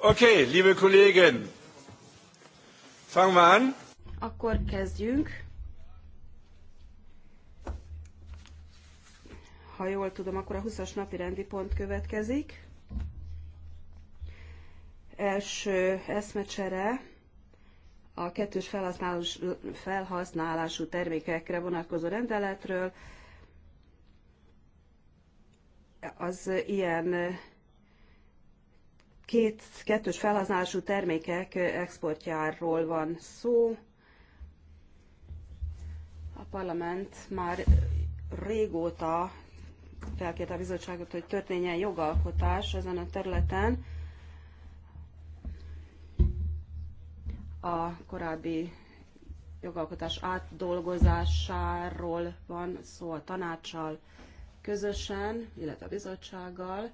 Okay, liebe Kollegen, fangen wir an. Akkor kezdjünk. Ha jól tudom, akkor a 20-as napi rendi pont következik. Első eszmecsere a kettős felhasználás, felhasználású termékekre vonatkozó rendeletről. Az ilyen két, kettős felhasználású termékek exportjáról van szó. A parlament már régóta felkérte a bizottságot, hogy történjen jogalkotás ezen a területen. A korábbi jogalkotás átdolgozásáról van szó a tanácssal közösen, illetve a bizottsággal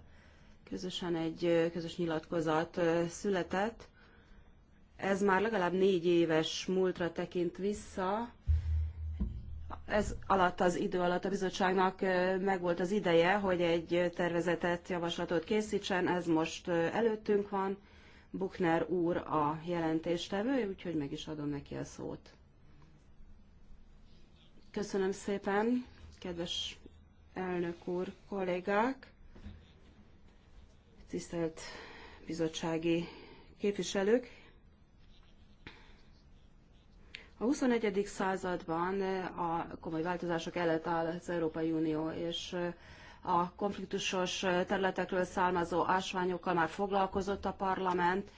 közösen egy közös nyilatkozat született. Ez már legalább négy éves múltra tekint vissza. Ez alatt az idő alatt a bizottságnak megvolt az ideje, hogy egy tervezetet, javaslatot készítsen. Ez most előttünk van. Buchner úr a jelentéstevő, úgyhogy meg is adom neki a szót. Köszönöm szépen, kedves elnök úr, kollégák! tisztelt bizottsági képviselők! A XXI. században a komoly változások előtt áll az Európai Unió, és a konfliktusos területekről származó ásványokkal már foglalkozott a parlament,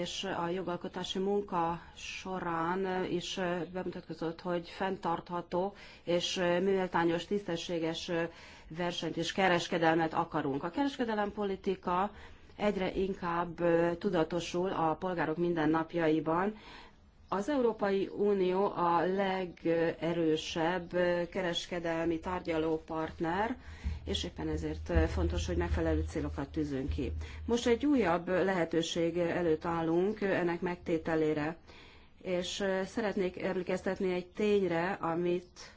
és a jogalkotási munka során is bemutatkozott, hogy fenntartható és méltányos, tisztességes versenyt és kereskedelmet akarunk. A kereskedelempolitika egyre inkább tudatosul a polgárok mindennapjaiban. Az Európai Unió a legerősebb kereskedelmi tárgyalópartner, partner, és éppen ezért eh, fontos, hogy megfelelő célokat tűzünk ki. Most egy újabb lehetőség előtt állunk ennek megtételére, és eh, szeretnék emlékeztetni egy tényre, amit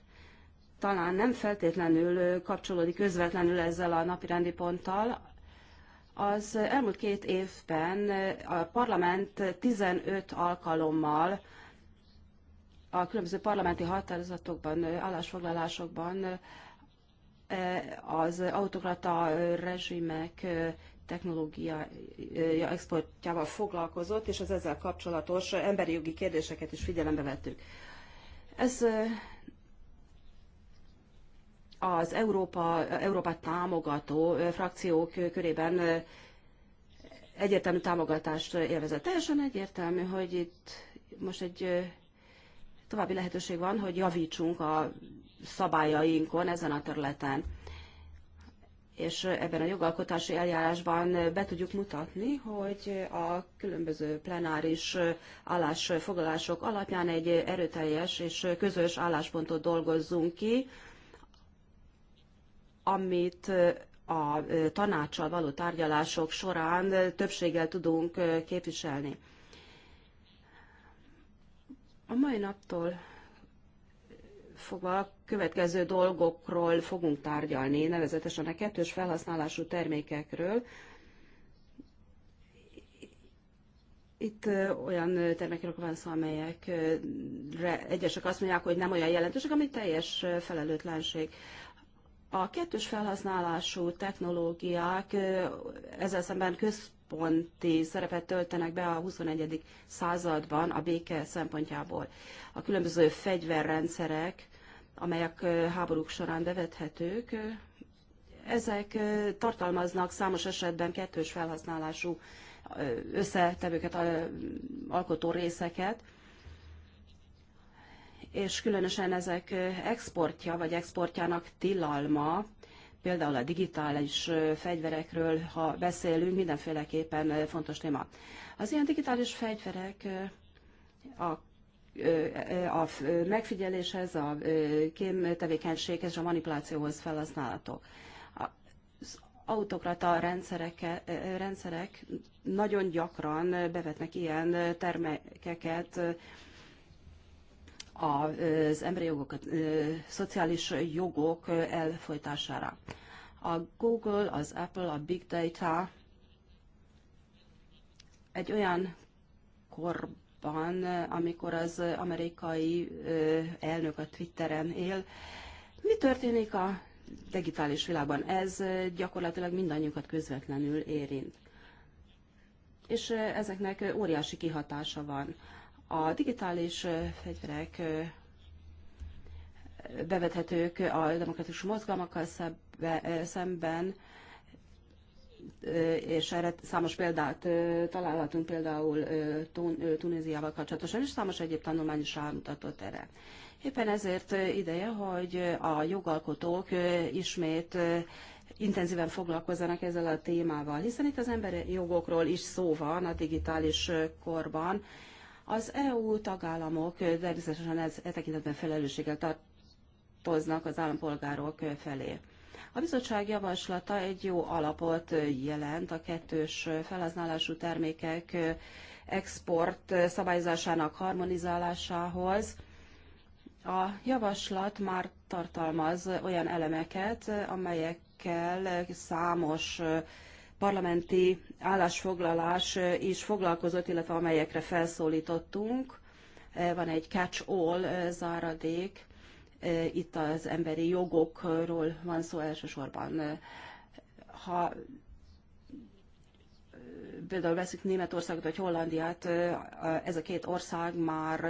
talán nem feltétlenül eh, kapcsolódik közvetlenül ezzel a napirendi ponttal, az elmúlt két évben a parlament 15 alkalommal a különböző parlamenti határozatokban, állásfoglalásokban E, az autokrata rezsimek e, technológia e, exportjával foglalkozott, és az ezzel kapcsolatos emberi jogi kérdéseket is figyelembe vettük. Ez az Európa, Európát támogató frakciók körében egyértelmű támogatást élvezett. Teljesen egyértelmű, hogy itt most egy további lehetőség van, hogy javítsunk a szabályainkon ezen a területen. És ebben a jogalkotási eljárásban be tudjuk mutatni, hogy a különböző plenáris állásfoglalások alapján egy erőteljes és közös álláspontot dolgozzunk ki, amit a tanácssal való tárgyalások során többséggel tudunk képviselni. A mai naptól fogva a következő dolgokról fogunk tárgyalni, nevezetesen a kettős felhasználású termékekről. Itt olyan termékekről van szó, amelyekre egyesek azt mondják, hogy nem olyan jelentősek, ami teljes felelőtlenség. A kettős felhasználású technológiák ezzel szemben központi szerepet töltenek be a 21. században a béke szempontjából. A különböző fegyverrendszerek amelyek háborúk során bevethetők, ezek tartalmaznak számos esetben kettős felhasználású összetevőket, alkotó részeket, és különösen ezek exportja vagy exportjának tilalma, például a digitális fegyverekről, ha beszélünk, mindenféleképpen fontos téma. Az ilyen digitális fegyverek a a megfigyeléshez, a kém tevékenységhez és a manipulációhoz felhasználható. Az autokrata rendszerek, rendszerek nagyon gyakran bevetnek ilyen termékeket, az emberi jogok, a szociális jogok elfolytására. A Google, az Apple, a Big Data egy olyan korban, abban, amikor az amerikai elnök a Twitteren él. Mi történik a digitális világban? Ez gyakorlatilag mindannyiunkat közvetlenül érint. És ezeknek óriási kihatása van. A digitális fegyverek bevethetők a demokratikus mozgalmakkal szemben, és erre számos példát találhatunk például Tunéziával kapcsolatosan, és számos egyéb tanulmány is rámutatott erre. Éppen ezért ideje, hogy a jogalkotók ismét intenzíven foglalkozzanak ezzel a témával, hiszen itt az emberi jogokról is szó van a digitális korban. Az EU tagállamok természetesen ez e tekintetben felelősséggel tartoznak az állampolgárok felé. A bizottság javaslata egy jó alapot jelent a kettős felhasználású termékek export szabályozásának harmonizálásához. A javaslat már tartalmaz olyan elemeket, amelyekkel számos parlamenti állásfoglalás is foglalkozott, illetve amelyekre felszólítottunk. Van egy catch-all záradék, itt az emberi jogokról van szó elsősorban. Ha például veszük Németországot vagy Hollandiát, ez a két ország már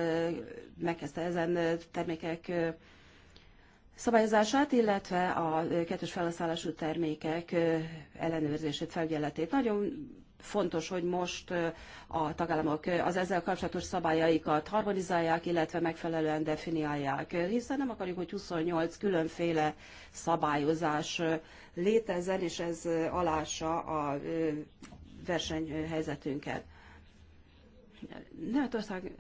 megkezdte ezen termékek szabályozását, illetve a kettős felhasználású termékek ellenőrzését, felügyeletét. Nagyon fontos, hogy most a tagállamok az ezzel kapcsolatos szabályaikat harmonizálják, illetve megfelelően definiálják, hiszen nem akarjuk, hogy 28 különféle szabályozás létezzen, és ez alása a versenyhelyzetünket. Németország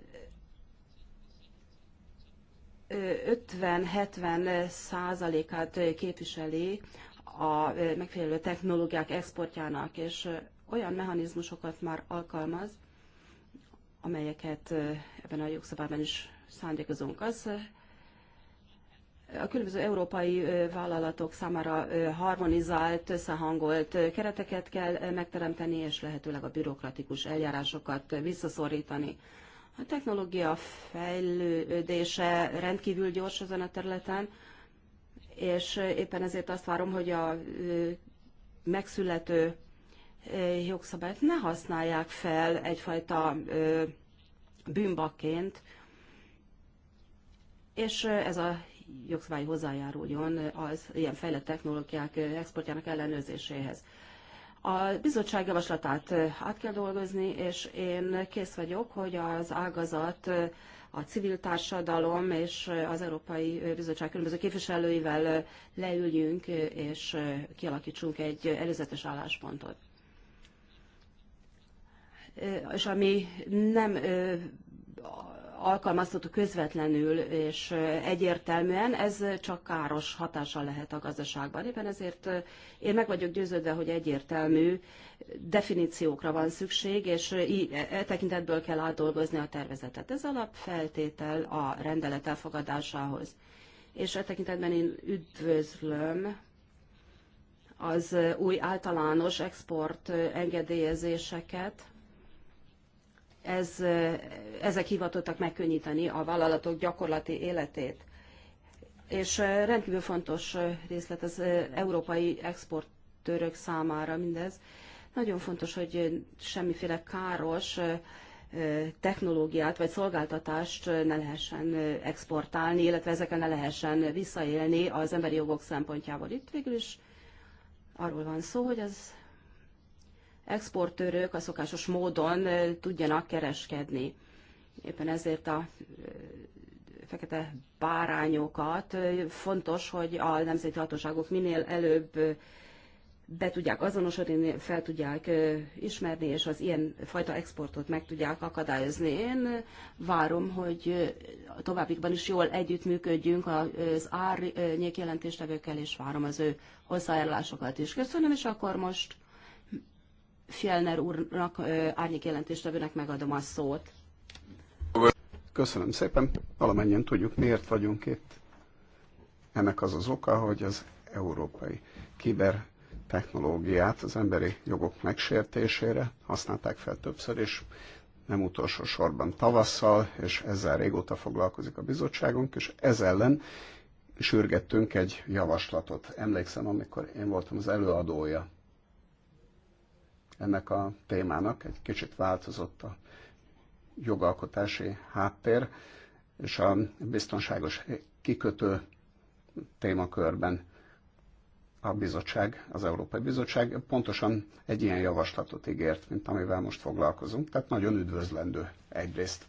50-70 százalékát képviseli a megfelelő technológiák exportjának, és olyan mechanizmusokat már alkalmaz, amelyeket ebben a jogszabályban is szándékozunk. Az a különböző európai vállalatok számára harmonizált, összehangolt kereteket kell megteremteni, és lehetőleg a bürokratikus eljárásokat visszaszorítani. A technológia fejlődése rendkívül gyors ezen a területen, és éppen ezért azt várom, hogy a megszülető jogszabályt ne használják fel egyfajta bűnbakként, és ez a jogszabály hozzájáruljon az ilyen fejlett technológiák exportjának ellenőrzéséhez. A bizottság javaslatát át kell dolgozni, és én kész vagyok, hogy az ágazat, a civil társadalom és az Európai Bizottság különböző képviselőivel leüljünk, és kialakítsunk egy előzetes álláspontot és ami nem alkalmazható közvetlenül és egyértelműen, ez csak káros hatással lehet a gazdaságban. Éppen ezért én meg vagyok győződve, hogy egyértelmű definíciókra van szükség, és e, e tekintetből kell átdolgozni a tervezetet. Ez alapfeltétel a rendelet elfogadásához. És e tekintetben én üdvözlöm az új általános export engedélyezéseket, ez, ezek hivatottak megkönnyíteni a vállalatok gyakorlati életét. És rendkívül fontos részlet az európai exportőrök számára mindez. Nagyon fontos, hogy semmiféle káros technológiát vagy szolgáltatást ne lehessen exportálni, illetve ezeken ne lehessen visszaélni az emberi jogok szempontjából. Itt végül is arról van szó, hogy az exportőrök a szokásos módon tudjanak kereskedni. Éppen ezért a fekete bárányokat fontos, hogy a nemzeti hatóságok minél előbb be tudják azonosítani, fel tudják ismerni, és az ilyen fajta exportot meg tudják akadályozni. Én várom, hogy továbbikban is jól együttműködjünk az árnyék jelentéstevőkkel, és várom az ő hozzájárulásokat is. Köszönöm, és akkor most Fjellner úrnak, árnyék jelentéstevőnek megadom a szót. Köszönöm szépen. Valamennyien tudjuk, miért vagyunk itt. Ennek az az oka, hogy az európai technológiát az emberi jogok megsértésére használták fel többször, és nem utolsó sorban tavasszal, és ezzel régóta foglalkozik a bizottságunk, és ez ellen sürgettünk egy javaslatot. Emlékszem, amikor én voltam az előadója ennek a témának. Egy kicsit változott a jogalkotási háttér, és a biztonságos kikötő témakörben a bizottság, az Európai Bizottság pontosan egy ilyen javaslatot ígért, mint amivel most foglalkozunk, tehát nagyon üdvözlendő egyrészt.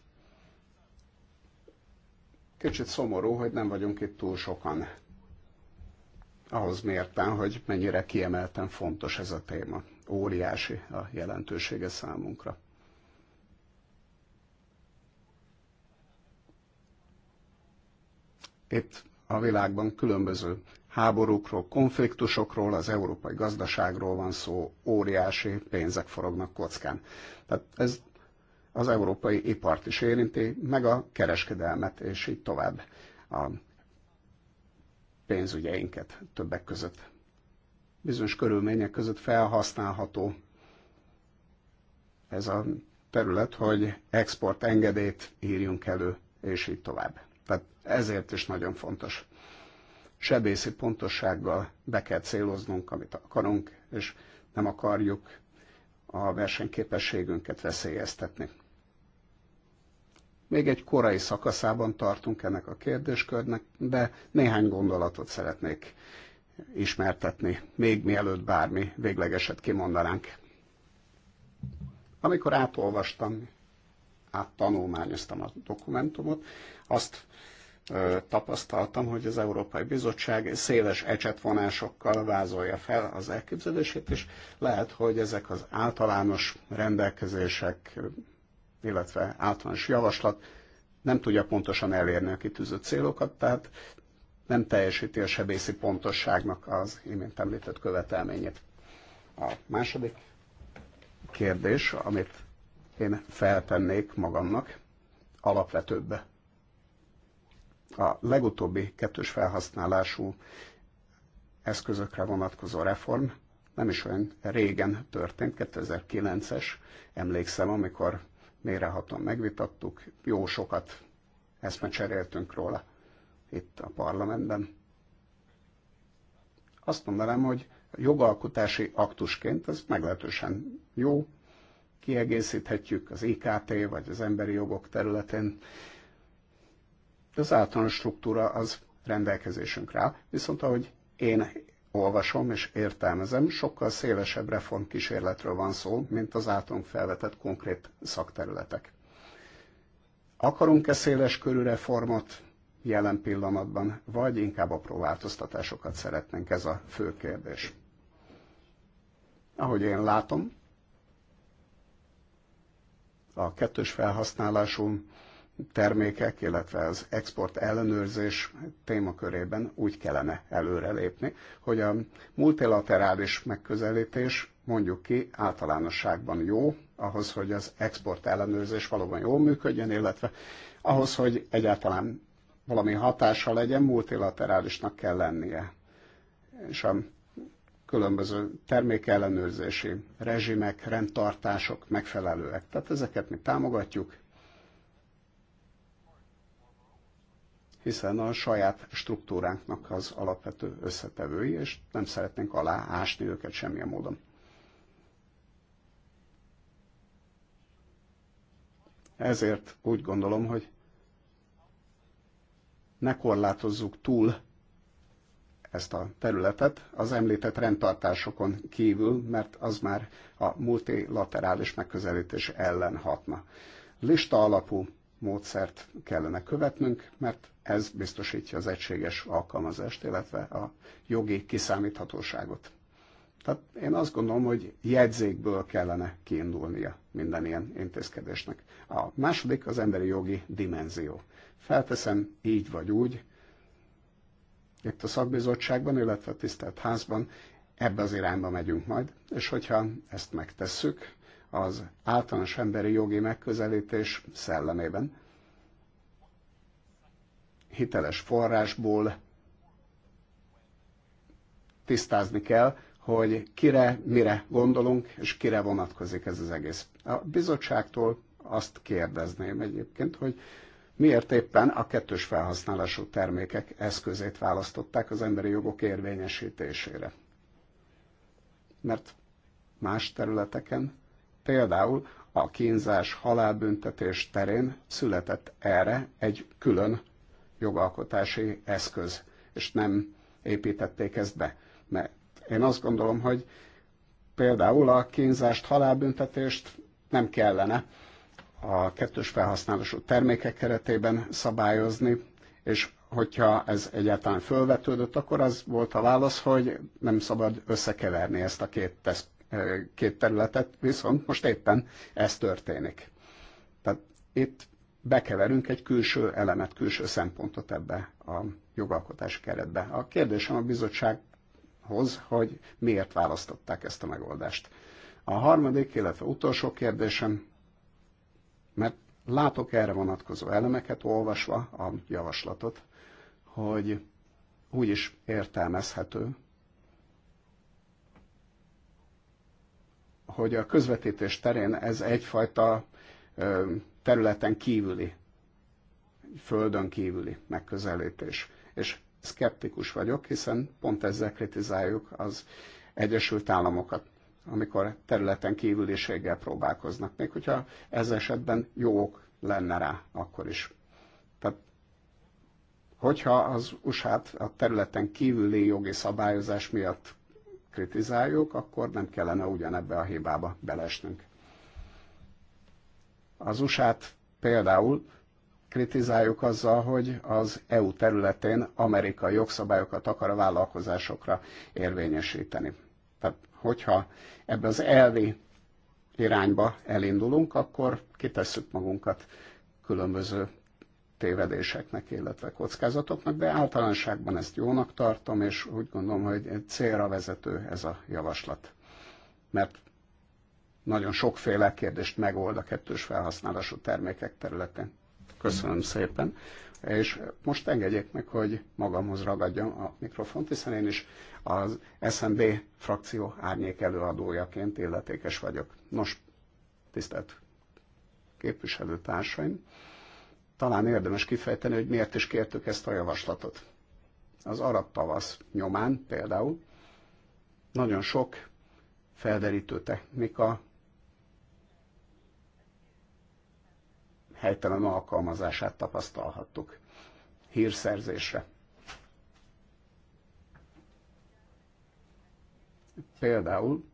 Kicsit szomorú, hogy nem vagyunk itt túl sokan, ahhoz mérten, hogy mennyire kiemelten fontos ez a téma óriási a jelentősége számunkra. Itt a világban különböző háborúkról, konfliktusokról, az európai gazdaságról van szó, óriási pénzek forognak kockán. Tehát ez az európai ipart is érinti, meg a kereskedelmet, és így tovább a pénzügyeinket többek között bizonyos körülmények között felhasználható ez a terület, hogy export engedélyt írjunk elő, és így tovább. Tehát ezért is nagyon fontos. Sebészi pontossággal be kell céloznunk, amit akarunk, és nem akarjuk a versenyképességünket veszélyeztetni. Még egy korai szakaszában tartunk ennek a kérdéskörnek, de néhány gondolatot szeretnék ismertetni, még mielőtt bármi véglegeset kimondanánk. Amikor átolvastam, áttanulmányoztam a dokumentumot, azt ö, tapasztaltam, hogy az Európai Bizottság széles ecsetvonásokkal vázolja fel az elképzelését, és lehet, hogy ezek az általános rendelkezések, illetve általános javaslat nem tudja pontosan elérni a kitűzött célokat, tehát nem teljesíti a sebészi pontosságnak az imént említett követelményét. A második kérdés, amit én feltennék magamnak, alapvetőbb. A legutóbbi kettős felhasználású eszközökre vonatkozó reform nem is olyan régen történt, 2009-es, emlékszem, amikor mérehatóan megvitattuk, jó sokat eszmecseréltünk róla itt a parlamentben. Azt mondanám, hogy jogalkotási aktusként ez meglehetősen jó, kiegészíthetjük az IKT vagy az emberi jogok területén. Az általános struktúra az rendelkezésünkre áll, viszont ahogy én olvasom és értelmezem, sokkal szélesebb reformkísérletről van szó, mint az általunk felvetett konkrét szakterületek. Akarunk-e széles körű reformot? jelen pillanatban, vagy inkább apró változtatásokat szeretnénk, ez a fő kérdés. Ahogy én látom, a kettős felhasználású termékek, illetve az export ellenőrzés témakörében úgy kellene előrelépni, hogy a multilaterális megközelítés mondjuk ki általánosságban jó, ahhoz, hogy az export ellenőrzés valóban jól működjön, illetve ahhoz, hogy egyáltalán valami hatása legyen, multilaterálisnak kell lennie. És a különböző termékellenőrzési rezsimek, rendtartások megfelelőek. Tehát ezeket mi támogatjuk, hiszen a saját struktúránknak az alapvető összetevői, és nem szeretnénk aláásni őket semmilyen módon. Ezért úgy gondolom, hogy ne korlátozzuk túl ezt a területet az említett rendtartásokon kívül, mert az már a multilaterális megközelítés ellen hatna. Lista alapú módszert kellene követnünk, mert ez biztosítja az egységes alkalmazást, illetve a jogi kiszámíthatóságot. Tehát én azt gondolom, hogy jegyzékből kellene kiindulnia minden ilyen intézkedésnek. A második az emberi jogi dimenzió. Felteszem így vagy úgy, itt a szakbizottságban, illetve a tisztelt házban ebbe az irányba megyünk majd, és hogyha ezt megtesszük az általános emberi jogi megközelítés szellemében, hiteles forrásból tisztázni kell, hogy kire, mire gondolunk, és kire vonatkozik ez az egész. A bizottságtól azt kérdezném egyébként, hogy miért éppen a kettős felhasználású termékek eszközét választották az emberi jogok érvényesítésére. Mert más területeken, például a kínzás halálbüntetés terén született erre egy külön jogalkotási eszköz, és nem építették ezt be. Mert én azt gondolom, hogy például a kínzást, halálbüntetést nem kellene a kettős felhasználású termékek keretében szabályozni, és hogyha ez egyáltalán fölvetődött, akkor az volt a válasz, hogy nem szabad összekeverni ezt a két, tesz, két területet, viszont most éppen ez történik. Tehát itt bekeverünk egy külső elemet, külső szempontot ebbe a jogalkotási keretbe. A kérdésem a bizottsághoz, hogy miért választották ezt a megoldást. A harmadik, illetve utolsó kérdésem mert látok erre vonatkozó elemeket, olvasva a javaslatot, hogy úgy is értelmezhető, hogy a közvetítés terén ez egyfajta területen kívüli, földön kívüli megközelítés. És szkeptikus vagyok, hiszen pont ezzel kritizáljuk az Egyesült Államokat amikor területen kívüliséggel próbálkoznak, még hogyha ez esetben jók lenne rá akkor is. Tehát, hogyha az usa a területen kívüli jogi szabályozás miatt kritizáljuk, akkor nem kellene ugyanebbe a hibába belesnünk. Az usa például kritizáljuk azzal, hogy az EU területén amerikai jogszabályokat akar a vállalkozásokra érvényesíteni. Tehát hogyha ebbe az elvi irányba elindulunk, akkor kitesszük magunkat különböző tévedéseknek, illetve kockázatoknak, de általánosságban ezt jónak tartom, és úgy gondolom, hogy egy célra vezető ez a javaslat. Mert nagyon sokféle kérdést megold a kettős felhasználású termékek területén. Köszönöm szépen. És most engedjék meg, hogy magamhoz ragadjam a mikrofont, hiszen én is az SMB frakció árnyék előadójaként illetékes vagyok. Nos, tisztelt képviselőtársaim, talán érdemes kifejteni, hogy miért is kértük ezt a javaslatot. Az arab tavasz nyomán például nagyon sok felderítő technika helytelen alkalmazását tapasztalhattuk hírszerzésre. Például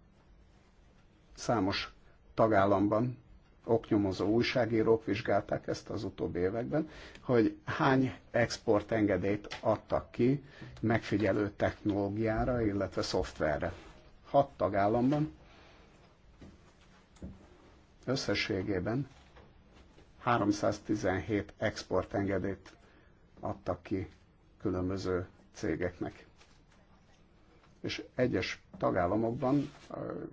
számos tagállamban oknyomozó újságírók vizsgálták ezt az utóbbi években, hogy hány exportengedélyt adtak ki megfigyelő technológiára, illetve szoftverre. Hat tagállamban összességében 317 exportengedélyt adtak ki különböző cégeknek. És egyes tagállamokban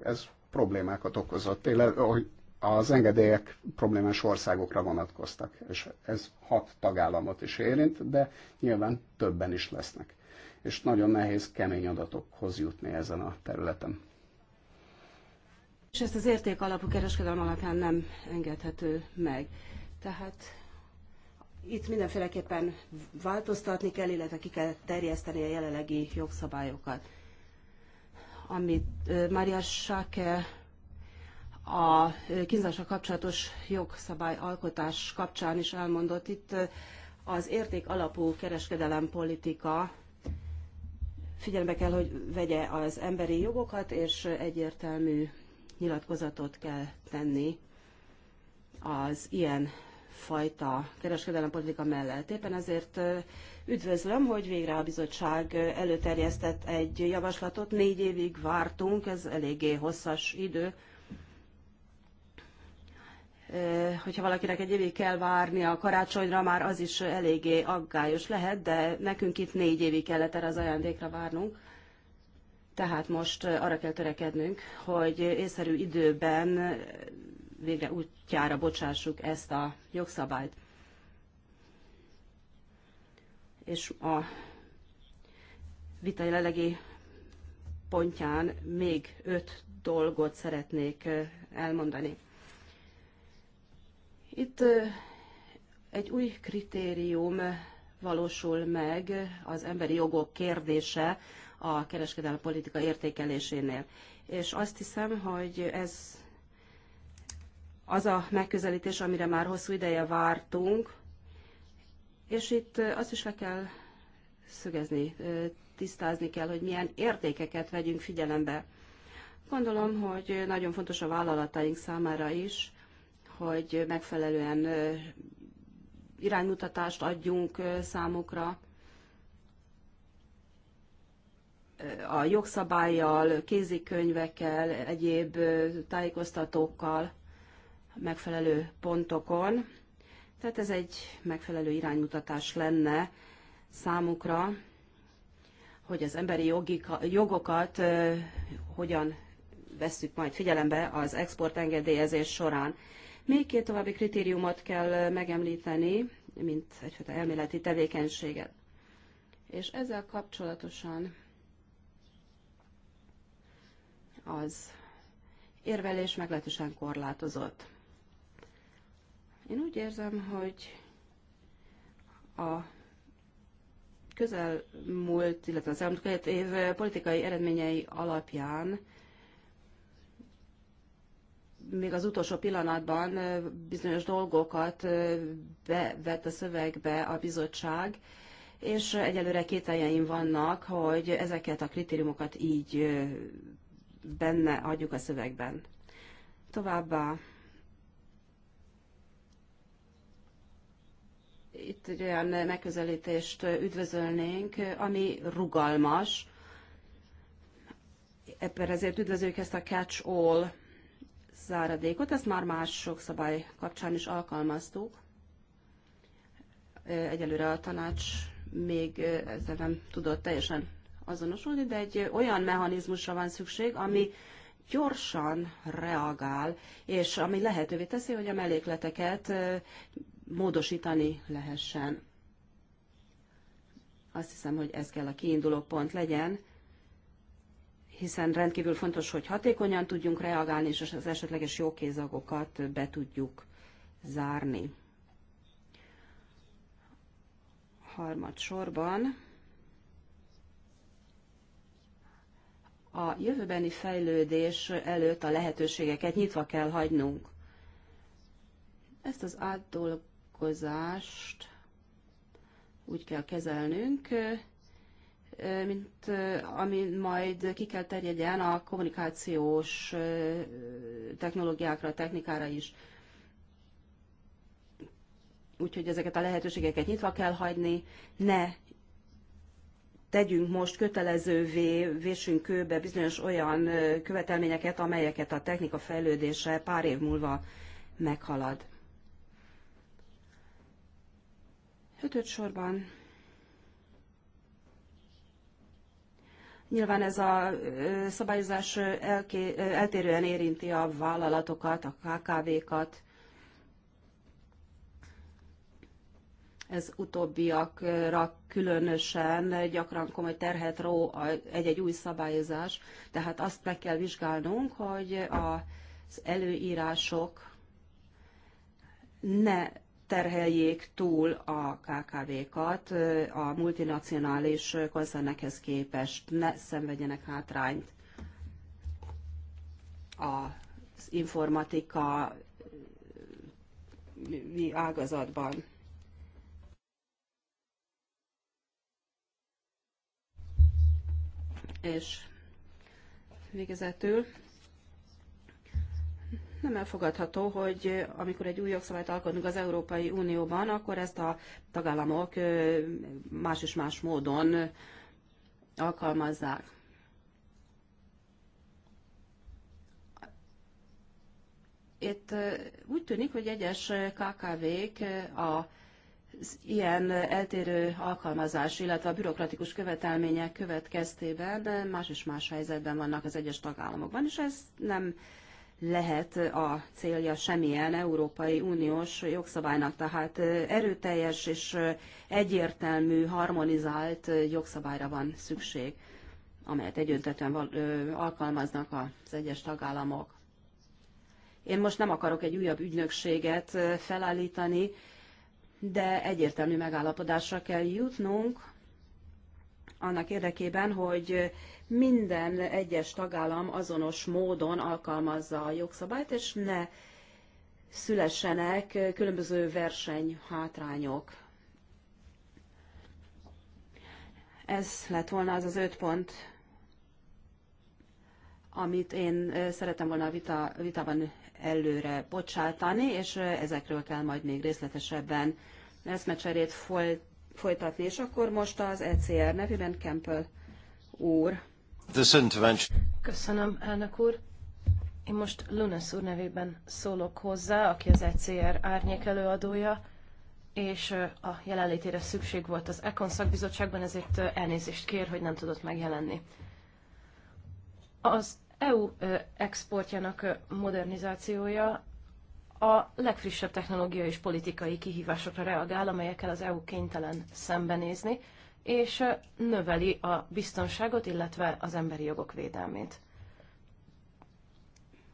ez problémákat okozott, hogy az engedélyek problémás országokra vonatkoztak, és ez hat tagállamot is érint, de nyilván többen is lesznek. És nagyon nehéz kemény adatokhoz jutni ezen a területen. És ezt az érték alapú kereskedelem alapján nem engedhető meg. Tehát itt mindenféleképpen változtatni kell, illetve ki kell terjeszteni a jelenlegi jogszabályokat. Amit Mária Sáke a kínzásra kapcsolatos jogszabályalkotás kapcsán is elmondott, itt az érték alapú politika figyelme kell, hogy vegye az emberi jogokat, és egyértelmű nyilatkozatot kell tenni az ilyen fajta kereskedelempolitika mellett. Éppen ezért üdvözlöm, hogy végre a bizottság előterjesztett egy javaslatot. Négy évig vártunk, ez eléggé hosszas idő. Hogyha valakinek egy évig kell várni a karácsonyra, már az is eléggé aggályos lehet, de nekünk itt négy évig kellett erre az ajándékra várnunk. Tehát most arra kell törekednünk, hogy észszerű időben végre útjára bocsássuk ezt a jogszabályt. És a vita jelenlegi pontján még öt dolgot szeretnék elmondani. Itt egy új kritérium valósul meg az emberi jogok kérdése a kereskedelmi politika értékelésénél. És azt hiszem, hogy ez az a megközelítés, amire már hosszú ideje vártunk, és itt azt is le kell szögezni, tisztázni kell, hogy milyen értékeket vegyünk figyelembe. Gondolom, hogy nagyon fontos a vállalataink számára is, hogy megfelelően iránymutatást adjunk számukra, a jogszabályjal, kézikönyvekkel, egyéb tájékoztatókkal, megfelelő pontokon. Tehát ez egy megfelelő iránymutatás lenne számukra, hogy az emberi jogika, jogokat hogyan vesszük majd figyelembe az export engedélyezés során. Még két további kritériumot kell megemlíteni, mint egyfajta elméleti tevékenységet. És ezzel kapcsolatosan az érvelés meglehetősen korlátozott. Én úgy érzem, hogy a közelmúlt, illetve az elmúlt két év politikai eredményei alapján még az utolsó pillanatban bizonyos dolgokat bevett a szövegbe a bizottság, és egyelőre kételjeim vannak, hogy ezeket a kritériumokat így benne adjuk a szövegben. Továbbá itt egy olyan megközelítést üdvözölnénk, ami rugalmas. Ebben ezért üdvözöljük ezt a catch-all záradékot, ezt már más sok szabály kapcsán is alkalmaztuk. Egyelőre a tanács még ezzel nem tudott teljesen azonosulni, de egy olyan mechanizmusra van szükség, ami gyorsan reagál, és ami lehetővé teszi, hogy a mellékleteket módosítani lehessen. Azt hiszem, hogy ez kell a kiinduló pont legyen, hiszen rendkívül fontos, hogy hatékonyan tudjunk reagálni, és az esetleges jókézagokat be tudjuk zárni. Harmad sorban a jövőbeni fejlődés előtt a lehetőségeket nyitva kell hagynunk. Ezt az átdolg vonatkozást úgy kell kezelnünk, mint ami majd ki kell terjedjen a kommunikációs technológiákra, technikára is. Úgyhogy ezeket a lehetőségeket nyitva kell hagyni, ne tegyünk most kötelezővé, vésünk kőbe bizonyos olyan követelményeket, amelyeket a technika fejlődése pár év múlva meghalad. Ötöd sorban Nyilván ez a szabályozás eltérően érinti a vállalatokat, a KKV-kat. Ez utóbbiakra különösen gyakran komoly terhet ró egy-egy új szabályozás, tehát azt meg kell vizsgálnunk, hogy az előírások ne terheljék túl a KKV-kat a multinacionális koncernekhez képest, ne szenvedjenek hátrányt az informatika ágazatban. És végezetül nem elfogadható, hogy amikor egy új jogszabályt alkotunk az Európai Unióban, akkor ezt a tagállamok más és más módon alkalmazzák. Itt úgy tűnik, hogy egyes KKV-k az ilyen eltérő alkalmazás, illetve a bürokratikus követelmények következtében más és más helyzetben vannak az egyes tagállamokban, és ez nem lehet a célja semmilyen Európai Uniós jogszabálynak. Tehát erőteljes és egyértelmű, harmonizált jogszabályra van szükség, amelyet egyöntetően alkalmaznak az egyes tagállamok. Én most nem akarok egy újabb ügynökséget felállítani, de egyértelmű megállapodásra kell jutnunk annak érdekében, hogy minden egyes tagállam azonos módon alkalmazza a jogszabályt, és ne szülessenek különböző versenyhátrányok. Ez lett volna az az öt pont, amit én szeretem volna a vita, vitában előre bocsátani, és ezekről kell majd még részletesebben eszmecserét folytatni. És akkor most az ECR nevében Kempel úr. Köszönöm, elnök úr. Én most Lunes úr nevében szólok hozzá, aki az ECR árnyék előadója, és a jelenlétére szükség volt az Econ szakbizottságban, ezért elnézést kér, hogy nem tudott megjelenni. Az EU exportjának modernizációja a legfrissebb technológiai és politikai kihívásokra reagál, amelyekkel az EU kénytelen szembenézni, és növeli a biztonságot, illetve az emberi jogok védelmét.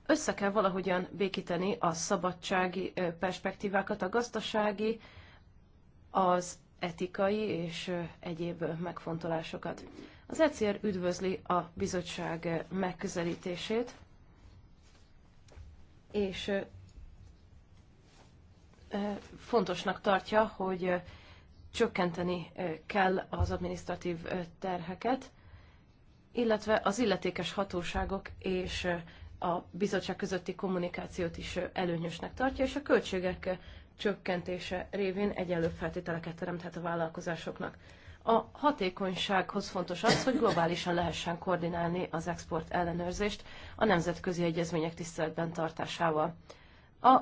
Össze kell valahogyan békíteni a szabadsági perspektívákat, a gazdasági, az etikai és egyéb megfontolásokat. Az ECR üdvözli a bizottság megközelítését, és fontosnak tartja, hogy csökkenteni kell az administratív terheket, illetve az illetékes hatóságok és a bizottság közötti kommunikációt is előnyösnek tartja, és a költségek csökkentése révén egyenlő feltételeket teremthet a vállalkozásoknak. A hatékonysághoz fontos az, hogy globálisan lehessen koordinálni az export ellenőrzést a nemzetközi egyezmények tiszteletben tartásával. A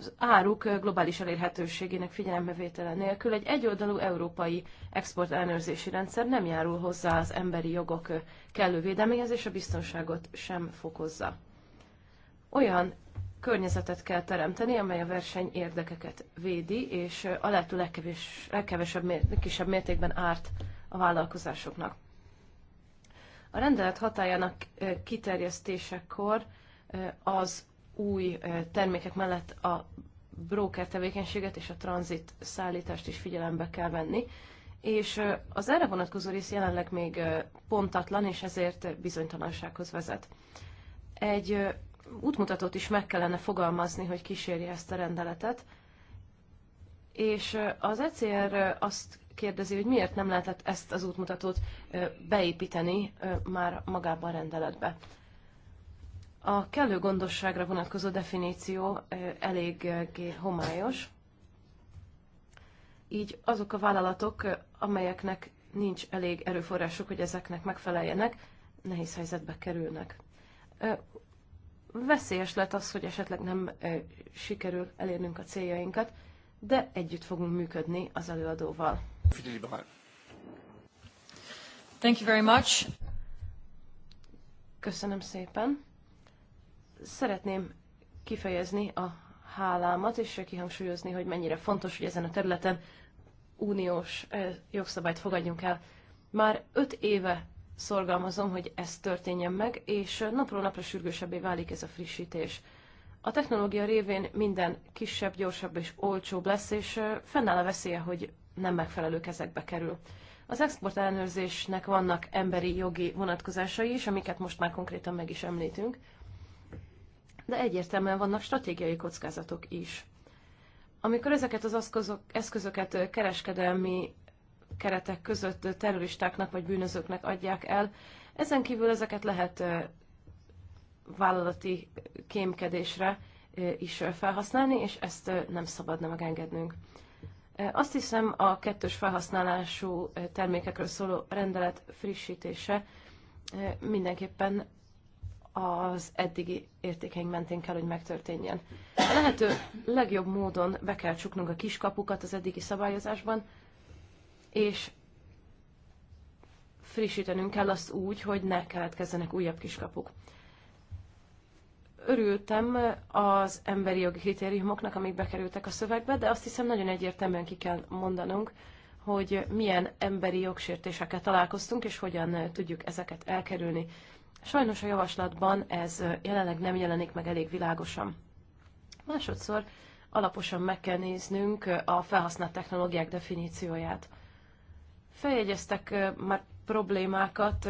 az áruk globális elérhetőségének figyelembevétele nélkül egy egyoldalú európai export ellenőrzési rendszer nem járul hozzá az emberi jogok kellő védelméhez, és a biztonságot sem fokozza. Olyan környezetet kell teremteni, amely a verseny érdekeket védi, és a lehető legkevés, legkevesebb, kisebb mértékben árt a vállalkozásoknak. A rendelet hatájának eh, kiterjesztésekor eh, az új termékek mellett a broker tevékenységet és a tranzit szállítást is figyelembe kell venni, és az erre vonatkozó rész jelenleg még pontatlan, és ezért bizonytalansághoz vezet. Egy útmutatót is meg kellene fogalmazni, hogy kísérje ezt a rendeletet, és az ECR azt kérdezi, hogy miért nem lehetett ezt az útmutatót beépíteni már magában a rendeletbe. A kellő gondosságra vonatkozó definíció eléggé homályos, így azok a vállalatok, amelyeknek nincs elég erőforrásuk, hogy ezeknek megfeleljenek, nehéz helyzetbe kerülnek. Veszélyes lett az, hogy esetleg nem sikerül elérnünk a céljainkat, de együtt fogunk működni az előadóval. Thank you very much. Köszönöm szépen. Szeretném kifejezni a hálámat, és kihangsúlyozni, hogy mennyire fontos, hogy ezen a területen uniós jogszabályt fogadjunk el. Már öt éve szorgalmazom, hogy ez történjen meg, és napról napra sürgősebbé válik ez a frissítés. A technológia révén minden kisebb, gyorsabb és olcsóbb lesz, és fennáll a veszélye, hogy nem megfelelő kezekbe kerül. Az export ellenőrzésnek vannak emberi jogi vonatkozásai is, amiket most már konkrétan meg is említünk de egyértelműen vannak stratégiai kockázatok is. Amikor ezeket az eszközök, eszközöket kereskedelmi keretek között terroristáknak vagy bűnözőknek adják el, ezen kívül ezeket lehet vállalati kémkedésre is felhasználni, és ezt nem szabadna megengednünk. Azt hiszem, a kettős felhasználású termékekről szóló rendelet frissítése mindenképpen az eddigi értékeink mentén kell, hogy megtörténjen. A lehető legjobb módon be kell csuknunk a kiskapukat az eddigi szabályozásban, és frissítenünk kell azt úgy, hogy ne keletkezzenek újabb kiskapuk. Örültem az emberi jogi kritériumoknak, amik bekerültek a szövegbe, de azt hiszem nagyon egyértelműen ki kell mondanunk, hogy milyen emberi jogsértésekkel találkoztunk, és hogyan tudjuk ezeket elkerülni. Sajnos a javaslatban ez jelenleg nem jelenik meg elég világosan. Másodszor alaposan meg kell néznünk a felhasznált technológiák definícióját. Feljegyeztek már problémákat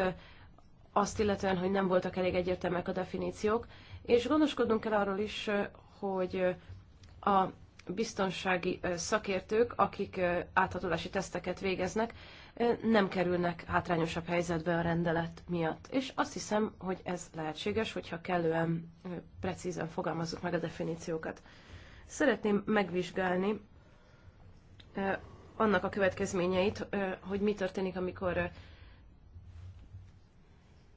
azt illetően, hogy nem voltak elég egyértelműek a definíciók, és gondoskodnunk kell arról is, hogy a biztonsági szakértők, akik áthatolási teszteket végeznek, nem kerülnek hátrányosabb helyzetbe a rendelet miatt. És azt hiszem, hogy ez lehetséges, hogyha kellően precízen fogalmazzuk meg a definíciókat. Szeretném megvizsgálni annak a következményeit, hogy mi történik, amikor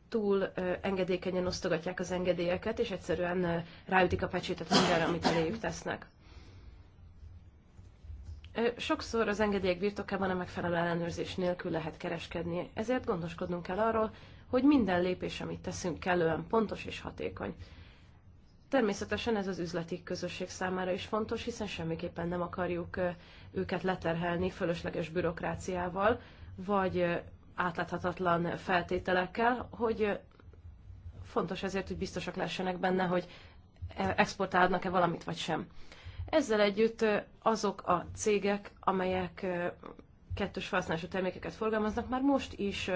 túl engedékenyen osztogatják az engedélyeket, és egyszerűen ráütik a pecsétet mindenre, amit eléjük tesznek. Sokszor az engedélyek birtokában a megfelelő ellenőrzés nélkül lehet kereskedni, ezért gondoskodnunk kell arról, hogy minden lépés, amit teszünk, kellően pontos és hatékony. Természetesen ez az üzleti közösség számára is fontos, hiszen semmiképpen nem akarjuk őket leterhelni fölösleges bürokráciával, vagy átláthatatlan feltételekkel, hogy fontos ezért, hogy biztosak lássanak benne, hogy exportálnak-e valamit vagy sem. Ezzel együtt azok a cégek, amelyek kettős felhasználású termékeket forgalmaznak, már most is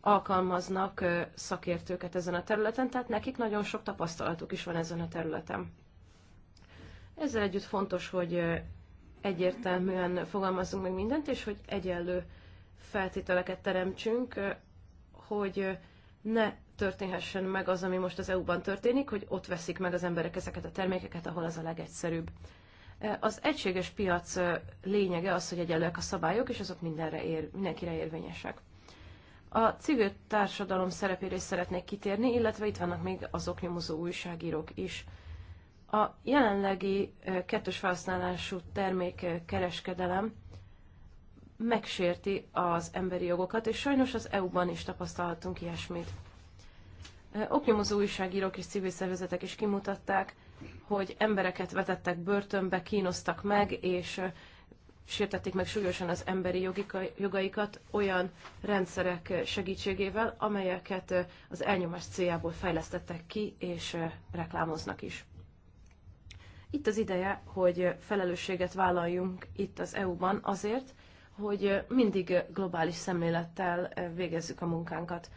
alkalmaznak szakértőket ezen a területen, tehát nekik nagyon sok tapasztalatuk is van ezen a területen. Ezzel együtt fontos, hogy egyértelműen fogalmazzunk meg mindent, és hogy egyenlő feltételeket teremtsünk, hogy ne történhessen meg az, ami most az EU-ban történik, hogy ott veszik meg az emberek ezeket a termékeket, ahol az a legegyszerűbb. E, az egységes piac e, lényege az, hogy egyenlőek a szabályok, és azok mindenre ér, mindenkire érvényesek. A civil társadalom szerepére is szeretnék kitérni, illetve itt vannak még azok nyomozó újságírók is. A jelenlegi e, kettős felhasználású termék kereskedelem megsérti az emberi jogokat, és sajnos az EU-ban is tapasztalhatunk ilyesmit. Oknyomozó újságírók és civil szervezetek is kimutatták, hogy embereket vetettek börtönbe, kínoztak meg, és sértették meg súlyosan az emberi jogika, jogaikat olyan rendszerek segítségével, amelyeket az elnyomás céljából fejlesztettek ki, és reklámoznak is. Itt az ideje, hogy felelősséget vállaljunk itt az EU-ban azért, hogy mindig globális szemlélettel végezzük a munkánkat.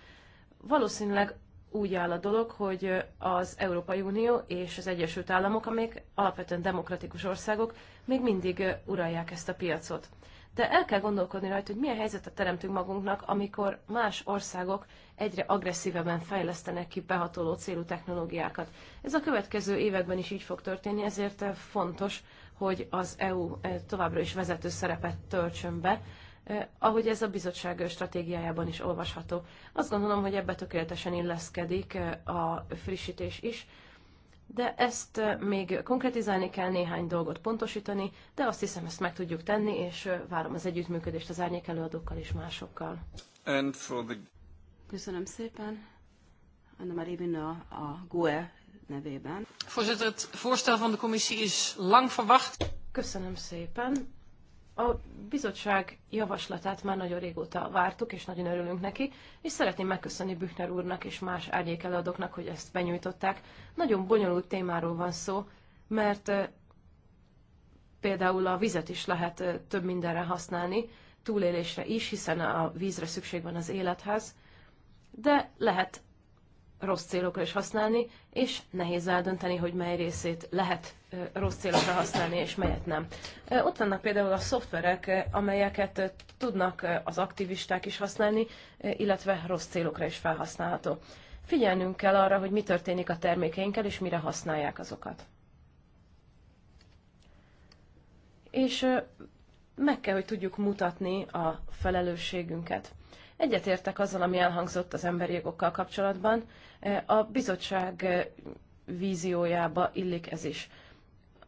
Valószínűleg úgy áll a dolog, hogy az Európai Unió és az Egyesült Államok, amik alapvetően demokratikus országok, még mindig uralják ezt a piacot. De el kell gondolkodni rajta, hogy milyen helyzetet teremtünk magunknak, amikor más országok egyre agresszívebben fejlesztenek ki behatoló célú technológiákat. Ez a következő években is így fog történni, ezért fontos, hogy az EU eh, továbbra is vezető szerepet töltsön be Eh, ahogy ez a bizottság stratégiájában is olvasható. Azt gondolom, hogy ebbe tökéletesen illeszkedik eh, a frissítés is, de ezt eh, még konkretizálni kell, néhány dolgot pontosítani, de azt hiszem, ezt meg tudjuk tenni, és várom az együttműködést az árnyék előadókkal és másokkal. And for the... Köszönöm szépen. Anna Maribina a GUE nevében. Voorzitter, het voorstel van de commissie is lang verwacht. Köszönöm szépen. A bizottság javaslatát már nagyon régóta vártuk, és nagyon örülünk neki, és szeretném megköszönni Büchner úrnak és más árnyékeladóknak, hogy ezt benyújtották. Nagyon bonyolult témáról van szó, mert például a vizet is lehet több mindenre használni, túlélésre is, hiszen a vízre szükség van az élethez, de lehet rossz célokra is használni, és nehéz eldönteni, hogy mely részét lehet rossz célokra használni, és melyet nem. Ott vannak például a szoftverek, amelyeket tudnak az aktivisták is használni, illetve rossz célokra is felhasználható. Figyelnünk kell arra, hogy mi történik a termékeinkkel, és mire használják azokat. És meg kell, hogy tudjuk mutatni a felelősségünket. Egyetértek azzal, ami elhangzott az emberi jogokkal kapcsolatban. A bizottság víziójába illik ez is.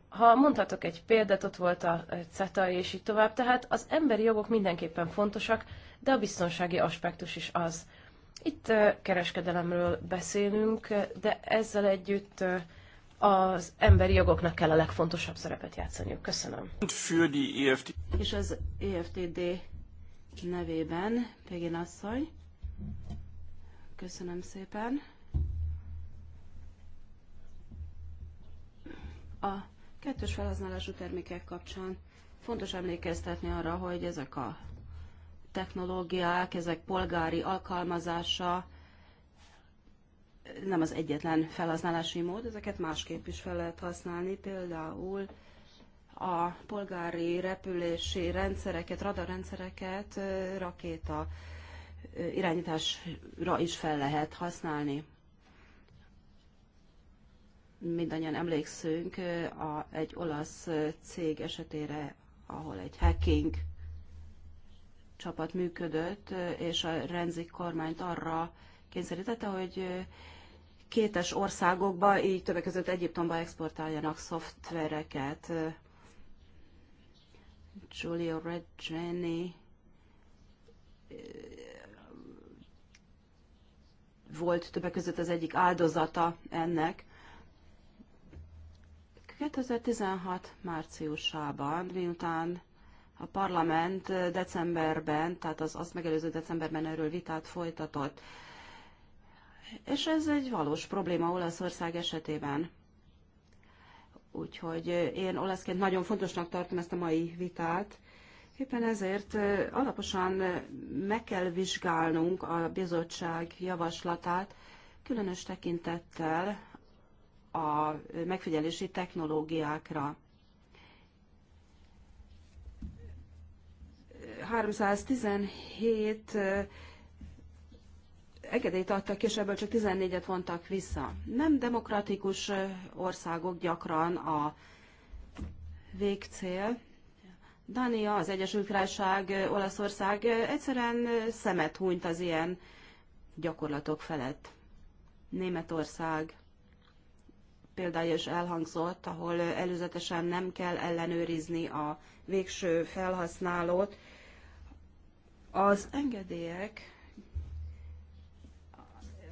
Ha mondhatok egy példát, ott volt a eh, CETA és így tovább, tehát az emberi jogok mindenképpen fontosak, de a biztonsági aspektus is az. Itt eh, kereskedelemről beszélünk, de ezzel együtt eh, az emberi jogoknak kell a legfontosabb szerepet játszaniuk. Köszönöm. E és az EFTD nevében, Pégén asszony, köszönöm szépen. A Kettős felhasználású termékek kapcsán fontos emlékeztetni arra, hogy ezek a technológiák, ezek polgári alkalmazása nem az egyetlen felhasználási mód, ezeket másképp is fel lehet használni, például a polgári repülési rendszereket, radarrendszereket rakéta irányításra is fel lehet használni mindannyian emlékszünk a, egy olasz cég esetére, ahol egy hacking csapat működött, és a Renzi kormányt arra kényszerítette, hogy kétes országokba, így többek között Egyiptomba exportáljanak szoftvereket. Giulio Reggiani volt többek között az egyik áldozata ennek. 2016 márciusában, miután a parlament decemberben, tehát az azt megelőző decemberben erről vitát folytatott. És ez egy valós probléma Olaszország esetében. Úgyhogy én olaszként nagyon fontosnak tartom ezt a mai vitát. Éppen ezért alaposan meg kell vizsgálnunk a bizottság javaslatát, különös tekintettel a megfigyelési technológiákra. 317 engedélyt adtak ki, és ebből csak 14-et vontak vissza. Nem demokratikus országok gyakran a végcél. Dania, az Egyesült Királyság, Olaszország egyszerűen szemet hunyt az ilyen gyakorlatok felett. Németország példája is elhangzott, ahol előzetesen nem kell ellenőrizni a végső felhasználót. Az engedélyek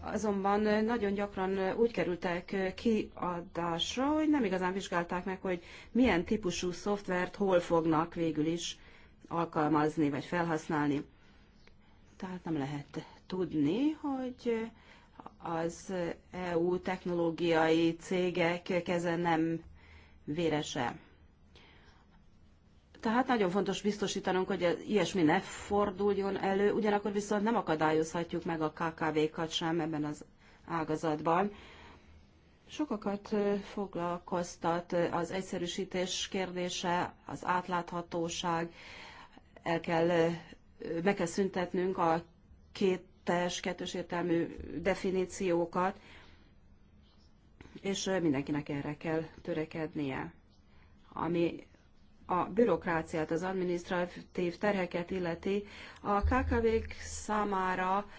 azonban nagyon gyakran úgy kerültek kiadásra, hogy nem igazán vizsgálták meg, hogy milyen típusú szoftvert hol fognak végül is alkalmazni vagy felhasználni. Tehát nem lehet tudni, hogy az EU technológiai cégek keze nem vérese. Tehát nagyon fontos biztosítanunk, hogy ilyesmi ne forduljon elő, ugyanakkor viszont nem akadályozhatjuk meg a KKV-kat sem ebben az ágazatban. Sokakat foglalkoztat az egyszerűsítés kérdése, az átláthatóság, el kell, meg kell szüntetnünk a két kettes, kettős értelmű definíciókat, és mindenkinek erre kell törekednie. Ami a bürokráciát, az administratív terheket illeti, a kkv számára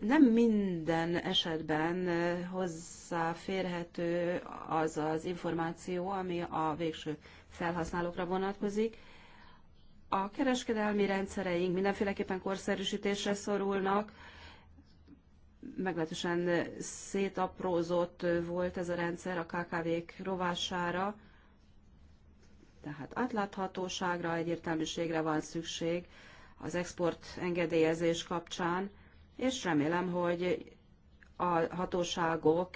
nem minden esetben hozzáférhető az az információ, ami a végső felhasználókra vonatkozik. A kereskedelmi rendszereink mindenféleképpen korszerűsítésre szorulnak, meglehetősen szétaprózott volt ez a rendszer a KKV-k rovására, tehát átláthatóságra, egyértelműségre van szükség az export engedélyezés kapcsán, és remélem, hogy a hatóságok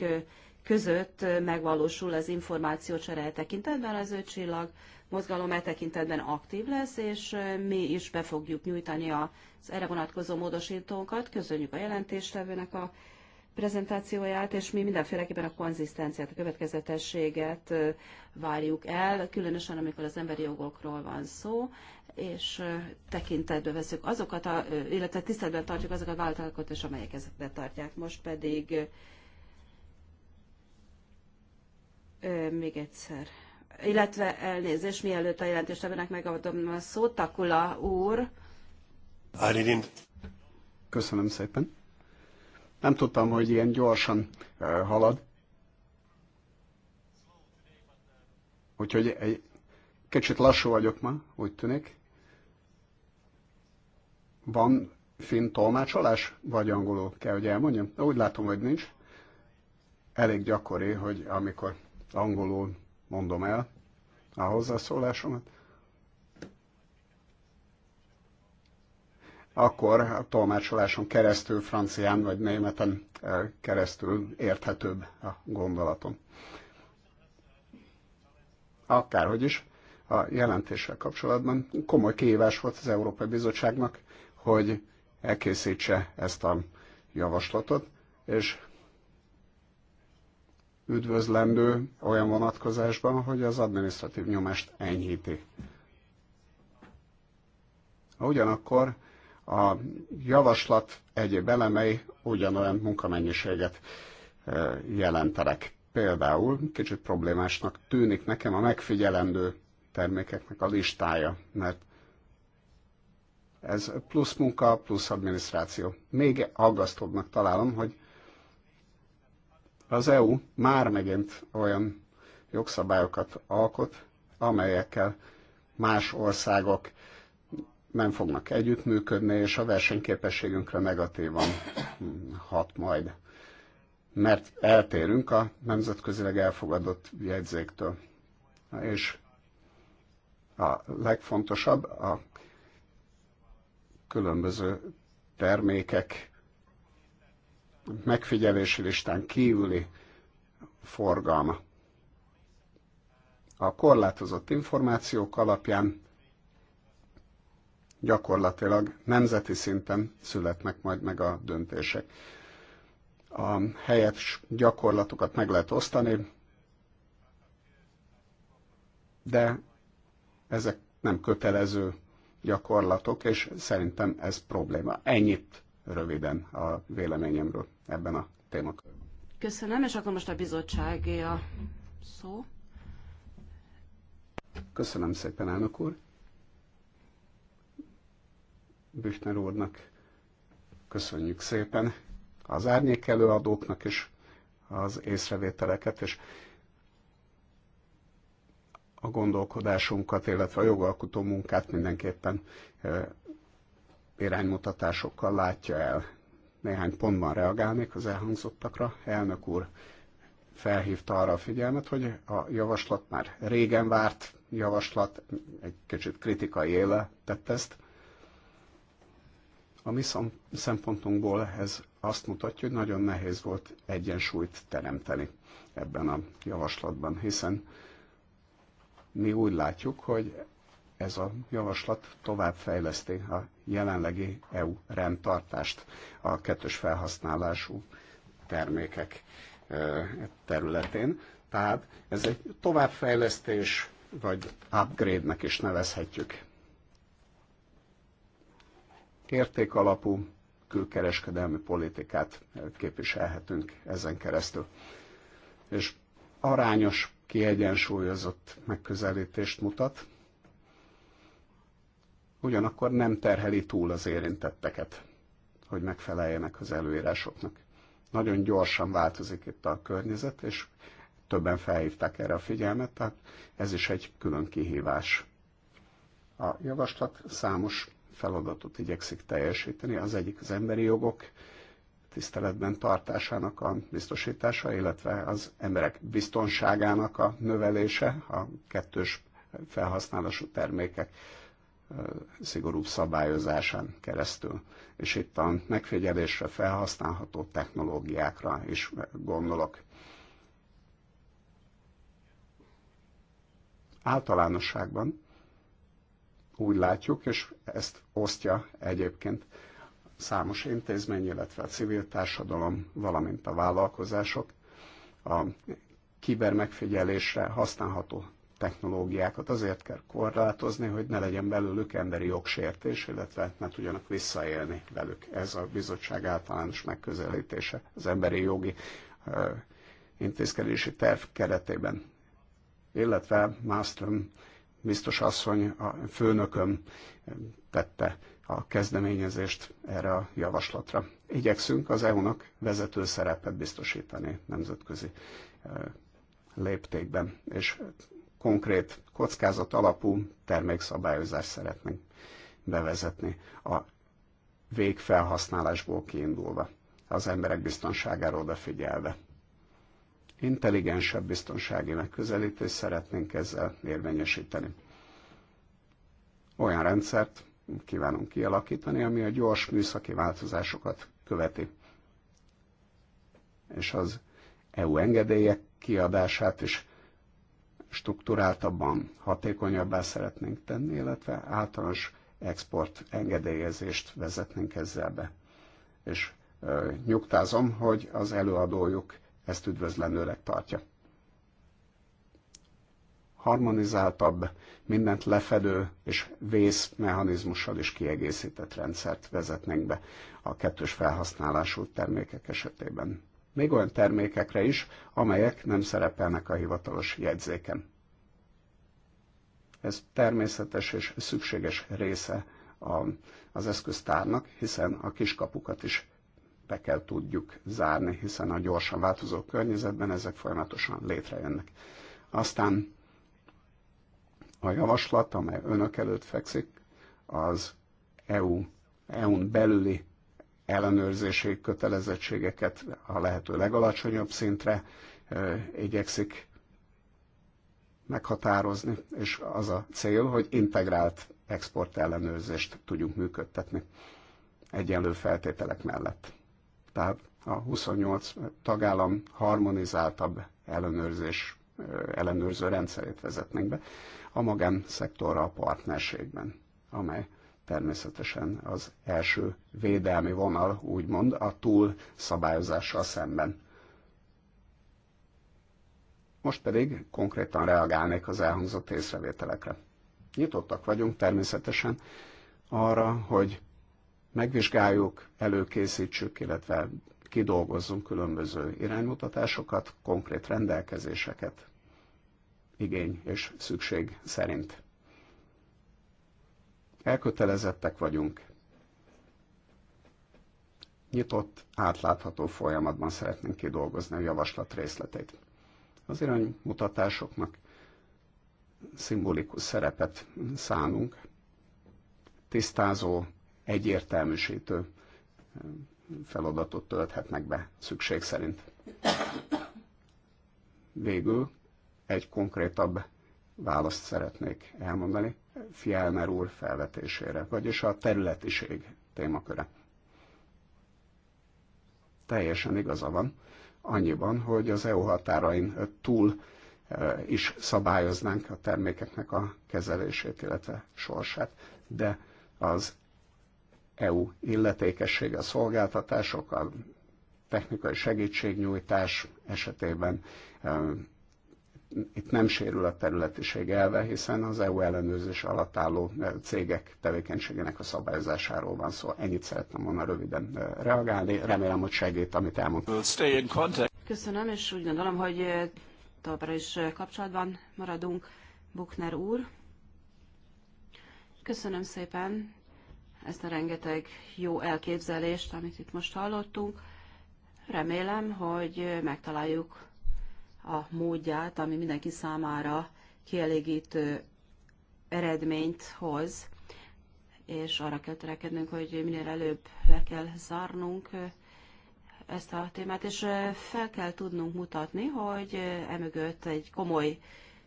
között megvalósul az információcsere tekintetben az ő csillag mozgalom e tekintetben aktív lesz, és mi is be fogjuk nyújtani az erre vonatkozó módosítókat. Köszönjük a jelentéstevőnek a prezentációját, és mi mindenféleképpen a konzisztenciát, a következetességet várjuk el, különösen amikor az emberi jogokról van szó, és tekintetbe veszük azokat, a, illetve tiszteletben tartjuk azokat a vállalatokat, és amelyek ezt betartják. Most pedig még egyszer illetve elnézést, mielőtt a jelentéstevőnek megadom a szót, Takula úr. Köszönöm szépen. Nem tudtam, hogy ilyen gyorsan eh, halad. Úgyhogy egy kicsit lassú vagyok ma, úgy tűnik. Van finn tolmácsolás, vagy angolul kell, hogy elmondjam? Úgy látom, hogy nincs. Elég gyakori, hogy amikor angolul mondom el a hozzászólásomat, akkor a tolmácsoláson keresztül, francián vagy németen eh, keresztül érthetőbb a gondolatom. Akárhogy is, a jelentéssel kapcsolatban komoly kihívás volt az Európai Bizottságnak, hogy elkészítse ezt a javaslatot, és üdvözlendő olyan vonatkozásban, hogy az adminisztratív nyomást enyhíti. Ugyanakkor a javaslat egyéb elemei ugyanolyan munkamennyiséget e, jelentenek. Például kicsit problémásnak tűnik nekem a megfigyelendő termékeknek a listája, mert ez plusz munka, plusz adminisztráció. Még aggasztóbbnak találom, hogy az EU már megint olyan jogszabályokat alkot, amelyekkel más országok nem fognak együttműködni, és a versenyképességünkre negatívan hat majd. Mert eltérünk a nemzetközileg elfogadott jegyzéktől. És a legfontosabb a különböző termékek megfigyelési listán kívüli forgalma. A korlátozott információk alapján gyakorlatilag nemzeti szinten születnek majd meg a döntések. A helyes gyakorlatokat meg lehet osztani, de ezek nem kötelező gyakorlatok, és szerintem ez probléma. Ennyit röviden a véleményemről ebben a témakörben. Köszönöm, és akkor most a bizottságé a szó. Köszönöm szépen, elnök úr. Büchner úrnak köszönjük szépen az árnyék előadóknak is az észrevételeket, és a gondolkodásunkat, illetve a jogalkotó munkát mindenképpen eh, iránymutatásokkal látja el. Néhány pontban reagálnék az elhangzottakra. Elnök úr felhívta arra a figyelmet, hogy a javaslat már régen várt javaslat, egy kicsit kritikai éle tett ezt. A mi szempontunkból ez azt mutatja, hogy nagyon nehéz volt egyensúlyt teremteni ebben a javaslatban, hiszen mi úgy látjuk, hogy ez a javaslat továbbfejleszti a jelenlegi EU rendtartást a kettős felhasználású termékek területén. Tehát ez egy továbbfejlesztés, vagy upgrade-nek is nevezhetjük. Értékalapú külkereskedelmi politikát képviselhetünk ezen keresztül. És arányos, kiegyensúlyozott megközelítést mutat, ugyanakkor nem terheli túl az érintetteket, hogy megfeleljenek az előírásoknak. Nagyon gyorsan változik itt a környezet, és többen felhívták erre a figyelmet, tehát ez is egy külön kihívás. A javaslat számos feladatot igyekszik teljesíteni, az egyik az emberi jogok tiszteletben tartásának a biztosítása, illetve az emberek biztonságának a növelése, a kettős felhasználású termékek szigorúbb szabályozásán keresztül. És itt a megfigyelésre felhasználható technológiákra is gondolok. Általánosságban úgy látjuk, és ezt osztja egyébként számos intézmény, illetve a civil társadalom, valamint a vállalkozások, a kibermegfigyelésre használható technológiákat azért kell korlátozni, hogy ne legyen belőlük emberi jogsértés, illetve ne tudjanak visszaélni velük. Ez a bizottság általános megközelítése az emberi jogi intézkedési terv keretében. Illetve Mastrom biztos asszony, a főnököm tette a kezdeményezést erre a javaslatra. Igyekszünk az EU-nak vezető szerepet biztosítani nemzetközi léptékben, és konkrét kockázat alapú termékszabályozást szeretnénk bevezetni a végfelhasználásból kiindulva, az emberek biztonságára odafigyelve. Intelligensebb biztonsági megközelítést szeretnénk ezzel érvényesíteni. Olyan rendszert kívánunk kialakítani, ami a gyors műszaki változásokat követi. És az EU engedélyek kiadását is struktúráltabban, hatékonyabbá szeretnénk tenni, illetve általános export engedélyezést vezetnénk ezzel be. És ö, nyugtázom, hogy az előadójuk ezt üdvözlenőleg tartja. Harmonizáltabb, mindent lefedő és vészmechanizmussal is kiegészített rendszert vezetnénk be a kettős felhasználású termékek esetében még olyan termékekre is, amelyek nem szerepelnek a hivatalos jegyzéken. Ez természetes és szükséges része a, az eszköztárnak, hiszen a kiskapukat is be kell tudjuk zárni, hiszen a gyorsan változó környezetben ezek folyamatosan létrejönnek. Aztán a javaslat, amely önök előtt fekszik, az EU, EU-n belüli ellenőrzési kötelezettségeket a lehető legalacsonyabb szintre igyekszik meghatározni, és az a cél, hogy integrált exportellenőrzést tudjunk működtetni egyenlő feltételek mellett. Tehát a 28 tagállam harmonizáltabb ellenőrzés, ellenőrző rendszerét vezetnénk be a a partnerségben, amely természetesen az első védelmi vonal, úgymond, a túl szabályozással szemben. Most pedig konkrétan reagálnék az elhangzott észrevételekre. Nyitottak vagyunk természetesen arra, hogy megvizsgáljuk, előkészítsük, illetve kidolgozzunk különböző iránymutatásokat, konkrét rendelkezéseket igény és szükség szerint. Elkötelezettek vagyunk. Nyitott, átlátható folyamatban szeretnénk kidolgozni a javaslat részleteit. Az iránymutatásoknak szimbolikus szerepet szánunk, tisztázó, egyértelműsítő eh, feladatot tölthetnek be szükség szerint. Végül egy konkrétabb választ szeretnék elmondani. Fielmer úr felvetésére, vagyis a területiség témaköre. Teljesen igaza van, annyiban, hogy az EU határain túl e, is szabályoznánk a termékeknek a kezelését, illetve sorsát, de az EU illetékessége, a szolgáltatások, a technikai segítségnyújtás esetében e, itt nem sérül a területiség elve, hiszen az EU ellenőrzés alatt álló e, cégek tevékenységének a szabályozásáról van szó. Ennyit szerettem volna röviden e, reagálni. Remélem, hogy segít, amit elmondtam. Köszönöm, és úgy gondolom, hogy e, továbbra is kapcsolatban maradunk. Buchner úr, köszönöm szépen ezt a rengeteg jó elképzelést, amit itt most hallottunk. Remélem, hogy megtaláljuk a módját, ami mindenki számára kielégítő eredményt hoz, és arra kell törekednünk, hogy minél előbb le kell zárnunk ezt a témát, és fel kell tudnunk mutatni, hogy emögött egy komoly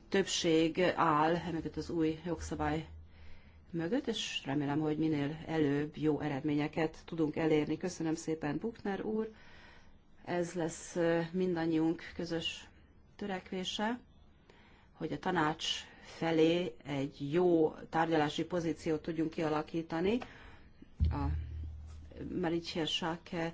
többség áll, emögött az új jogszabály mögött, és remélem, hogy minél előbb jó eredményeket tudunk elérni. Köszönöm szépen, Buchner úr! Ez lesz mindannyiunk közös törekvése, hogy a tanács felé egy jó tárgyalási pozíciót tudjunk kialakítani. A Maricia Sáke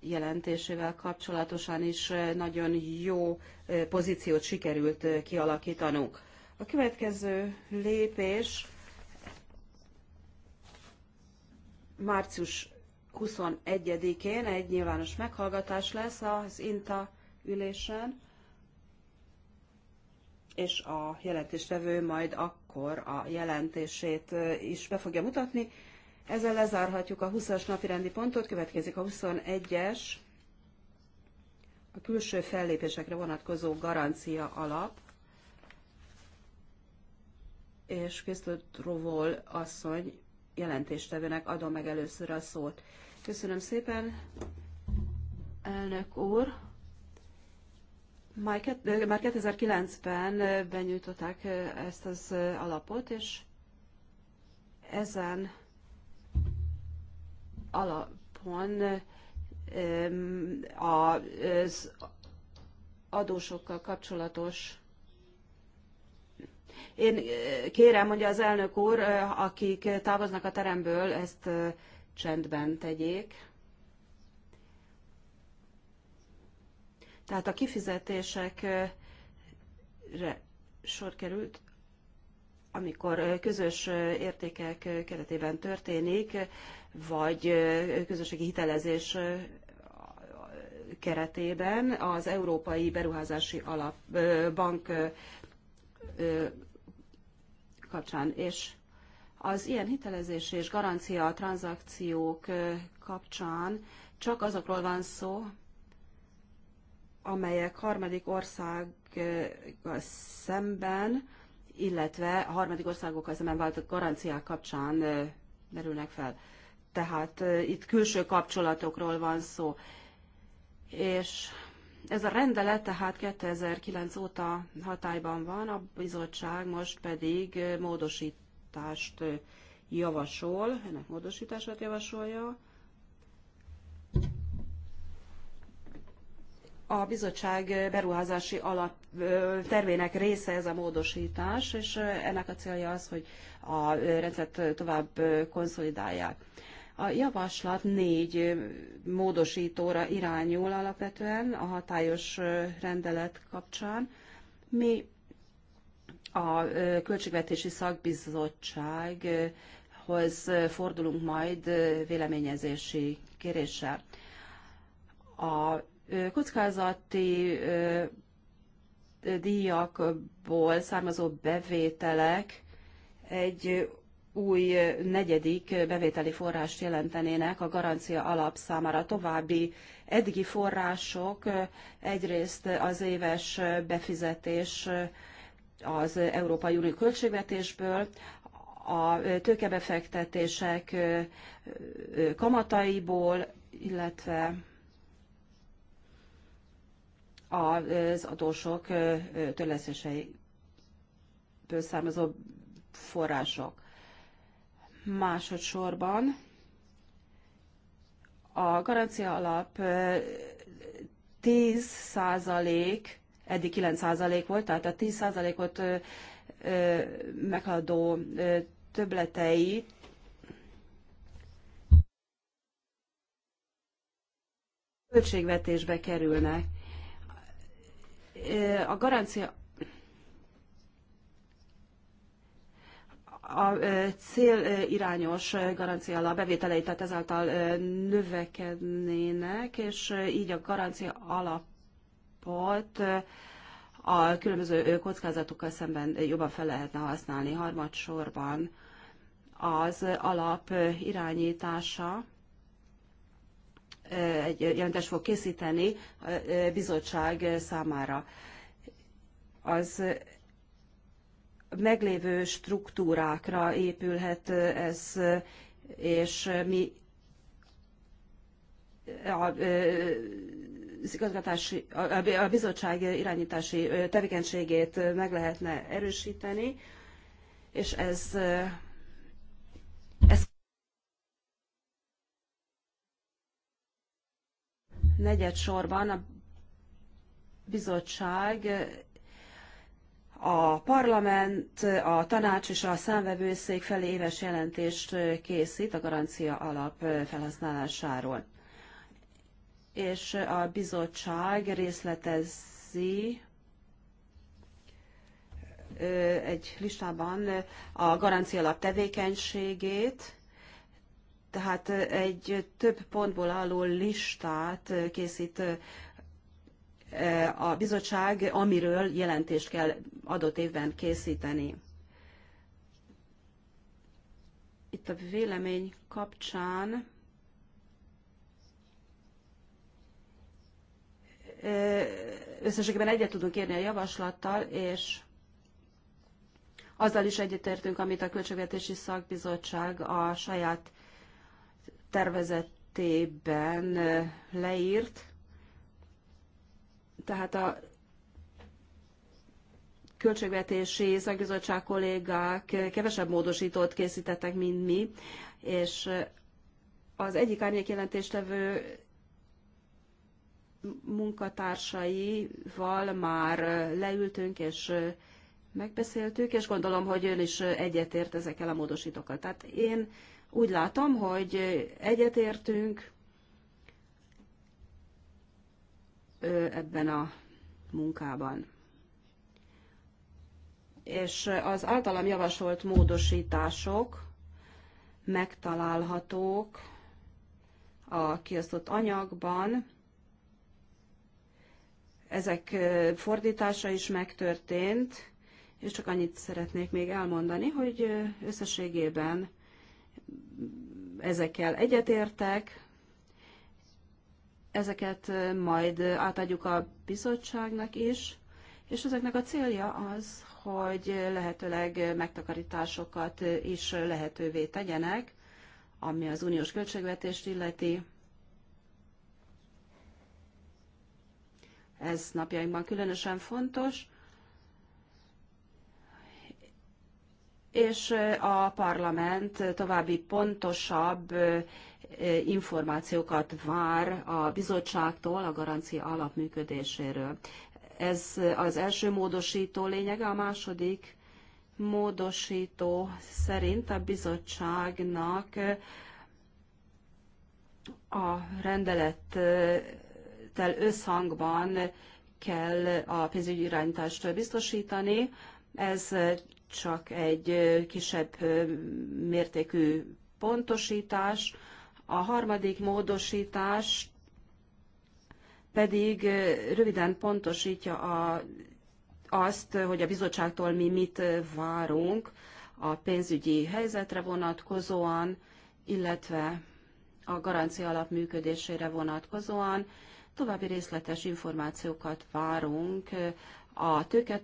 jelentésével kapcsolatosan is nagyon jó pozíciót sikerült kialakítanunk. A következő lépés március 21-én egy nyilvános meghallgatás lesz az INTA ülésen, és a jelentéstevő majd akkor a jelentését is be fogja mutatni. Ezzel lezárhatjuk a 20-as napi rendi pontot, következik a 21-es, a külső fellépésekre vonatkozó garancia alap, és Krisztott Rovol asszony jelentéstevőnek adom meg először a szót. Köszönöm szépen, elnök úr! Már 2009-ben benyújtották ezt az alapot, és ezen alapon az adósokkal kapcsolatos én kérem, mondja az elnök úr, akik távoznak a teremből, ezt csendben tegyék. Tehát a kifizetésekre sor került, amikor közös értékek keretében történik, vagy közösségi hitelezés keretében az Európai Beruházási Alap Bank kapcsán. És az ilyen hitelezés és garancia tranzakciók kapcsán csak azokról van szó, amelyek harmadik országgal szemben, illetve a harmadik országokkal szemben váltott garanciák kapcsán merülnek fel. Tehát itt külső kapcsolatokról van szó. És ez a rendelet tehát 2009 óta hatályban van, a bizottság most pedig módosítást javasol, ennek módosítását javasolja. a bizottság beruházási alap tervének része ez a módosítás, és ennek a célja az, hogy a rendszert tovább konszolidálják. A javaslat négy módosítóra irányul alapvetően a hatályos rendelet kapcsán. Mi a Költségvetési Szakbizottsághoz fordulunk majd véleményezési kéréssel. A kockázati díjakból származó bevételek egy új negyedik bevételi forrást jelentenének a garancia alap számára. További eddigi források egyrészt az éves befizetés az Európai Unió költségvetésből, a tőkebefektetések kamataiból, illetve az adósok törlesztéseiből származó források. Másodszorban a garancia alap 10 százalék, eddig 9 százalék volt, tehát a 10 százalékot meghaladó többletei költségvetésbe kerülnek a garancia a célirányos garancia a bevételei, tehát ezáltal növekednének, és így a garancia alapot a különböző kockázatokkal szemben jobban fel lehetne használni. Harmadsorban az alap irányítása egy jelentést fog készíteni a bizottság számára. Az meglévő struktúrákra épülhet ez, és mi a, a, a, a bizottság irányítási tevékenységét meg lehetne erősíteni, és ez negyed sorban a bizottság a parlament, a tanács és a számvevőszék felé éves jelentést készít a garancia alap felhasználásáról. És a bizottság részletezi egy listában a garancia alap tevékenységét, tehát egy több pontból álló listát készít e, a bizottság, amiről jelentést kell adott évben készíteni. Itt a vélemény kapcsán e, összességében egyet tudunk érni a javaslattal, és azzal is egyetértünk, amit a Költségvetési Szakbizottság a saját tervezetében leírt. Tehát a költségvetési szakbizottság kollégák kevesebb módosítót készítettek, mint mi, és az egyik árnyékjelentéstevő munkatársaival már leültünk és megbeszéltük, és gondolom, hogy ön is egyetért ezekkel a módosítókkal. Tehát én úgy látom, hogy egyetértünk ebben a munkában. És az általam javasolt módosítások megtalálhatók a kiosztott anyagban. Ezek fordítása is megtörtént, és csak annyit szeretnék még elmondani, hogy összességében ezekkel egyetértek, ezeket majd átadjuk a bizottságnak is, és ezeknek a célja az, hogy lehetőleg megtakarításokat is lehetővé tegyenek, ami az uniós költségvetést illeti. Ez napjainkban különösen fontos, és a parlament további pontosabb információkat vár a bizottságtól a garancia alapműködéséről. Ez az első módosító lényege, a második módosító szerint a bizottságnak a rendelettel összhangban kell a pénzügyi irányítást biztosítani. Ez csak egy kisebb mértékű pontosítás, a harmadik módosítás pedig röviden pontosítja a, azt, hogy a bizottságtól mi mit várunk a pénzügyi helyzetre vonatkozóan, illetve a garancia alap működésére vonatkozóan. További részletes információkat várunk a tőket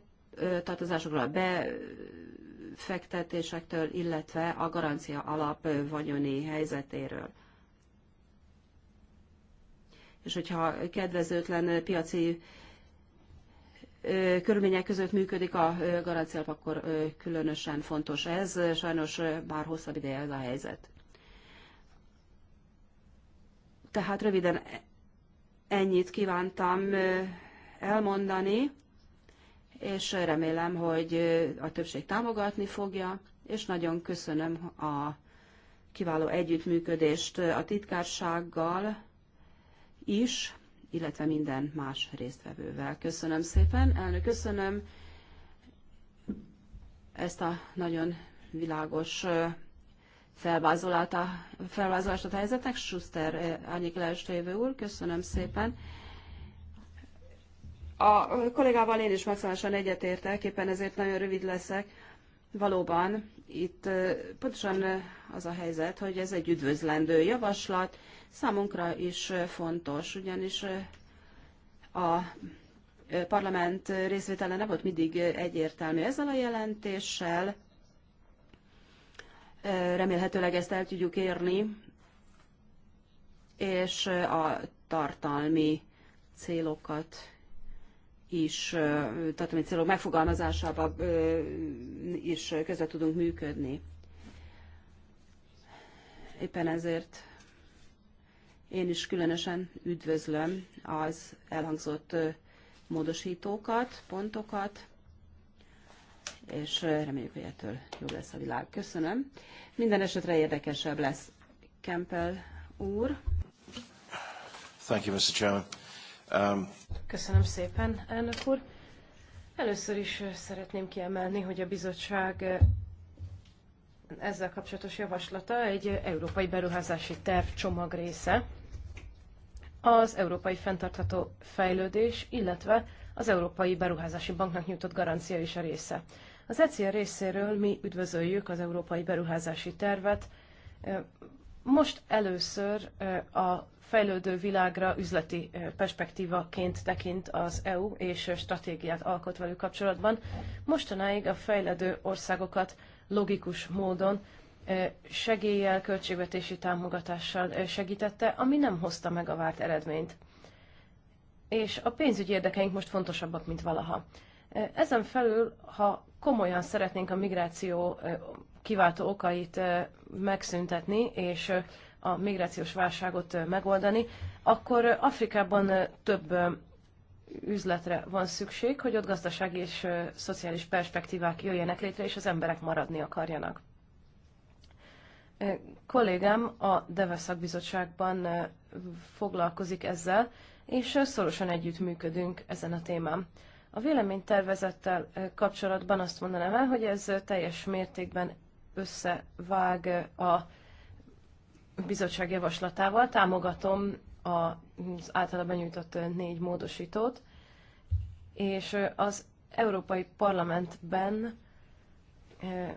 tartozásokról, a befektetésektől, illetve a garancia alap vagyoni helyzetéről. És hogyha kedvezőtlen piaci körülmények között működik a garancia, akkor különösen fontos ez. Sajnos már hosszabb ideje ez a helyzet. Tehát röviden ennyit kívántam elmondani és remélem, hogy a többség támogatni fogja, és nagyon köszönöm a kiváló együttműködést a titkársággal is, illetve minden más résztvevővel. Köszönöm szépen, elnök, köszönöm ezt a nagyon világos felvázolást a helyzetnek. Schuster Ányik Leestévő úr, köszönöm szépen. A kollégával én is maximálisan egyetértek, éppen ezért nagyon rövid leszek. Valóban itt pontosan az a helyzet, hogy ez egy üdvözlendő javaslat, számunkra is fontos, ugyanis a parlament részvétele nem volt mindig egyértelmű ezzel a jelentéssel. Remélhetőleg ezt el tudjuk érni, és a tartalmi célokat is tartalmi célok megfogalmazásába is közre tudunk működni. Éppen ezért én is különösen üdvözlöm az elhangzott módosítókat, pontokat, és reméljük, hogy ettől jobb lesz a világ. Köszönöm. Minden esetre érdekesebb lesz Kempel úr. Thank you, Mr. Chairman. Um, Köszönöm szépen, elnök úr. Először is szeretném kiemelni, hogy a bizottság ezzel kapcsolatos javaslata egy európai beruházási terv csomag része, az európai fenntartható fejlődés, illetve az Európai Beruházási Banknak nyújtott garancia is a része. Az ECR részéről mi üdvözöljük az Európai Beruházási Tervet, most először a fejlődő világra üzleti perspektívaként tekint az EU, és stratégiát alkot velük kapcsolatban. Mostanáig a fejlődő országokat logikus módon segéllyel, költségvetési támogatással segítette, ami nem hozta meg a várt eredményt. És a pénzügyi érdekeink most fontosabbak, mint valaha. Ezen felül, ha komolyan szeretnénk a migráció kiváltó okait megszüntetni, és a migrációs válságot megoldani, akkor Afrikában több üzletre van szükség, hogy ott gazdasági és szociális perspektívák jöjjenek létre, és az emberek maradni akarjanak. Kollégám a Deve szakbizottságban foglalkozik ezzel, és szorosan együttműködünk ezen a témán. A véleménytervezettel kapcsolatban azt mondanám el, hogy ez teljes mértékben összevág a bizottság javaslatával. Támogatom az általa benyújtott négy módosítót, és az Európai Parlamentben eh,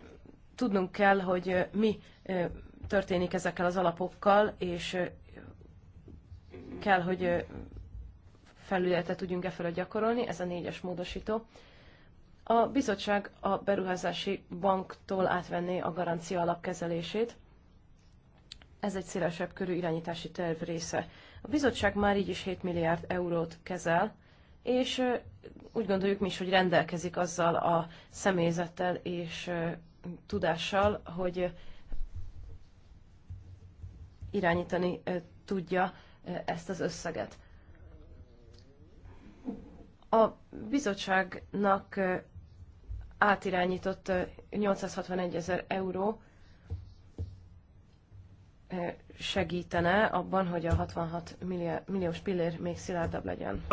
tudnunk kell, hogy mi eh, történik ezekkel az alapokkal, és eh, kell, hogy felületet tudjunk e fölött gyakorolni, ez a négyes módosító. A bizottság a beruházási banktól átvenné a garancia alapkezelését. Ez egy szélesebb körű irányítási terv része. A bizottság már így is 7 milliárd eurót kezel, és úgy gondoljuk mi is, hogy rendelkezik azzal a személyzettel és tudással, hogy irányítani tudja ezt az összeget. A bizottságnak átirányított 861 ezer euró segítene abban, hogy a 66 milliós pillér még szilárdabb legyen.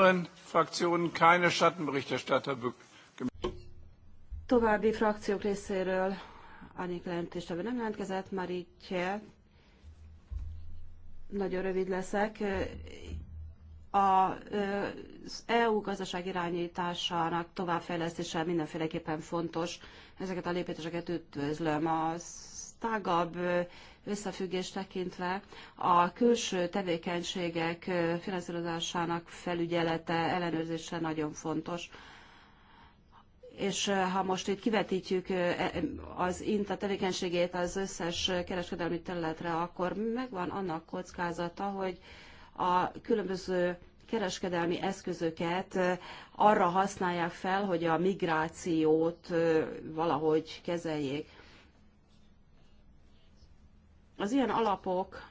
További frakciók részéről Annik jelentéstevő nem jelentkezett, így nagyon rövid leszek az EU gazdaság irányításának továbbfejlesztése mindenféleképpen fontos. Ezeket a lépéseket üdvözlöm. A tágabb összefüggés tekintve a külső tevékenységek finanszírozásának felügyelete, ellenőrzése nagyon fontos. És ha most itt kivetítjük e, az INTA tevékenységét az összes kereskedelmi területre, akkor megvan annak kockázata, hogy a különböző kereskedelmi eszközöket arra használják fel, hogy a migrációt valahogy kezeljék. Az ilyen alapok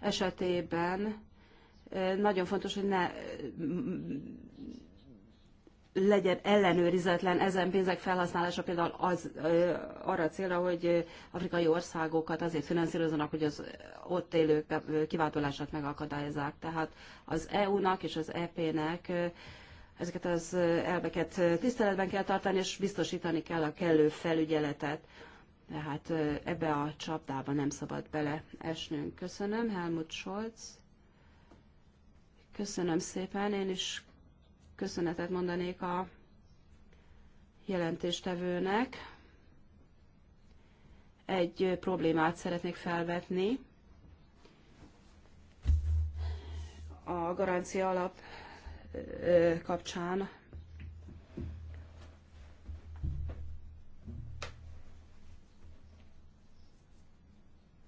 esetében nagyon fontos, hogy ne legyen ellenőrizetlen ezen pénzek felhasználása például az, arra a célra, hogy afrikai országokat azért finanszírozzanak, hogy az ott élők kiváltolását megakadályozzák. Tehát az EU-nak és az EP-nek ezeket az elveket tiszteletben kell tartani, és biztosítani kell a kellő felügyeletet. Tehát ebbe a csapdába nem szabad beleesnünk. Köszönöm, Helmut Scholz. Köszönöm szépen, én is köszönetet mondanék a jelentéstevőnek. Egy problémát szeretnék felvetni. A garancia alap kapcsán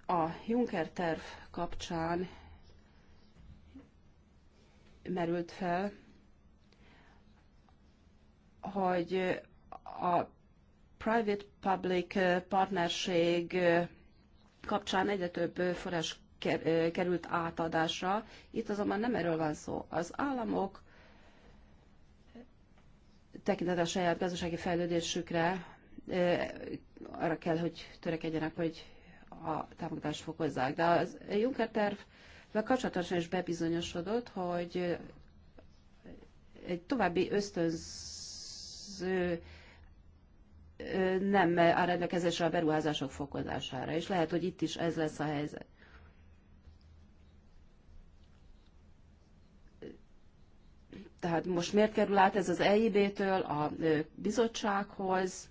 a Juncker terv kapcsán merült fel, hogy a private-public eh, partnerség eh, kapcsán egyre több eh, forrás került átadásra. Itt azonban nem erről van szó. Az államok tekintet a saját gazdasági fejlődésükre arra kell, hogy törekedjenek, hogy a támogatást fokozzák. De az Juncker terv kapcsolatosan is bebizonyosodott, hogy egy további ösztönz eszköz nem áll rendelkezésre a beruházások fokozására, és lehet, hogy itt is ez lesz a helyzet. Tehát most miért kerül át ez az EIB-től a bizottsághoz,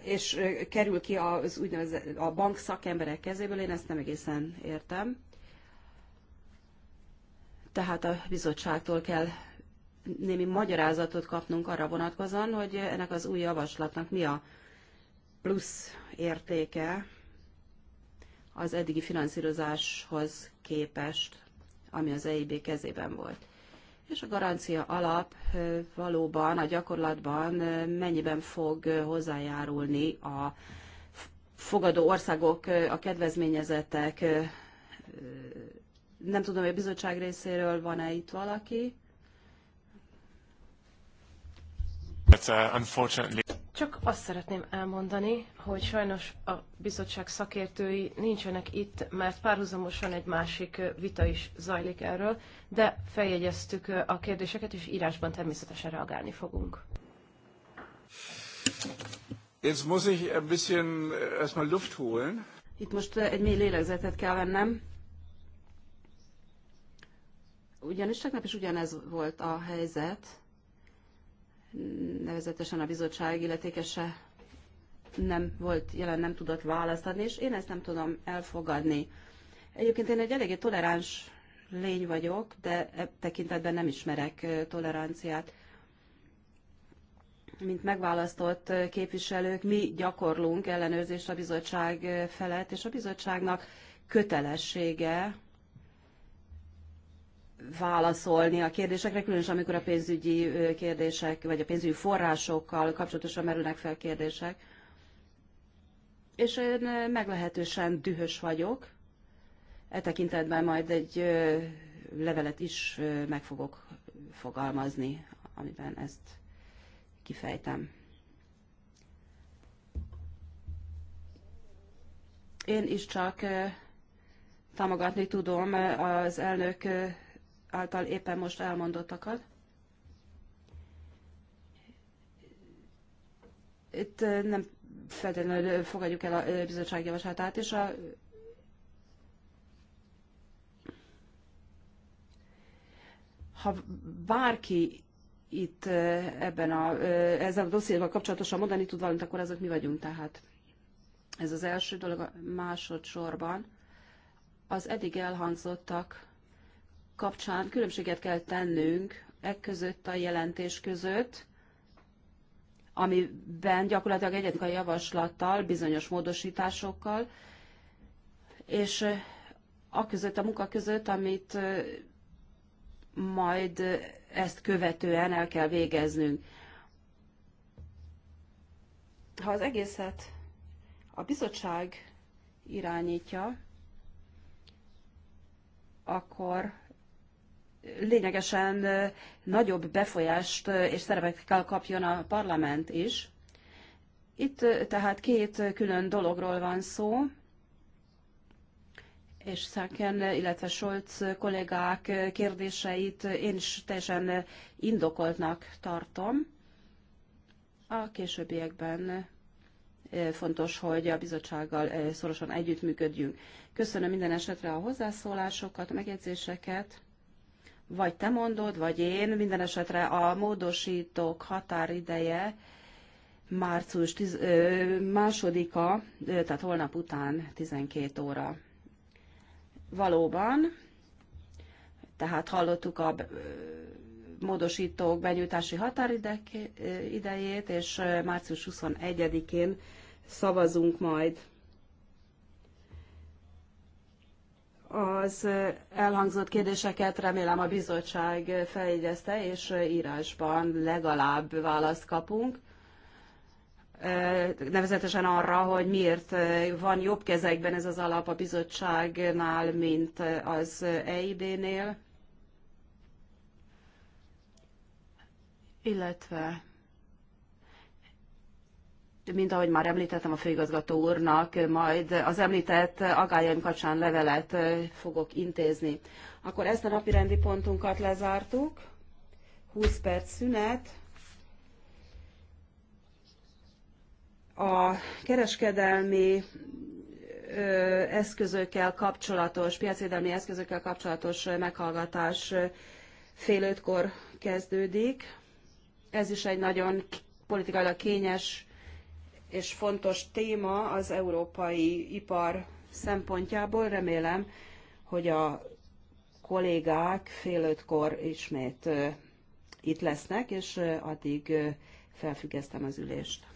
és kerül ki az úgynevezett a bank szakemberek kezéből, én ezt nem egészen értem. Tehát a bizottságtól kell némi magyarázatot kapnunk arra vonatkozóan, hogy ennek az új javaslatnak mi a plusz értéke az eddigi finanszírozáshoz képest, ami az EIB kezében volt. És a garancia alap valóban a gyakorlatban mennyiben fog hozzájárulni a fogadó országok, a kedvezményezettek nem tudom, hogy a bizottság részéről van-e itt valaki. But, uh, unfortunately... Csak azt szeretném elmondani, hogy sajnos a bizottság szakértői nincsenek itt, mert párhuzamosan egy másik vita is zajlik erről, de feljegyeztük a kérdéseket, és írásban természetesen reagálni fogunk. Jetzt muss ich ein bisschen äh, erstmal Luft holen. Itt most äh, egy mély lélegzetet kell vennem. Ugyanis tegnap is ugyanez volt a helyzet, nevezetesen a bizottság illetékese nem volt jelen, nem tudott választani, és én ezt nem tudom elfogadni. Egyébként én egy eléggé toleráns lény vagyok, de e tekintetben nem ismerek toleranciát. Mint megválasztott képviselők, mi gyakorlunk ellenőrzést a bizottság felett, és a bizottságnak kötelessége válaszolni a kérdésekre, különösen amikor a pénzügyi kérdések, vagy a pénzügyi forrásokkal kapcsolatosan merülnek fel kérdések. És én meglehetősen dühös vagyok. E tekintetben majd egy levelet is meg fogok fogalmazni, amiben ezt kifejtem. Én is csak támogatni tudom az elnök által éppen most elmondottakat. Itt nem feltétlenül fogadjuk el a bizottság javaslatát, és a ha bárki itt ebben a, ezzel a dossziéval kapcsolatosan mondani tud valamit, akkor azok mi vagyunk tehát. Ez az első dolog másodszorban. Az eddig elhangzottak kapcsán különbséget kell tennünk e között a jelentés között, amiben gyakorlatilag egyedik a javaslattal, bizonyos módosításokkal, és a között, a munka között, amit majd ezt követően el kell végeznünk. Ha az egészet a bizottság irányítja, akkor lényegesen nagyobb befolyást és kell kapjon a parlament is. Itt tehát két külön dologról van szó, és Szaken, illetve Scholz kollégák kérdéseit én is teljesen indokoltnak tartom. A későbbiekben fontos, hogy a bizottsággal szorosan együttműködjünk. Köszönöm minden esetre a hozzászólásokat, a megjegyzéseket vagy te mondod, vagy én, minden esetre a módosítók határideje március tiz, ö, másodika, ö, tehát holnap után 12 óra. Valóban, tehát hallottuk a ö, módosítók benyújtási határidejét, és március 21-én szavazunk majd Az elhangzott kérdéseket remélem a bizottság feljegyezte, és írásban legalább választ kapunk. Nevezetesen arra, hogy miért van jobb kezekben ez az alap a bizottságnál, mint az EIB-nél. Illetve mint ahogy már említettem a főigazgató úrnak, majd az említett agályaim kapcsán levelet fogok intézni. Akkor ezt a napi rendi pontunkat lezártuk. 20 perc szünet. A kereskedelmi eszközökkel kapcsolatos, piacvédelmi eszközökkel kapcsolatos meghallgatás fél ötkor kezdődik. Ez is egy nagyon politikailag kényes és fontos téma az európai ipar szempontjából. Remélem, hogy a kollégák fél ötkor ismét itt lesznek, és addig felfüggesztem az ülést.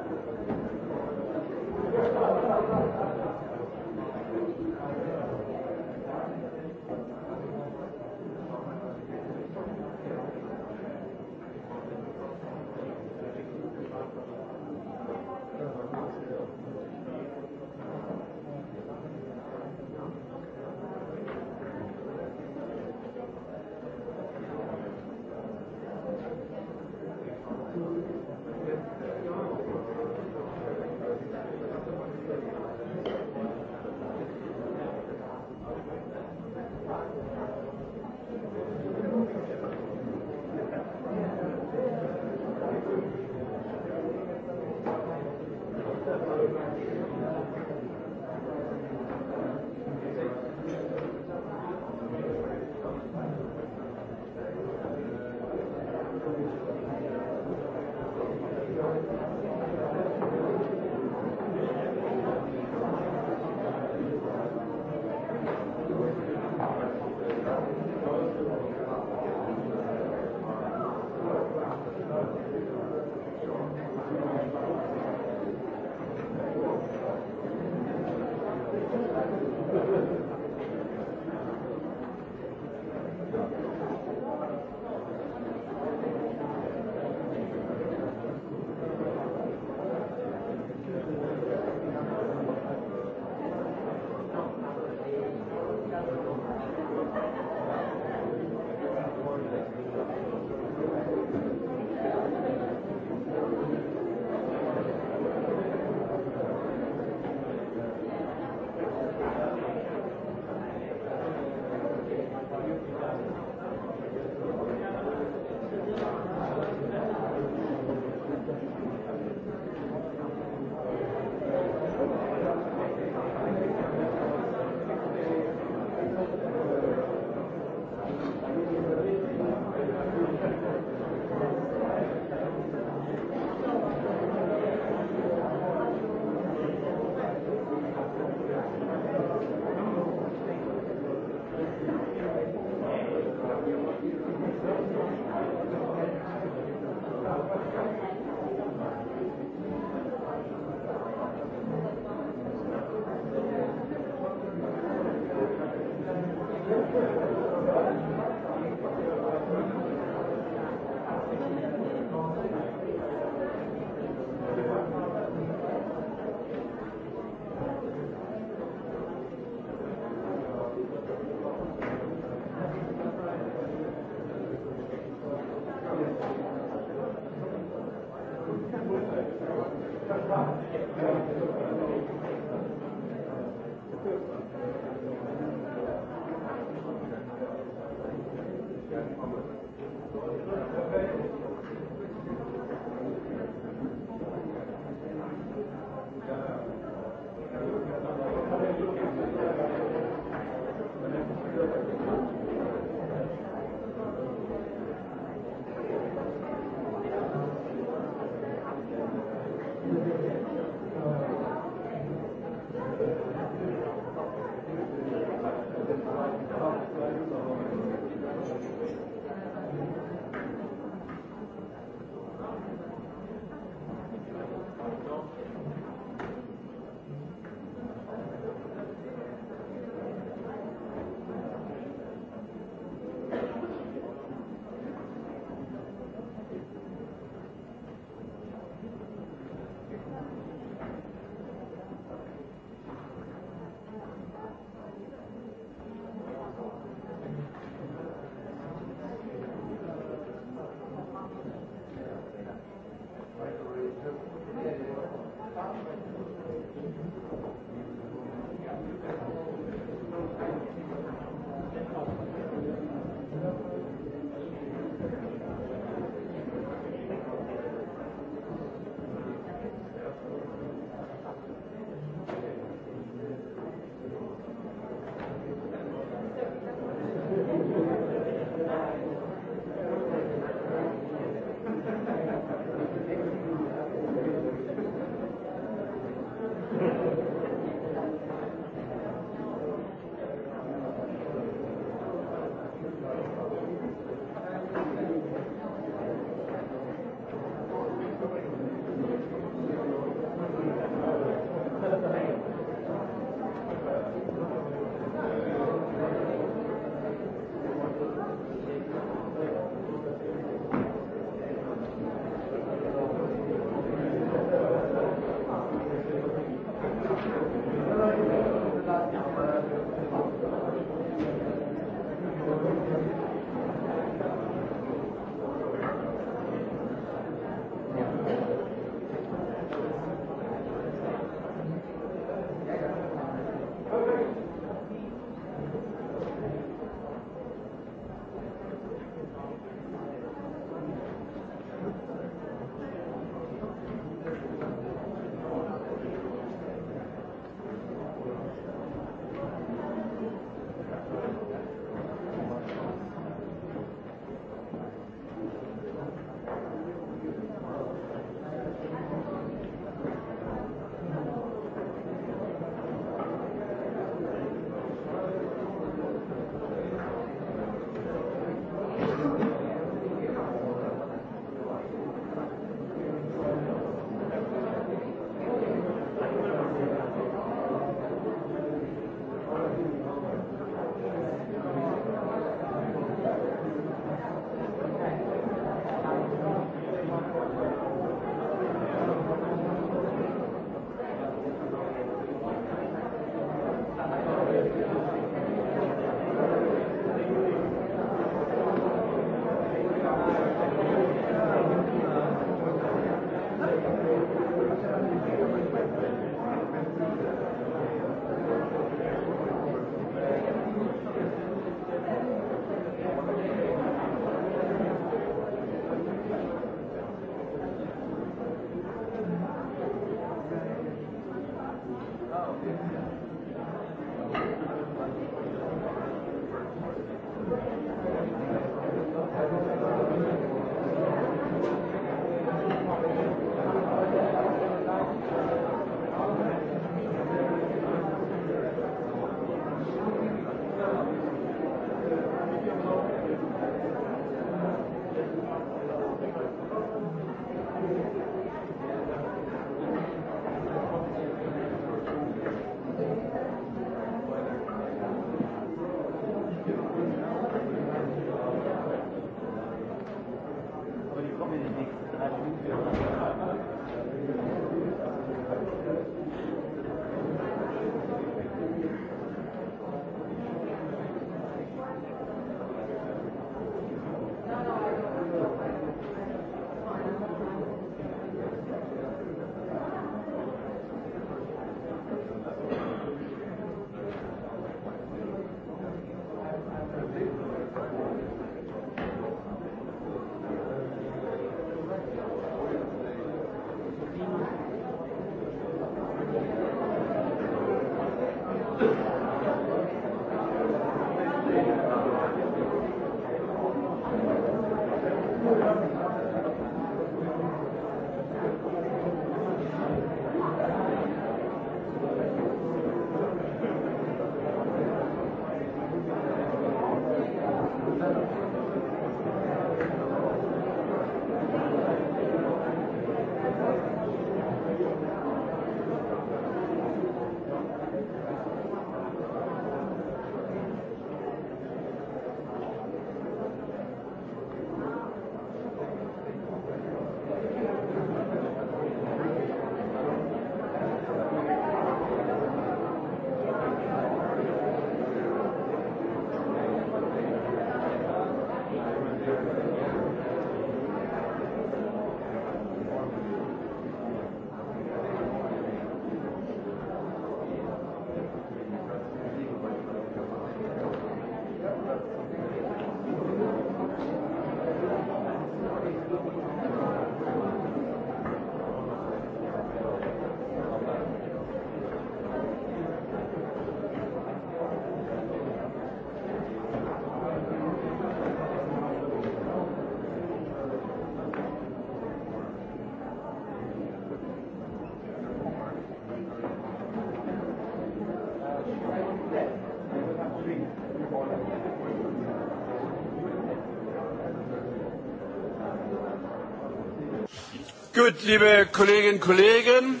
Gut, liebe Kolleginnen und Kollegen.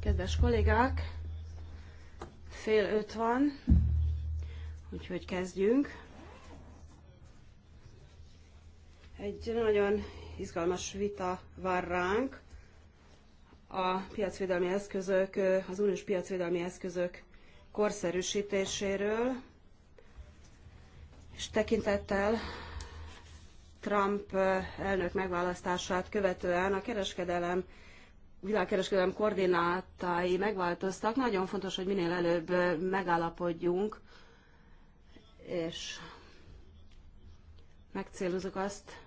Kedves kollégák, fél öt van, úgyhogy kezdjünk. Egy nagyon izgalmas vita vár ránk a piacvédelmi eszközök, az uniós piacvédelmi eszközök korszerűsítéséről, és tekintettel Trump elnök megválasztását követően a kereskedelem világkereskedelem koordinátái megváltoztak. Nagyon fontos, hogy minél előbb megállapodjunk, és megcélozok azt,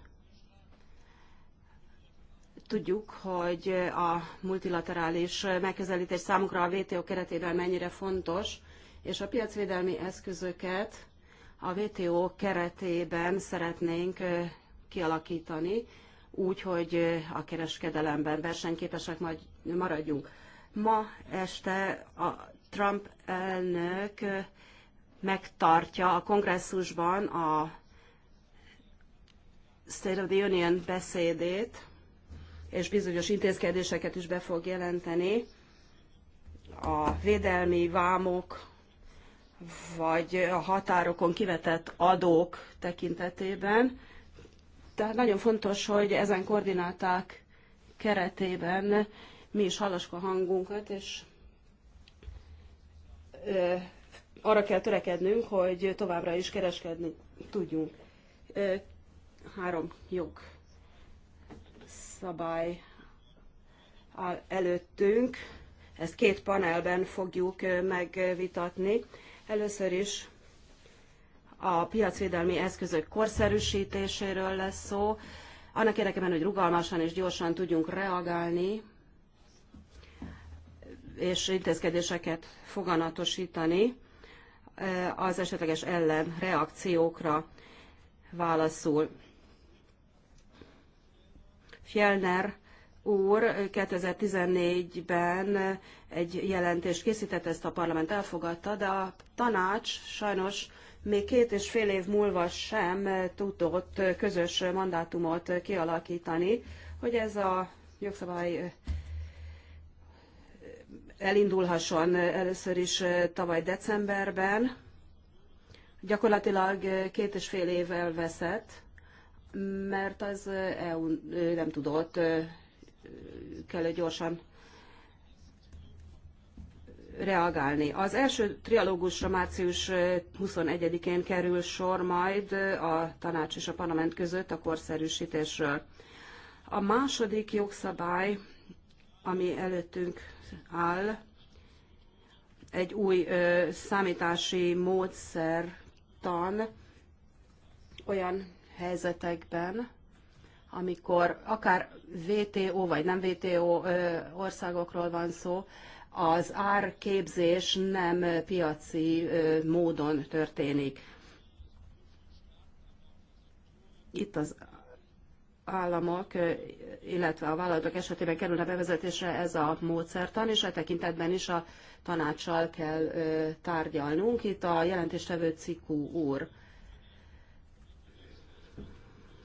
tudjuk, hogy a multilaterális megközelítés számukra a WTO keretében mennyire fontos, és a piacvédelmi eszközöket a WTO keretében szeretnénk kialakítani, úgy, hogy eh, a kereskedelemben versenyképesek majd maradjunk. Ma este a Trump elnök eh, megtartja a kongresszusban a State of the Union beszédét, és bizonyos intézkedéseket is be fog jelenteni. A védelmi vámok, vagy a határokon kivetett adók tekintetében. Tehát nagyon fontos, hogy ezen koordináták keretében mi is hallassuk a hangunkat, és arra kell törekednünk, hogy továbbra is kereskedni tudjunk. Három jog szabály áll előttünk. Ezt két panelben fogjuk megvitatni. Először is a piacvédelmi eszközök korszerűsítéséről lesz szó, annak érdekében, hogy rugalmasan és gyorsan tudjunk reagálni, és intézkedéseket foganatosítani eh, az esetleges ellenreakciókra válaszul. Fjellner úr 2014-ben egy jelentést készített, ezt a parlament elfogadta, de a tanács sajnos még két és fél év múlva sem tudott közös mandátumot kialakítani, hogy ez a jogszabály elindulhasson először is tavaly decemberben. Gyakorlatilag két és fél év elveszett, mert az EU nem tudott kellő gyorsan reagálni. Az első trialógusra március 21-én kerül sor majd a tanács és a parlament között a korszerűsítésről. A második jogszabály, ami előttünk áll, egy új ö, számítási tan, olyan helyzetekben, amikor akár VTO vagy nem VTO ö, országokról van szó, az árképzés nem piaci módon történik. Itt az államok, illetve a vállalatok esetében kerülne bevezetésre ez a módszertan, és e tekintetben is a tanácssal kell tárgyalnunk. Itt a jelentéstevő Cikú úr.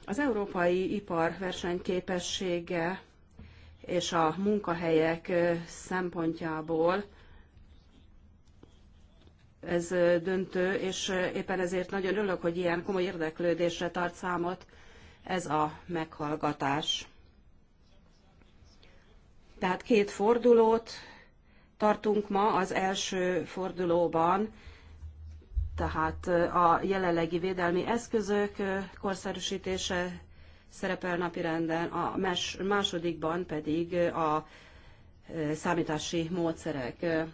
Az európai ipar versenyképessége és a munkahelyek szempontjából ez döntő, és éppen ezért nagyon örülök, hogy ilyen komoly érdeklődésre tart számot ez a meghallgatás. Tehát két fordulót tartunk ma az első fordulóban, tehát a jelenlegi védelmi eszközök korszerűsítése szerepel napirenden, a másodikban pedig a e, számítási módszerek. E,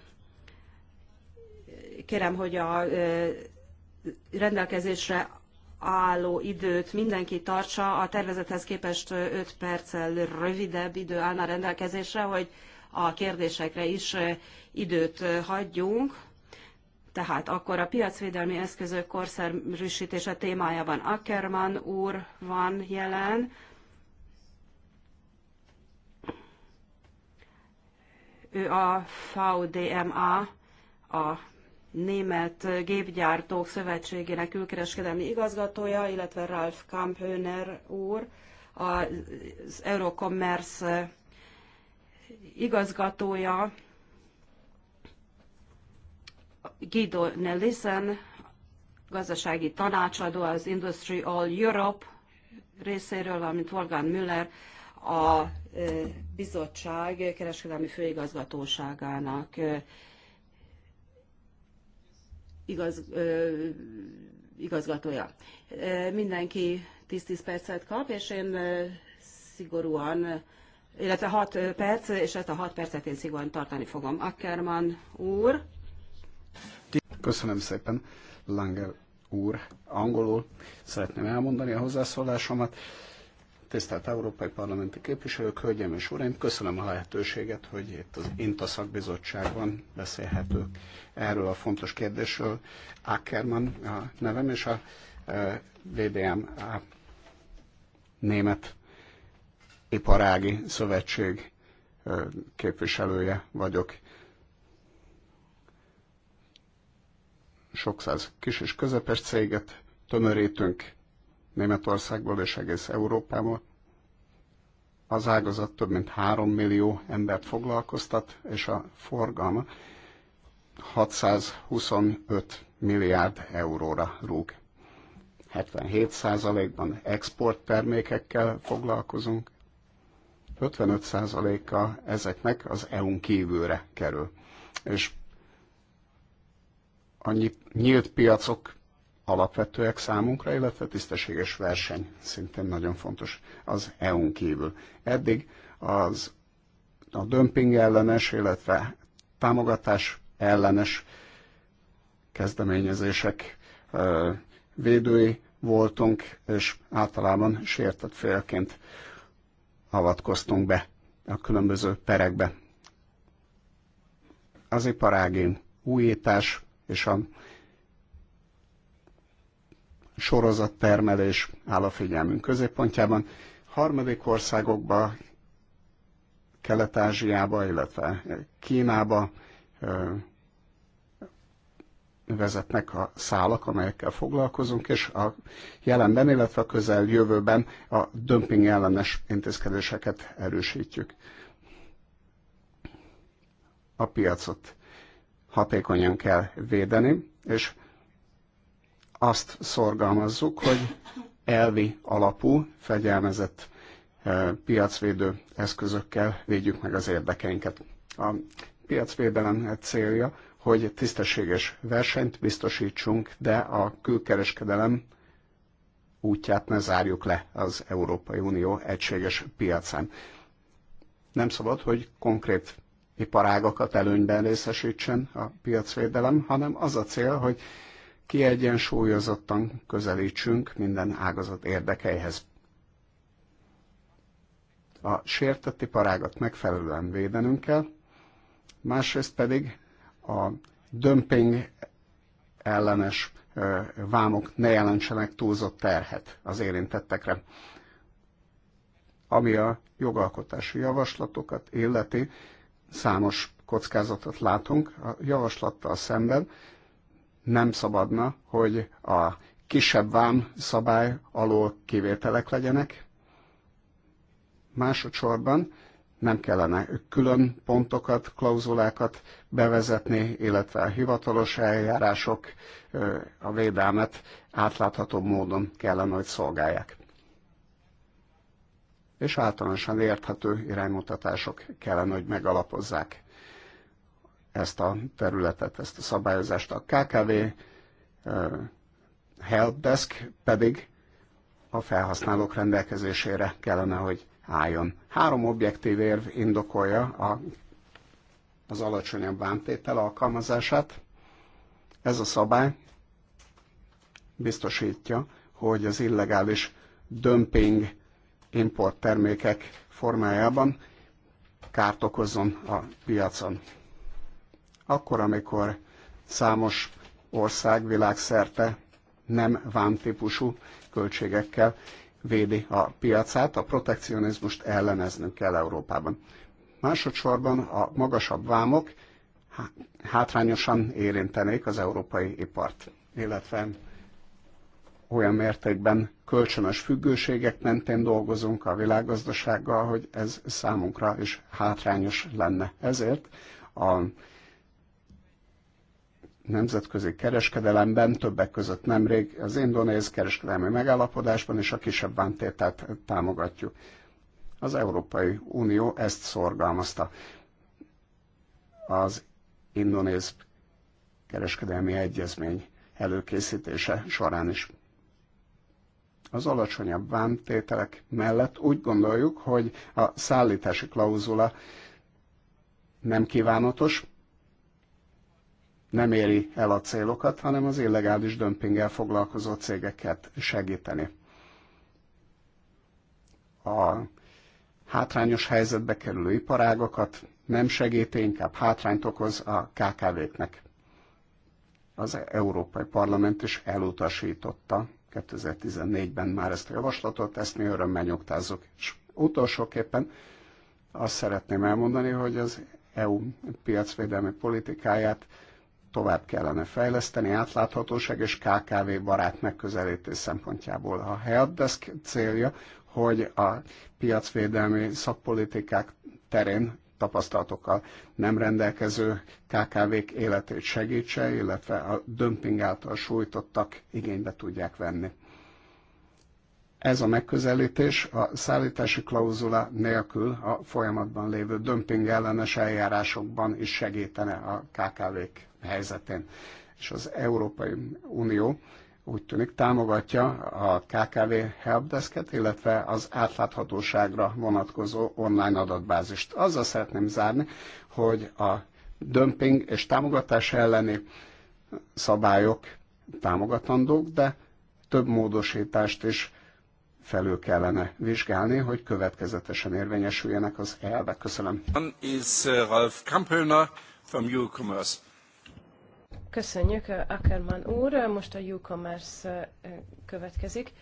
kérem, hogy a e, rendelkezésre álló időt mindenki tartsa, a tervezethez képest 5 perccel rövidebb idő állna rendelkezésre, hogy a kérdésekre is időt hagyjunk. Tehát akkor a piacvédelmi eszközök korszerűsítése témájában Ackerman úr van jelen. Ő a VDMA, a Német Gépgyártók Szövetségének külkereskedelmi igazgatója, illetve Ralf Kamphöner úr, az Eurocommerce igazgatója, Guido Nelissen, gazdasági tanácsadó az Industry All Europe részéről, valamint Wolfgang Müller, a bizottság kereskedelmi főigazgatóságának igaz, igazgatója. Mindenki 10-10 percet kap, és én szigorúan, illetve 6 perc, és ezt a 6 percet én szigorúan tartani fogom. Ackerman úr, Köszönöm szépen, Langer úr, angolul szeretném elmondani a hozzászólásomat. Tisztelt Európai Parlamenti Képviselők, Hölgyeim és Uraim, köszönöm a lehetőséget, hogy itt az INTA szakbizottságban beszélhetők erről a fontos kérdésről. Ackermann a nevem, és a e, VDM a Német Iparági Szövetség e, képviselője vagyok. sok száz kis és közepes céget tömörítünk Németországból és egész Európából. Az ágazat több mint 3 millió embert foglalkoztat, és a forgalma 625 milliárd euróra rúg. 77%-ban exporttermékekkel foglalkozunk, 55%-a ezeknek az EU-n kívülre kerül. És a nyílt piacok alapvetőek számunkra, illetve tisztességes verseny szintén nagyon fontos az EU-n kívül. Eddig az a dömping ellenes, illetve támogatás ellenes kezdeményezések védői voltunk, és általában sértett félként avatkoztunk be a különböző perekbe. Az iparágén újítás és a termelés áll a figyelmünk középpontjában. Harmadik országokba, Kelet-Ázsiába, illetve Kínába vezetnek a szálak, amelyekkel foglalkozunk, és a jelenben, illetve a közel jövőben a dömping ellenes intézkedéseket erősítjük. A piacot hatékonyan kell védeni, és azt szorgalmazzuk, hogy elvi alapú, fegyelmezett eh, piacvédő eszközökkel védjük meg az érdekeinket. A piacvédelem célja, hogy tisztességes versenyt biztosítsunk, de a külkereskedelem útját ne zárjuk le az Európai Unió egységes piacán. Nem szabad, hogy konkrét iparágakat előnyben részesítsen a piacvédelem, hanem az a cél, hogy kiegyensúlyozottan közelítsünk minden ágazat érdekeihez. A sértett iparágat megfelelően védenünk kell, másrészt pedig a dömping ellenes vámok ne jelentsenek túlzott terhet az érintettekre. Ami a jogalkotási javaslatokat illeti, számos kockázatot látunk a javaslattal szemben. Nem szabadna, hogy a kisebb vám szabály alól kivételek legyenek. Másodszorban nem kellene külön pontokat, klauzulákat bevezetni, illetve a hivatalos eljárások a védelmet átlátható módon kellene, hogy szolgálják és általánosan érthető iránymutatások kellene, hogy megalapozzák ezt a területet, ezt a szabályozást. A KKV eh, helpdesk pedig a felhasználók rendelkezésére kellene, hogy álljon. Három objektív érv indokolja a, az alacsonyabb bántétel alkalmazását. Ez a szabály biztosítja, hogy az illegális dömping importtermékek formájában kárt okozzon a piacon. Akkor, amikor számos ország világszerte nem vámtípusú költségekkel védi a piacát, a protekcionizmust elleneznünk kell Európában. Másodszorban a magasabb vámok hátrányosan érintenék az európai ipart, illetve olyan mértékben kölcsönös függőségek mentén dolgozunk a világgazdasággal, hogy ez számunkra is hátrányos lenne. Ezért a nemzetközi kereskedelemben, többek között nemrég az indonéz kereskedelmi megállapodásban is a kisebb bántételt támogatjuk. Az Európai Unió ezt szorgalmazta. Az indonéz kereskedelmi egyezmény előkészítése során is. Az alacsonyabb vámtételek mellett úgy gondoljuk, hogy a szállítási klauzula nem kívánatos, nem éri el a célokat, hanem az illegális dömpinggel foglalkozó cégeket segíteni. A hátrányos helyzetbe kerülő iparágokat nem segíti, inkább hátrányt okoz a KKV-knek. Az Európai Parlament is elutasította 2014-ben már ezt a javaslatot teszni, örömmel nyugtázzuk. És utolsóképpen azt szeretném elmondani, hogy az EU piacvédelmi politikáját tovább kellene fejleszteni átláthatóság és KKV barát megközelítés szempontjából. A helpdesk célja, hogy a piacvédelmi szakpolitikák terén tapasztalatokkal nem rendelkező KKV-k életét segítse, illetve a dömping által sújtottak igénybe tudják venni. Ez a megközelítés a szállítási klauzula nélkül a folyamatban lévő dömping ellenes eljárásokban is segítene a KKV-k helyzetén. És az Európai Unió úgy tűnik támogatja a KKV helpdesket, illetve az átláthatóságra vonatkozó online adatbázist. Azzal szeretném zárni, hogy a dömping és támogatás elleni szabályok támogatandók, de több módosítást is felül kellene vizsgálni, hogy következetesen érvényesüljenek az elvek. Köszönöm. is uh, Ralf Kampelner from Commerce. Köszönjük, Ackerman úr. Most a e-commerce következik.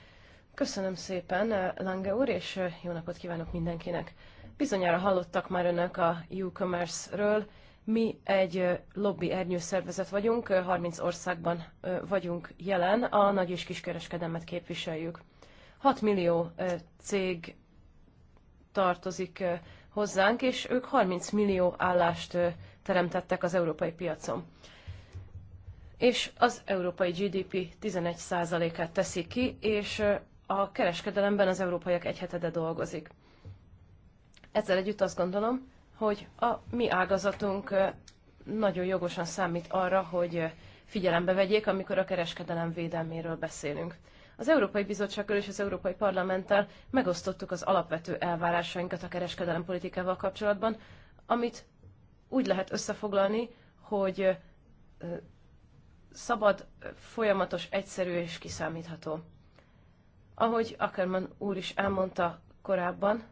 Köszönöm szépen, Lange úr, és jó napot kívánok mindenkinek. Bizonyára hallottak már önök a e-commerce-ről. Mi egy lobby ernyőszervezet vagyunk, 30 országban vagyunk jelen, a nagy és kiskereskedelmet képviseljük. 6 millió cég tartozik hozzánk, és ők 30 millió állást teremtettek az európai piacon és az európai GDP 11%-át teszi ki, és a kereskedelemben az európaiak egy hetede dolgozik. Ezzel együtt azt gondolom, hogy a mi ágazatunk nagyon jogosan számít arra, hogy figyelembe vegyék, amikor a kereskedelem védelméről beszélünk. Az Európai Bizottsággal és az Európai Parlamenttel megosztottuk az alapvető elvárásainkat a kereskedelem politikával kapcsolatban, amit úgy lehet összefoglalni, hogy szabad, folyamatos, egyszerű és kiszámítható. Ahogy Ackerman úr is elmondta korábban,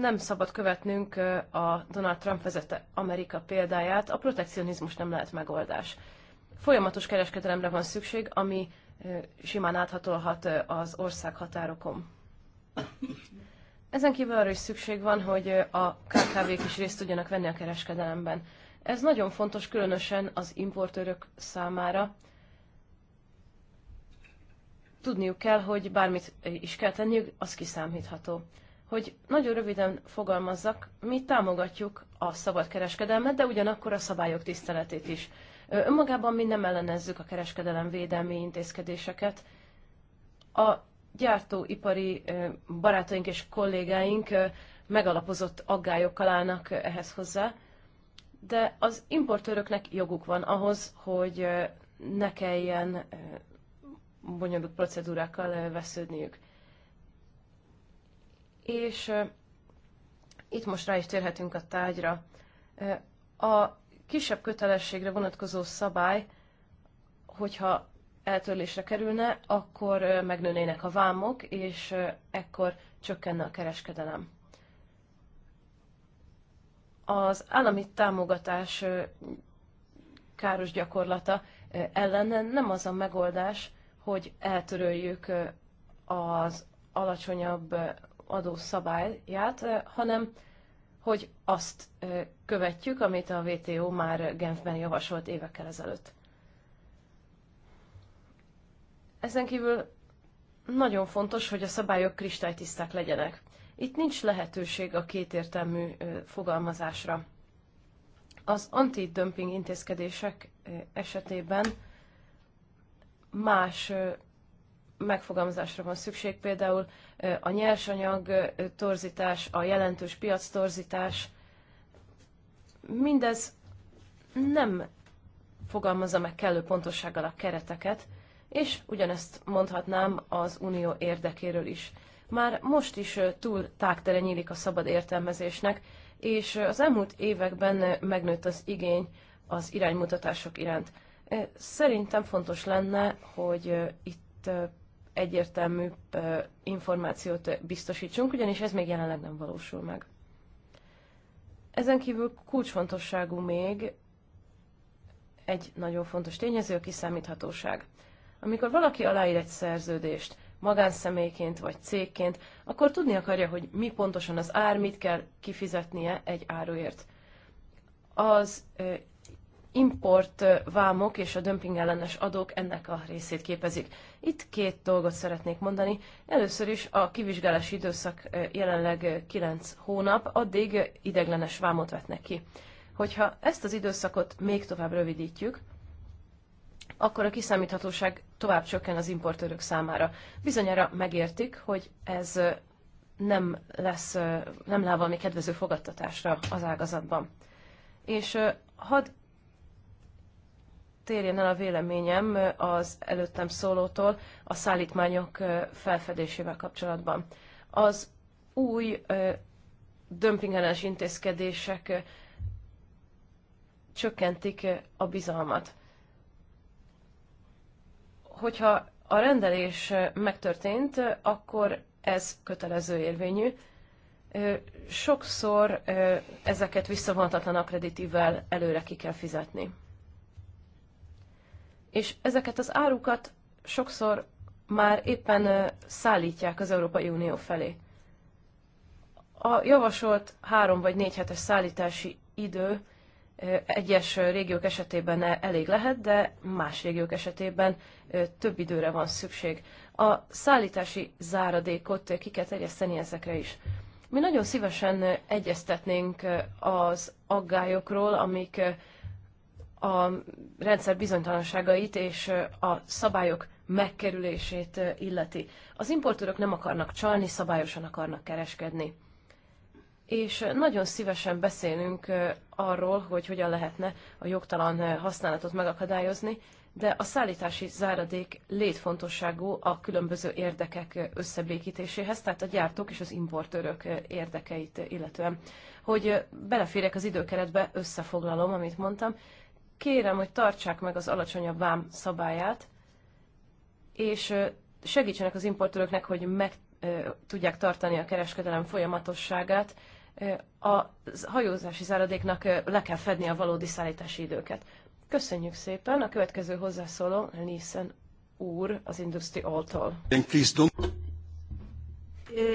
nem szabad követnünk a Donald Trump vezette Amerika példáját, a protekcionizmus nem lehet megoldás. Folyamatos kereskedelemre van szükség, ami simán áthatolhat az ország határokon. Ezen kívül arra is szükség van, hogy a KKV-k is részt tudjanak venni a kereskedelemben. Ez nagyon fontos különösen az importőrök számára. Tudniuk kell, hogy bármit is kell tenniük, az kiszámítható. Hogy nagyon röviden fogalmazzak, mi támogatjuk a szabad kereskedelmet, de ugyanakkor a szabályok tiszteletét is. Önmagában mi nem ellenezzük a kereskedelem védelmi intézkedéseket. A gyártóipari barátaink és kollégáink megalapozott aggályokkal állnak ehhez hozzá, de az importőröknek joguk van ahhoz, hogy ne kelljen bonyolult procedúrákkal vesződniük. És itt most rá is térhetünk a tárgyra. A kisebb kötelességre vonatkozó szabály, hogyha eltörlésre kerülne, akkor megnőnének a vámok, és ekkor csökkenne a kereskedelem az állami támogatás káros gyakorlata ellen nem az a megoldás, hogy eltöröljük az alacsonyabb adószabályát, hanem hogy azt követjük, amit a WTO már Genfben javasolt évekkel ezelőtt. Ezen kívül nagyon fontos, hogy a szabályok kristálytiszták legyenek. Itt nincs lehetőség a kétértelmű fogalmazásra. Az antidömping intézkedések esetében más megfogalmazásra van szükség, például a nyersanyag torzítás, a jelentős piac torzítás, mindez nem fogalmazza meg kellő pontossággal a kereteket, és ugyanezt mondhatnám az unió érdekéről is már most is túl tágtere nyílik a szabad értelmezésnek, és az elmúlt években megnőtt az igény az iránymutatások iránt. Szerintem fontos lenne, hogy itt egyértelmű információt biztosítsunk, ugyanis ez még jelenleg nem valósul meg. Ezen kívül kulcsfontosságú még egy nagyon fontos tényező, a kiszámíthatóság. Amikor valaki aláír egy szerződést, magánszemélyként vagy cégként, akkor tudni akarja, hogy mi pontosan az ár, mit kell kifizetnie egy áruért. Az import vámok és a dömping ellenes adók ennek a részét képezik. Itt két dolgot szeretnék mondani. Először is a kivizsgálási időszak jelenleg 9 hónap, addig ideglenes vámot vetnek ki. Hogyha ezt az időszakot még tovább rövidítjük, akkor a kiszámíthatóság tovább csökken az importőrök számára. Bizonyára megértik, hogy ez nem lesz, nem lá valami kedvező fogadtatásra az ágazatban. És hadd térjen el a véleményem az előttem szólótól a szállítmányok felfedésével kapcsolatban. Az új dömpingellenes intézkedések csökkentik a bizalmat hogyha a rendelés megtörtént, akkor ez kötelező érvényű. Sokszor ezeket visszavonhatatlan akreditívvel előre ki kell fizetni. És ezeket az árukat sokszor már éppen szállítják az Európai Unió felé. A javasolt három vagy négy hetes szállítási idő egyes régiók esetében e- elég lehet, de más régiók esetében több időre van szükség. A szállítási záradékot ki kell terjeszteni ezekre is. Mi nagyon szívesen egyeztetnénk az aggályokról, amik a rendszer bizonytalanságait és a szabályok megkerülését illeti. Az importőrök nem akarnak csalni, szabályosan akarnak kereskedni. És nagyon szívesen beszélünk arról, hogy hogyan lehetne a jogtalan eh, használatot megakadályozni, de a szállítási záradék létfontosságú a különböző érdekek eh, összebékítéséhez, tehát a gyártók és az importőrök eh, érdekeit illetően. Hogy beleférjek az időkeretbe, összefoglalom, amit mondtam, kérem, hogy tartsák meg az alacsonyabb vám szabályát, és segítsenek az importőröknek, hogy meg tudják tartani a kereskedelem folyamatosságát, a hajózási záradéknak le kell fedni a valódi szállítási időket. Köszönjük szépen. A következő hozzászóló Nissen úr az Industry All-tól.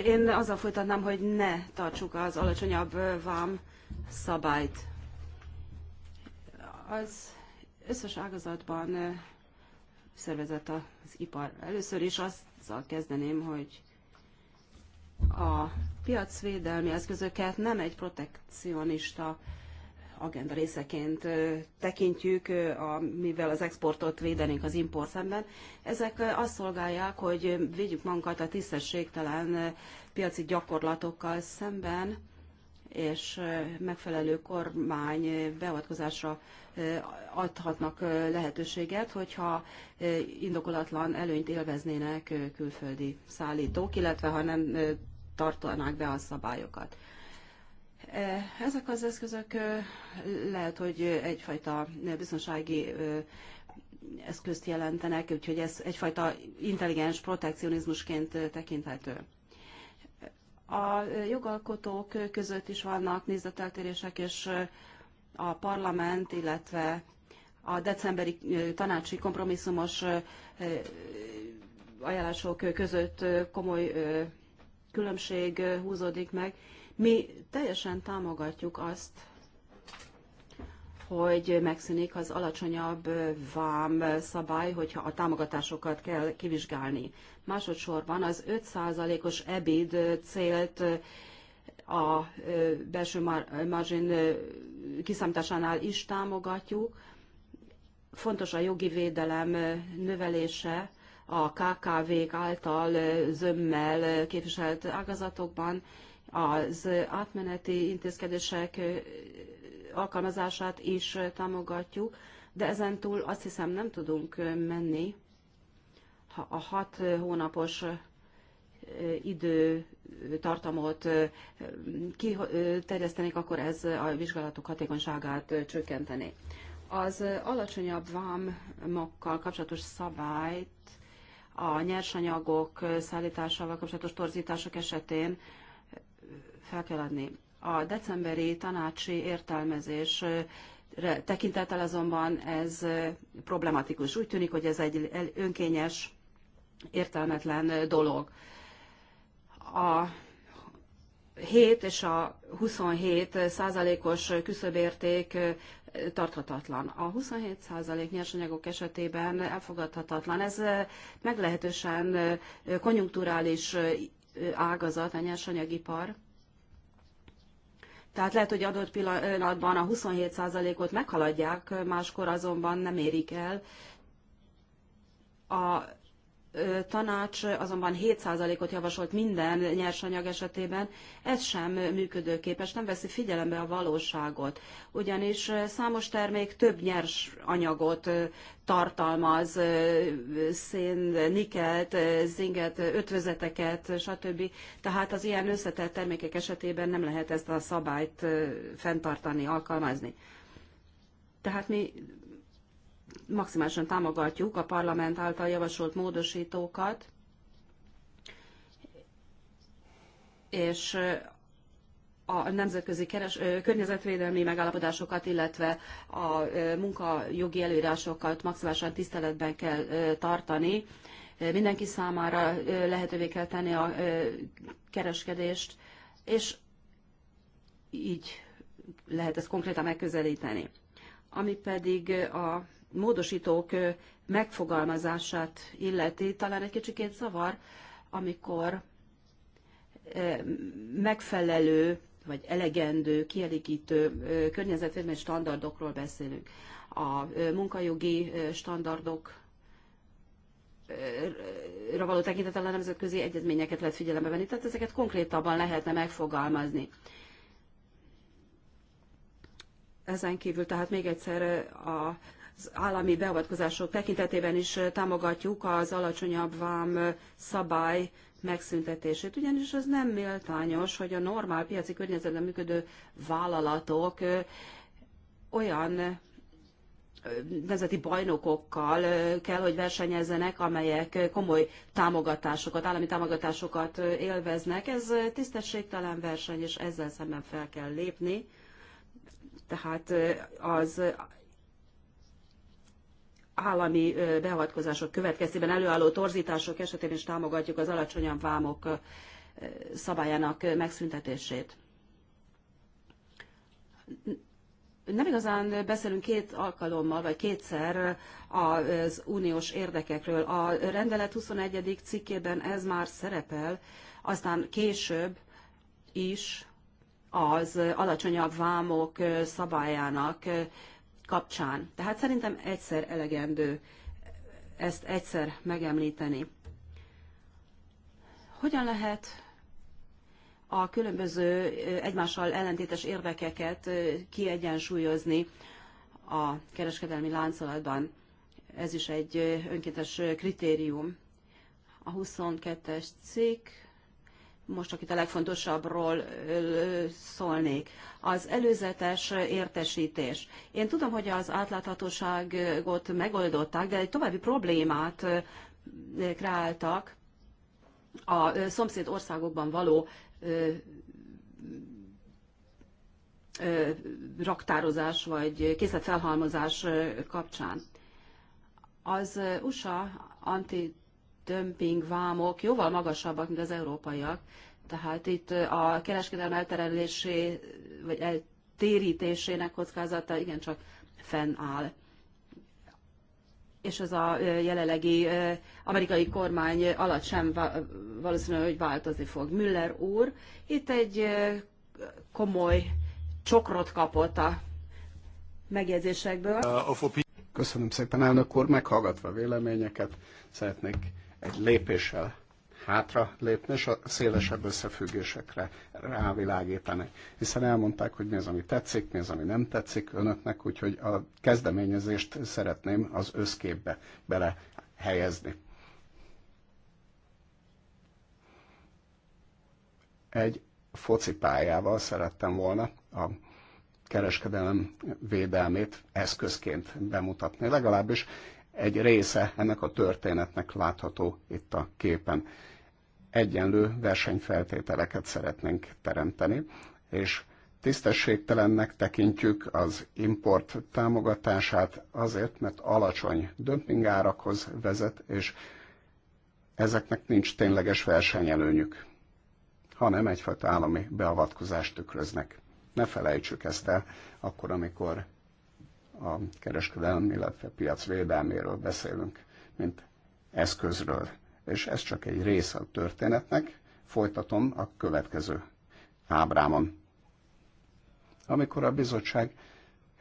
Én azzal folytatnám, hogy ne tartsuk az alacsonyabb vám szabályt. Az összes ágazatban szervezett az ipar. Először is azzal kezdeném, hogy a piacvédelmi eszközöket nem egy protekcionista agenda részeként tekintjük, mivel az exportot védenénk az import szemben. Ezek azt szolgálják, hogy védjük magunkat a tisztességtelen piaci gyakorlatokkal szemben, és megfelelő kormány beavatkozásra adhatnak lehetőséget, hogyha indokolatlan előnyt élveznének külföldi szállítók, illetve ha nem tartanák be a szabályokat. E, ezek az eszközök e, lehet, hogy egyfajta biztonsági e, eszközt jelentenek, úgyhogy ez egyfajta intelligens protekcionizmusként tekinthető. A jogalkotók között is vannak nézeteltérések, és a parlament, illetve a decemberi tanácsi kompromisszumos ajánlások között komoly különbség húzódik meg. Mi teljesen támogatjuk azt, hogy megszűnik az alacsonyabb vám szabály, hogyha a támogatásokat kell kivizsgálni. Másodszorban az 5%-os EBID célt a belső margin kiszámításánál is támogatjuk. Fontos a jogi védelem növelése, a KKV-k által zömmel képviselt ágazatokban az átmeneti intézkedések alkalmazását is támogatjuk, de ezen túl azt hiszem nem tudunk menni a hat hónapos időtartamot kiterjesztenék, akkor ez a vizsgálatok hatékonyságát csökkenteni. Az alacsonyabb vámokkal kapcsolatos szabályt a nyersanyagok szállításával kapcsolatos torzítások esetén fel kell adni. A decemberi tanácsi értelmezés tekintettel azonban ez problematikus. Úgy tűnik, hogy ez egy önkényes, értelmetlen dolog. A 7 és a 27 százalékos küszöbérték tarthatatlan. A 27% nyersanyagok esetében elfogadhatatlan. Ez meglehetősen konjunkturális ágazat, a nyersanyagipar. Tehát lehet, hogy adott pillanatban a 27%-ot meghaladják, máskor azonban nem érik el. A tanács azonban 7%-ot javasolt minden nyersanyag esetében, ez sem működőképes, nem veszi figyelembe a valóságot. Ugyanis számos termék több nyers anyagot tartalmaz, szén, nikelt, zinget, ötvözeteket, stb. Tehát az ilyen összetett termékek esetében nem lehet ezt a szabályt fenntartani, alkalmazni. Tehát mi maximálisan támogatjuk a parlament által javasolt módosítókat, és a nemzetközi keres, környezetvédelmi megállapodásokat, illetve a munkajogi előírásokat maximálisan tiszteletben kell tartani. Mindenki számára lehetővé kell tenni a kereskedést, és így lehet ezt konkrétan megközelíteni. Ami pedig a módosítók megfogalmazását illeti, talán egy kicsikét zavar, amikor megfelelő vagy elegendő, kielégítő környezetvédelmi standardokról beszélünk. A munkajogi standardok való tekintetel a nemzetközi egyezményeket lehet figyelembe venni, tehát ezeket konkrétabban lehetne megfogalmazni. Ezen kívül tehát még egyszer a az állami beavatkozások tekintetében is támogatjuk az alacsonyabb vám szabály megszüntetését, ugyanis az nem méltányos, hogy a normál piaci környezetben működő vállalatok olyan nemzeti bajnokokkal kell, hogy versenyezzenek, amelyek komoly támogatásokat, állami támogatásokat élveznek. Ez tisztességtelen verseny, és ezzel szemben fel kell lépni. Tehát az állami beavatkozások következtében előálló torzítások esetén is támogatjuk az alacsonyabb vámok szabályának megszüntetését. Nem igazán beszélünk két alkalommal, vagy kétszer az uniós érdekekről. A rendelet 21. cikkében ez már szerepel, aztán később is az alacsonyabb vámok szabályának kapcsán. Tehát szerintem egyszer elegendő ezt egyszer megemlíteni. Hogyan lehet a különböző egymással ellentétes érdekeket kiegyensúlyozni a kereskedelmi láncolatban? Ez is egy önkéntes kritérium. A 22-es cikk most csak itt a legfontosabbról szólnék. Az előzetes értesítés. Én tudom, hogy az átláthatóságot megoldották, de egy további problémát kreáltak a szomszéd országokban való raktározás vagy készletfelhalmozás kapcsán. Az USA anti dömping vámok jóval magasabbak, mint az európaiak. Tehát itt a kereskedelem elterelésé, vagy eltérítésének kockázata igencsak fennáll. És ez a jelenlegi amerikai kormány alatt sem valószínűleg, hogy változni fog. Müller úr itt egy komoly csokrot kapott a megjegyzésekből. Köszönöm szépen, elnök úr, meghallgatva a véleményeket, szeretnék egy lépéssel hátra lépni, és a szélesebb összefüggésekre rávilágítani. Hiszen elmondták, hogy mi az, ami tetszik, mi az, ami nem tetszik önöknek, úgyhogy a kezdeményezést szeretném az összképbe bele helyezni. Egy focipályával szerettem volna a kereskedelem védelmét eszközként bemutatni. Legalábbis egy része ennek a történetnek látható itt a képen. Egyenlő versenyfeltételeket szeretnénk teremteni, és tisztességtelennek tekintjük az import támogatását azért, mert alacsony dömpingárakhoz vezet, és ezeknek nincs tényleges versenyelőnyük, hanem egyfajta állami beavatkozást tükröznek. Ne felejtsük ezt el, akkor, amikor a kereskedelem, illetve piac védelméről beszélünk, mint eszközről. És ez csak egy része a történetnek. Folytatom a következő ábrámon. Amikor a bizottság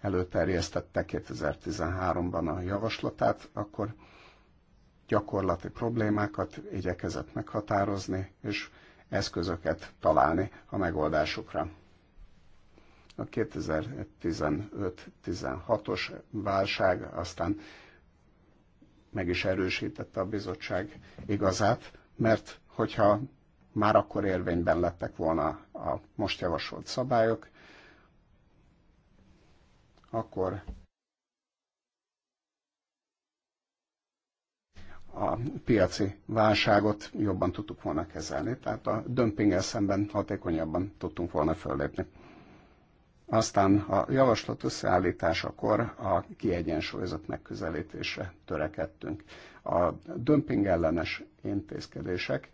előterjesztette 2013-ban a javaslatát, akkor gyakorlati problémákat igyekezett meghatározni, és eszközöket találni a megoldásukra. A 2015-16-os válság aztán meg is erősítette a bizottság igazát, mert hogyha már akkor érvényben lettek volna a most javasolt szabályok, akkor a piaci válságot jobban tudtuk volna kezelni, tehát a dömpingel szemben hatékonyabban tudtunk volna föllépni. Aztán a javaslat összeállításakor a kiegyensúlyozott megközelítésre törekedtünk. A dömping ellenes intézkedések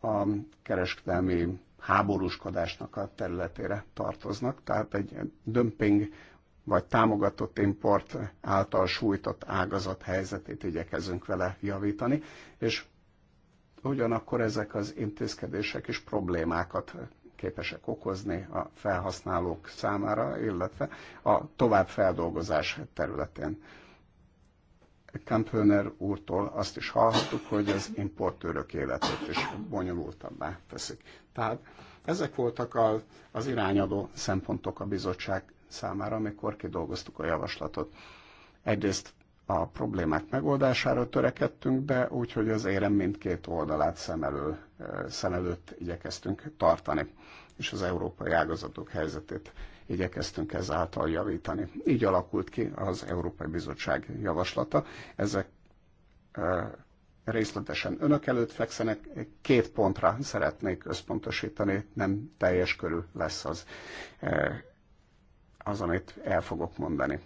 a kereskedelmi háborúskodásnak a területére tartoznak, tehát egy dömping vagy támogatott import által sújtott ágazat helyzetét igyekezünk vele javítani, és ugyanakkor ezek az intézkedések is problémákat képesek okozni a felhasználók számára, illetve a továbbfeldolgozás területén. Kampöner úrtól azt is hallhattuk, hogy az importőrök életét is bonyolultabbá teszik. Tehát ezek voltak az, az irányadó szempontok a bizottság számára, amikor kidolgoztuk a javaslatot. Egyrészt a problémák megoldására törekedtünk be, úgyhogy az érem mindkét oldalát szem, elő, szem előtt igyekeztünk tartani, és az európai ágazatok helyzetét igyekeztünk ezáltal javítani. Így alakult ki az Európai Bizottság javaslata. Ezek részletesen önök előtt fekszenek, két pontra szeretnék összpontosítani, nem teljes körül lesz az, az amit el fogok mondani.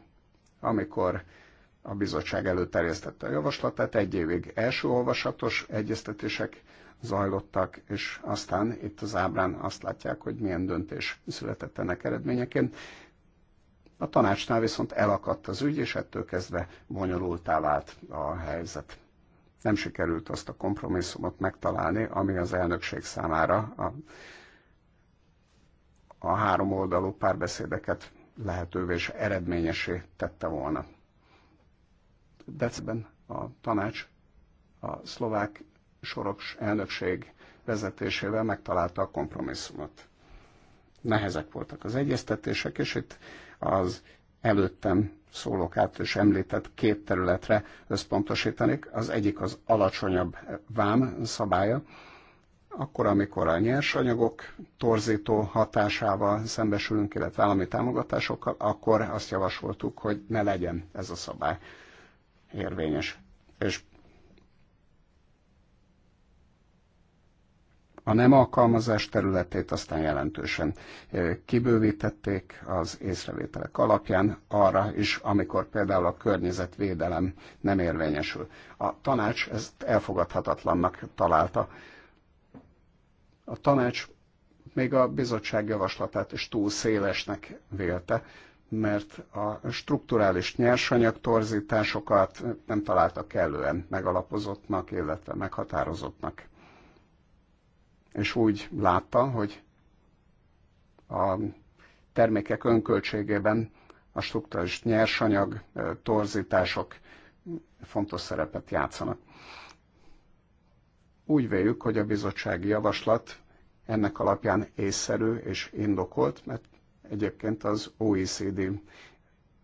Amikor a bizottság előterjesztette a javaslatát, egy évig első olvasatos egyeztetések zajlottak, és aztán itt az ábrán azt látják, hogy milyen döntés született ennek eredményeként. A tanácsnál viszont elakadt az ügy, és ettől kezdve bonyolultá vált a helyzet. Nem sikerült azt a kompromisszumot megtalálni, ami az elnökség számára a, a három oldalú párbeszédeket lehetővé és eredményesé tette volna decben a tanács a szlovák soros elnökség vezetésével megtalálta a kompromisszumot. Nehezek voltak az egyeztetések, és itt az előttem szólók át és említett két területre összpontosítanék. Az egyik az alacsonyabb vám szabálya, akkor, amikor a nyersanyagok torzító hatásával szembesülünk, illetve állami támogatásokkal, akkor azt javasoltuk, hogy ne legyen ez a szabály érvényes. És a nem alkalmazás területét aztán jelentősen eh, kibővítették az észrevételek alapján arra is, amikor például a környezetvédelem nem érvényesül. A tanács ezt elfogadhatatlannak találta. A tanács még a bizottság javaslatát is túl szélesnek vélte, mert a strukturális nyersanyag torzításokat nem találtak kellően megalapozottnak, illetve meghatározottnak. És úgy látta, hogy a termékek önköltségében a struktúrális nyersanyag torzítások fontos szerepet játszanak. Úgy véljük, hogy a bizottsági javaslat ennek alapján észszerű és indokolt, mert Egyébként az OECD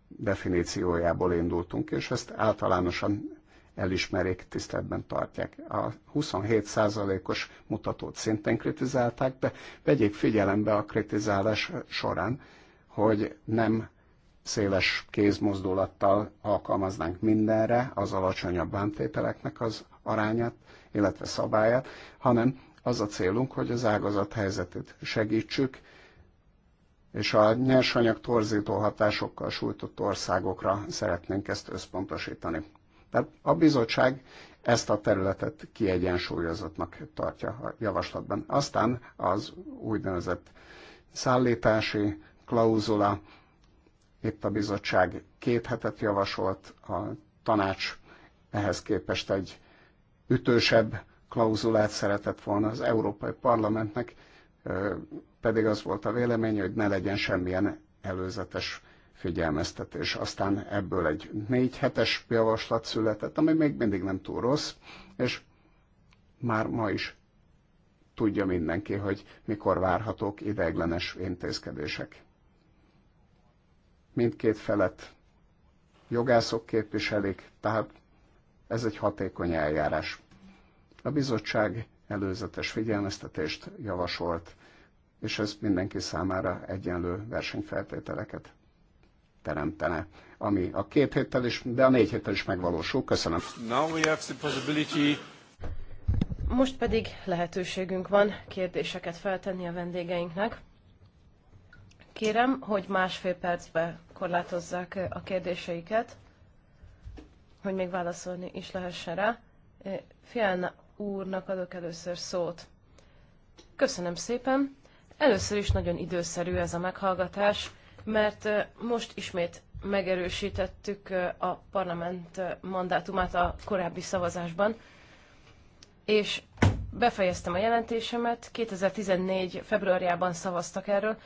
definíciójából indultunk, és ezt általánosan elismerik, tiszteletben tartják. A 27%-os mutatót szintén kritizálták, de vegyék figyelembe a kritizálás során, hogy nem széles kézmozdulattal alkalmaznánk mindenre az alacsonyabb bántételeknek az arányát, illetve szabályát, hanem az a célunk, hogy az ágazat helyzetét segítsük, és a nyersanyag torzító hatásokkal sújtott országokra szeretnénk ezt összpontosítani. Tehát a bizottság ezt a területet kiegyensúlyozottnak tartja a javaslatban. Aztán az úgynevezett szállítási klauzula, itt a bizottság két hetet javasolt, a tanács ehhez képest egy ütősebb klauzulát szeretett volna az Európai Parlamentnek pedig az volt a vélemény, hogy ne legyen semmilyen előzetes figyelmeztetés. Aztán ebből egy négy hetes javaslat született, ami még mindig nem túl rossz, és már ma is tudja mindenki, hogy mikor várhatók ideiglenes intézkedések. Mindkét felet jogászok képviselik, tehát ez egy hatékony eljárás. A bizottság előzetes figyelmeztetést javasolt és ez mindenki számára egyenlő versenyfeltételeket teremtene, ami a két héttel is, de a négy héttel is megvalósul. Köszönöm. Now we have the possibility... Most pedig lehetőségünk van kérdéseket feltenni a vendégeinknek. Kérem, hogy másfél percbe korlátozzák a kérdéseiket, hogy még válaszolni is lehessen rá. Fialna úrnak adok először szót. Köszönöm szépen! Először is nagyon időszerű ez a meghallgatás, mert most ismét megerősítettük a parlament mandátumát a korábbi szavazásban, és befejeztem a jelentésemet, 2014. februárjában szavaztak erről,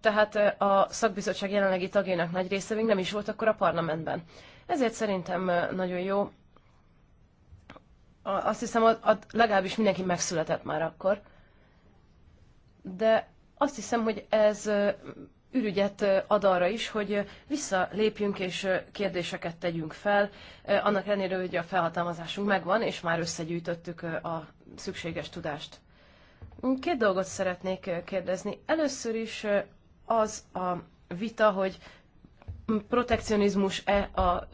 tehát a szakbizottság jelenlegi tagjának nagy része még nem is volt akkor a parlamentben. Ezért szerintem nagyon jó. Azt hiszem, a, a, legalábbis mindenki megszületett már akkor de azt hiszem, hogy ez ürügyet ad arra is, hogy visszalépjünk és kérdéseket tegyünk fel, annak ellenére, hogy a felhatalmazásunk megvan, és már összegyűjtöttük a szükséges tudást. Két dolgot szeretnék kérdezni. Először is az a vita, hogy protekcionizmus-e a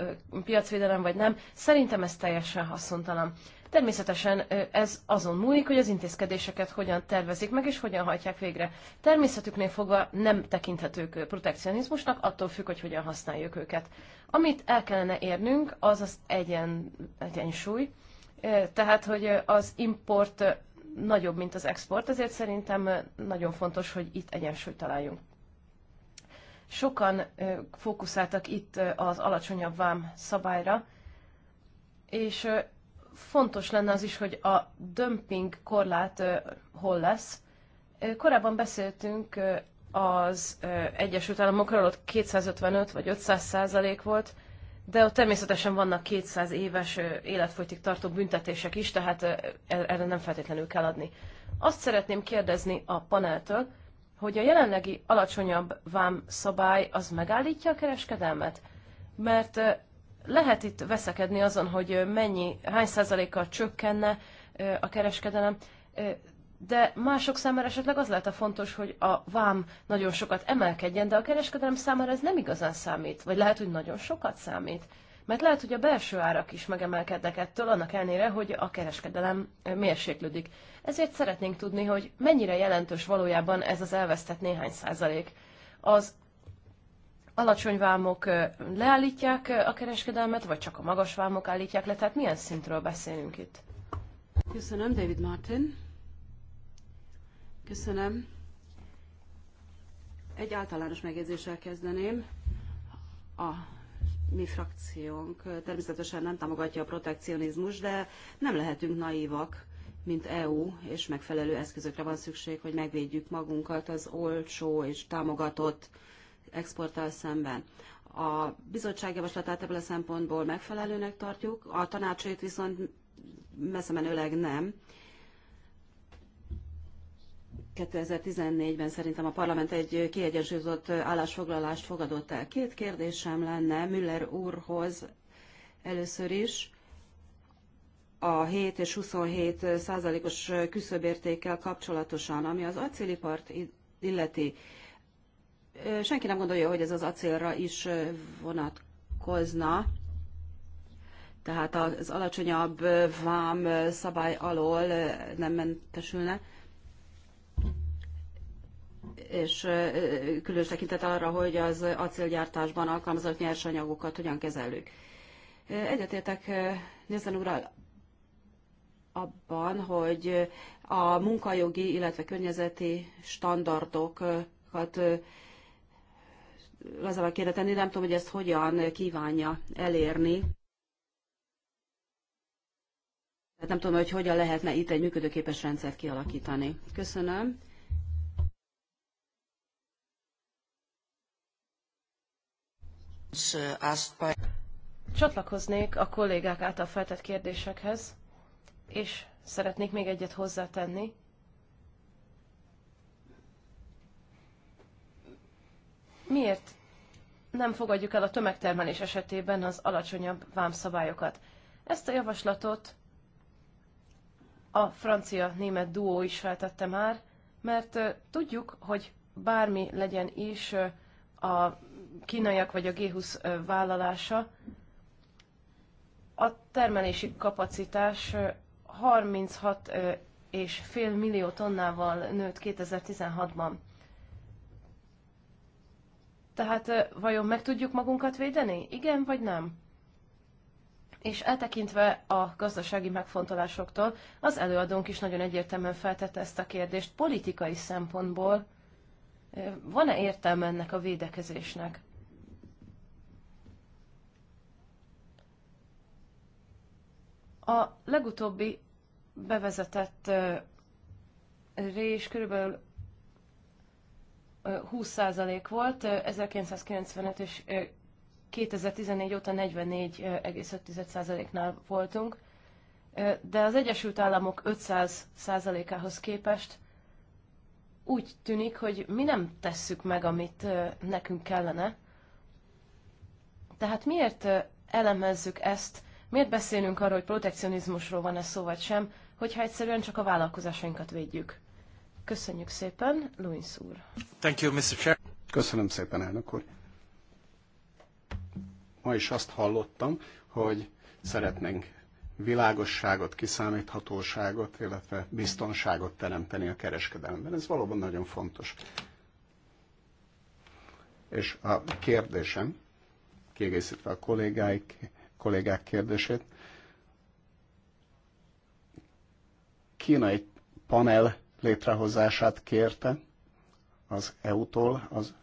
piacvédelem vagy nem, szerintem ez teljesen haszontalan. Természetesen ez azon múlik, hogy az intézkedéseket hogyan tervezik meg, és hogyan hajtják végre. Természetüknél fogva nem tekinthetők protekcionizmusnak, attól függ, hogy hogyan használjuk őket. Amit el kellene érnünk, az az egyen, egyensúly, tehát, hogy az import nagyobb, mint az export, ezért szerintem nagyon fontos, hogy itt egyensúlyt találjunk. Sokan fókuszáltak itt az alacsonyabb vám szabályra, és fontos lenne az is, hogy a dömping korlát hol lesz. Korábban beszéltünk az Egyesült Államokról, ott 255 vagy 500 százalék volt, de ott természetesen vannak 200 éves életfogytig tartó büntetések is, tehát e-, erre nem feltétlenül kell adni. Azt szeretném kérdezni a paneltől, hogy a jelenlegi alacsonyabb vám szabály az megállítja a kereskedelmet? Mert lehet itt veszekedni azon, hogy mennyi, hány százalékkal csökkenne a kereskedelem, de mások számára esetleg az lehet a fontos, hogy a vám nagyon sokat emelkedjen, de a kereskedelem számára ez nem igazán számít, vagy lehet, hogy nagyon sokat számít. Mert lehet, hogy a belső árak is megemelkednek ettől, annak ellenére, hogy a kereskedelem mérséklődik. Ezért szeretnénk tudni, hogy mennyire jelentős valójában ez az elvesztett néhány százalék. Az alacsony vámok leállítják a kereskedelmet, vagy csak a magas vámok állítják le? Tehát milyen szintről beszélünk itt? Köszönöm, David Martin. Köszönöm. Egy általános megjegyzéssel kezdeném. A mi frakciónk természetesen nem támogatja a protekcionizmus, de nem lehetünk naívak, mint EU, és megfelelő eszközökre van szükség, hogy megvédjük magunkat az olcsó és támogatott exporttal szemben. A bizottság javaslatát ebből a szempontból megfelelőnek tartjuk, a tanácsait viszont messze menőleg nem. 2014-ben szerintem a parlament egy kiegyensúlyozott állásfoglalást fogadott el. Két kérdésem lenne Müller úrhoz először is a 7 és 27 százalékos küszöbértékkel kapcsolatosan, ami az acélipart illeti senki nem gondolja, hogy ez az acélra is vonatkozna. Tehát az alacsonyabb vám szabály alól nem mentesülne. És különös tekintet arra, hogy az acélgyártásban alkalmazott nyersanyagokat hogyan kezelők. Egyetértek nézzen úrral abban, hogy a munkajogi, illetve környezeti standardokat a kérdet tenni, nem tudom, hogy ezt hogyan kívánja elérni. Tehát nem tudom, hogy hogyan lehetne itt egy működőképes rendszert kialakítani. Köszönöm. Csatlakoznék a kollégák által feltett kérdésekhez, és szeretnék még egyet hozzátenni, miért nem fogadjuk el a tömegtermelés esetében az alacsonyabb vámszabályokat. Ezt a javaslatot a francia-német duó is feltette már, mert tudjuk, hogy bármi legyen is a kínaiak vagy a G20 vállalása, a termelési kapacitás fél millió tonnával nőtt 2016-ban. Tehát vajon meg tudjuk magunkat védeni? Igen vagy nem? És eltekintve a gazdasági megfontolásoktól, az előadónk is nagyon egyértelműen feltette ezt a kérdést politikai szempontból. Van-e értelme ennek a védekezésnek? A legutóbbi bevezetett rés körülbelül 20% volt, 1995 és 2014 óta 44,5%-nál voltunk, de az Egyesült Államok 500%-ához képest úgy tűnik, hogy mi nem tesszük meg, amit nekünk kellene. Tehát miért elemezzük ezt, miért beszélünk arról, hogy protekcionizmusról van-e szó vagy sem, hogyha egyszerűen csak a vállalkozásainkat védjük? Köszönjük szépen, Luis úr. Thank you, Mr. Chair. Köszönöm szépen, elnök úr. Ma is azt hallottam, hogy szeretnénk világosságot, kiszámíthatóságot, illetve biztonságot teremteni a kereskedelemben. Ez valóban nagyon fontos. És a kérdésem, kiegészítve a kollégáik, kollégák kérdését, Kína egy panel létrehozását kérte az EU-tól az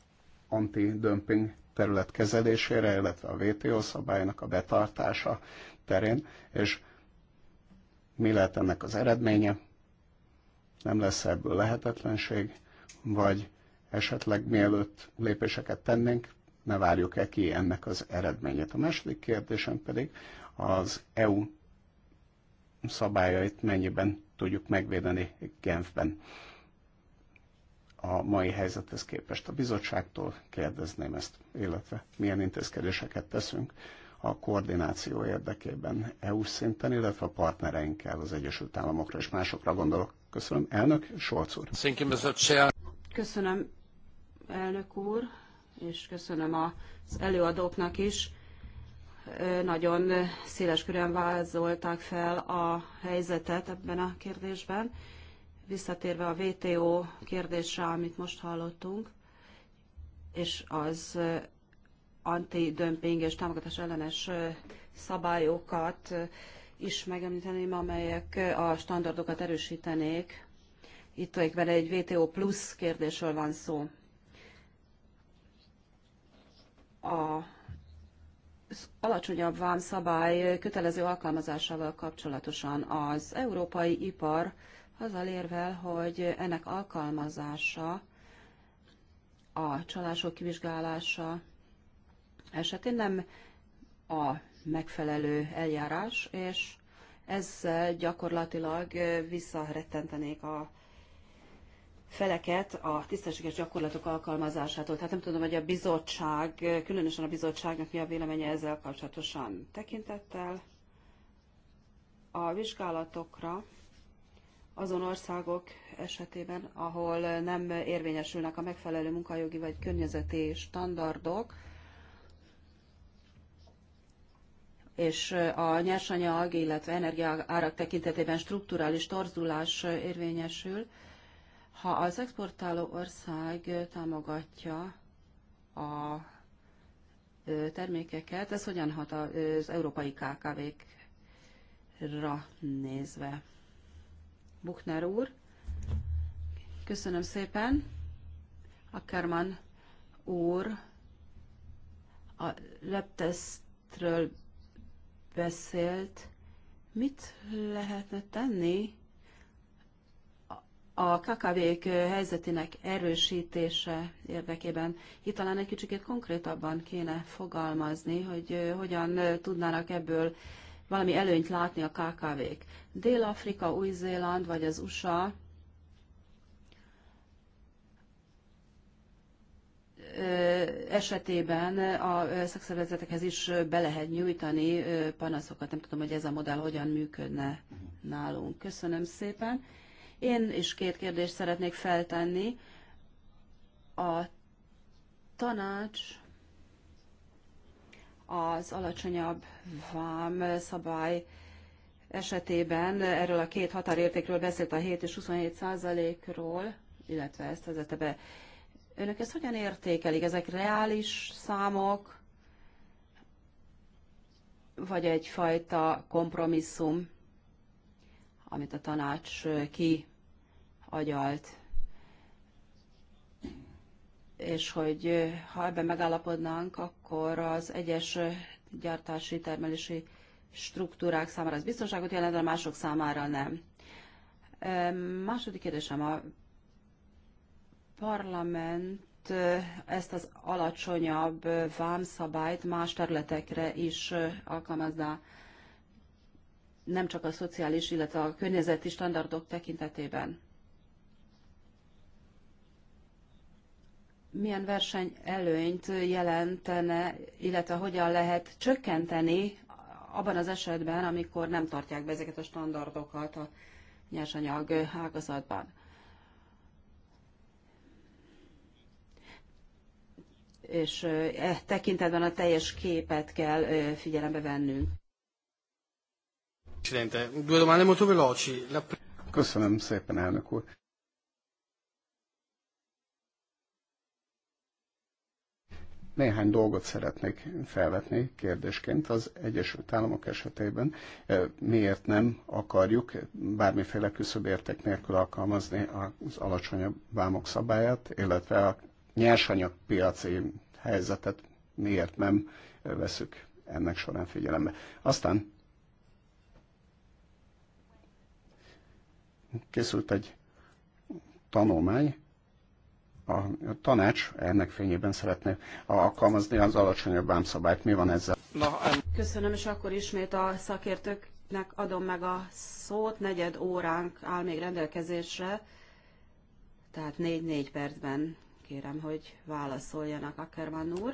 anti-dömping terület kezelésére, illetve a WTO szabálynak a betartása terén, és mi lehet ennek az eredménye, nem lesz ebből lehetetlenség, vagy esetleg mielőtt lépéseket tennénk, ne várjuk-e ki ennek az eredményét. A második kérdésem pedig az EU szabályait mennyiben tudjuk megvédeni Genfben. A mai helyzethez képest a bizottságtól kérdezném ezt, illetve milyen intézkedéseket teszünk a koordináció érdekében EU szinten, illetve a partnereinkkel, az Egyesült Államokra és másokra gondolok. Köszönöm. Elnök Solc úr. Köszönöm, elnök úr, és köszönöm az előadóknak is nagyon széleskörűen vázolták fel a helyzetet ebben a kérdésben. Visszatérve a VTO kérdésre, amit most hallottunk, és az antidömping és támogatás ellenes szabályokat is megemlíteném, amelyek a standardokat erősítenék. Itt tulajdonképpen egy VTO plusz kérdésről van szó. A alacsonyabb vámszabály kötelező alkalmazásával kapcsolatosan az európai ipar azzal érvel, hogy ennek alkalmazása, a csalások kivizsgálása esetén nem a megfelelő eljárás, és ezzel gyakorlatilag visszarettentenék a feleket a tisztességes gyakorlatok alkalmazásától. Tehát nem tudom, hogy a bizottság, különösen a bizottságnak mi a véleménye ezzel kapcsolatosan tekintettel a vizsgálatokra azon országok esetében, ahol nem érvényesülnek a megfelelő munkajogi vagy környezeti standardok, és a nyersanyag, illetve energiaárak tekintetében strukturális torzulás érvényesül, ha az exportáló ország támogatja a termékeket, ez hogyan hat az európai KKV-kra nézve? Buchner úr, köszönöm szépen. Ackermann úr a leptesztről beszélt. Mit lehetne tenni a KKV-k helyzetének erősítése érdekében. Itt talán egy kicsit konkrétabban kéne fogalmazni, hogy hogyan tudnának ebből valami előnyt látni a KKV-k. Dél-Afrika, Új-Zéland vagy az USA esetében a szakszervezetekhez is be lehet nyújtani panaszokat. Nem tudom, hogy ez a modell hogyan működne nálunk. Köszönöm szépen. Én is két kérdést szeretnék feltenni. A tanács az alacsonyabb vám szabály esetében erről a két határértékről beszélt a 7 és 27 százalékról, illetve ezt vezette be. Önök ezt hogyan értékelik? Ezek reális számok, vagy egyfajta kompromisszum, amit a tanács ki agyalt. És hogy ha ebben megállapodnánk, akkor az egyes gyártási, termelési struktúrák számára az biztonságot jelent, de mások számára nem. Második kérdésem, a parlament ezt az alacsonyabb vámszabályt más területekre is alkalmazná, nem csak a szociális, illetve a környezeti standardok tekintetében. milyen versenyelőnyt jelentene, illetve hogyan lehet csökkenteni abban az esetben, amikor nem tartják be ezeket a standardokat a nyersanyag ágazatban. És e tekintetben a teljes képet kell figyelembe vennünk. Köszönöm szépen, elnök úr. Néhány dolgot szeretnék felvetni kérdésként az Egyesült Államok esetében. Eh, miért nem akarjuk bármiféle küszöbérték nélkül alkalmazni az alacsonyabb vámok szabályát, illetve a nyersanyagpiaci helyzetet miért nem eh, veszük ennek során figyelembe. Aztán készült egy tanulmány, a tanács ennek fényében szeretné alkalmazni az alacsonyabb vámszabályt. Mi van ezzel? Köszönöm, és akkor ismét a szakértőknek adom meg a szót. Negyed óránk áll még rendelkezésre, tehát négy-négy percben kérem, hogy válaszoljanak Ackerman úr.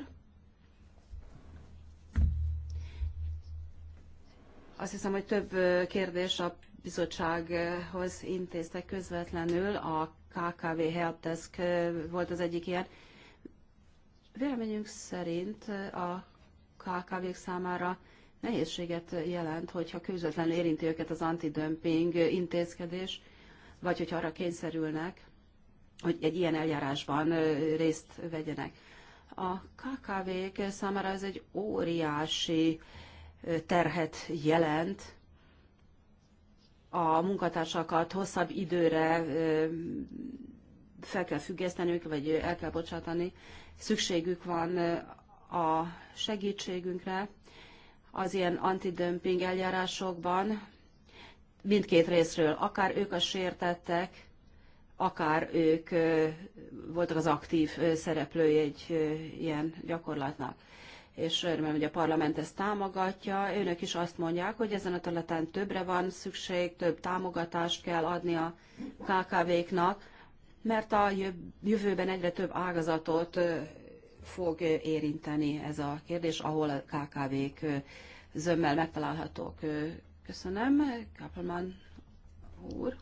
Azt hiszem, hogy több kérdés a bizottsághoz intéztek közvetlenül, a KKV Helpdesk volt az egyik ilyen. Véleményünk szerint a KKV-k számára nehézséget jelent, hogyha közvetlenül érinti őket az antidömping intézkedés, vagy hogyha arra kényszerülnek, hogy egy ilyen eljárásban részt vegyenek. A KKV-k számára ez egy óriási terhet jelent, a munkatársakat hosszabb időre fel kell függesztenünk, vagy el kell bocsátani. Szükségük van a segítségünkre az ilyen antidömping eljárásokban, mindkét részről, akár ők a sértettek, akár ők voltak az aktív szereplői egy ilyen gyakorlatnak és remélem, hogy a parlament ezt támogatja. Önök is azt mondják, hogy ezen a területen többre van szükség, több támogatást kell adni a KKV-knak, mert a jövőben egyre több ágazatot fog érinteni ez a kérdés, ahol a KKV-k zömmel megtalálhatók. Köszönöm, Kappelman úr.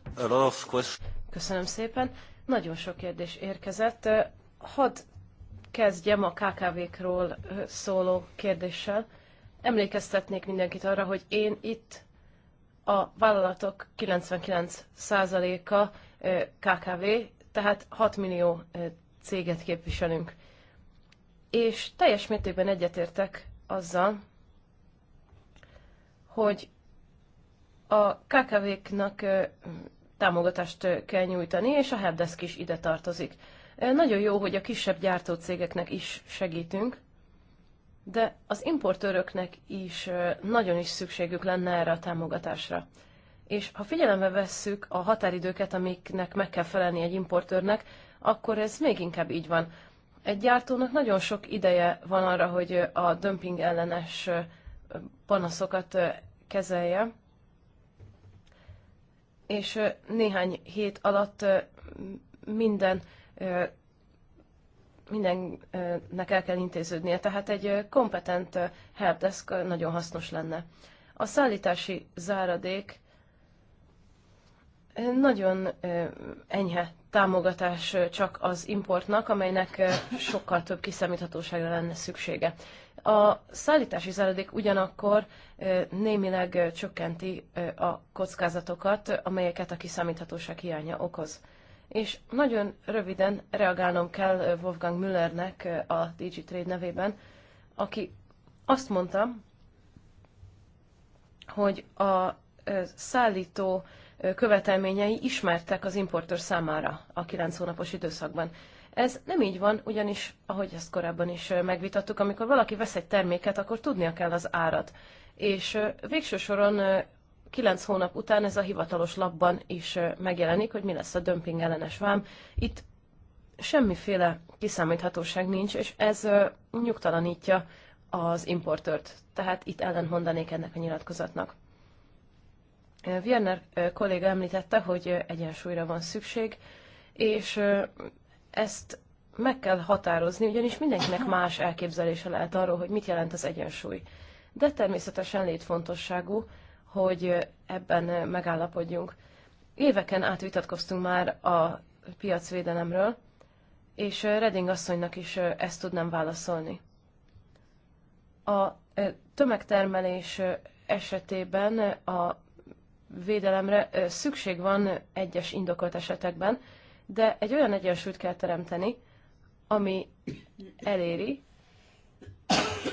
Köszönöm szépen. Nagyon sok kérdés érkezett. Hadd kezdjem a KKV-król szóló kérdéssel. Emlékeztetnék mindenkit arra, hogy én itt a vállalatok 99%-a KKV, tehát 6 millió céget képviselünk. És teljes mértékben egyetértek azzal, hogy a KKV-knak támogatást kell nyújtani, és a helpdesk is ide tartozik. Nagyon jó, hogy a kisebb gyártócégeknek is segítünk, de az importőröknek is nagyon is szükségük lenne erre a támogatásra. És ha figyelembe vesszük a határidőket, amiknek meg kell felelni egy importőrnek, akkor ez még inkább így van. Egy gyártónak nagyon sok ideje van arra, hogy a dömping ellenes panaszokat kezelje, és néhány hét alatt minden mindennek el kell intéződnie, tehát egy kompetent helpdesk nagyon hasznos lenne. A szállítási záradék nagyon enyhe támogatás csak az importnak, amelynek sokkal több kiszámíthatóságra lenne szüksége. A szállítási záradék ugyanakkor némileg csökkenti a kockázatokat, amelyeket a kiszámíthatóság hiánya okoz és nagyon röviden reagálnom kell Wolfgang Müllernek a DigiTrade nevében, aki azt mondta, hogy a szállító követelményei ismertek az importőr számára a 9 hónapos időszakban. Ez nem így van, ugyanis, ahogy ezt korábban is megvitattuk, amikor valaki vesz egy terméket, akkor tudnia kell az árat. És végső soron kilenc hónap után ez a hivatalos labban is megjelenik, hogy mi lesz a dömping ellenes vám. Itt semmiféle kiszámíthatóság nincs, és ez nyugtalanítja az importört. Tehát itt ellen mondanék ennek a nyilatkozatnak. Wierner kolléga említette, hogy egyensúlyra van szükség, és ezt meg kell határozni, ugyanis mindenkinek más elképzelése lehet arról, hogy mit jelent az egyensúly. De természetesen létfontosságú, hogy ebben megállapodjunk. Éveken át vitatkoztunk már a piacvédelemről, és Reding asszonynak is ezt tudnám válaszolni. A e, tömegtermelés esetében a védelemre e, szükség van egyes indokolt esetekben, de egy olyan egyensúlyt kell teremteni, ami eléri,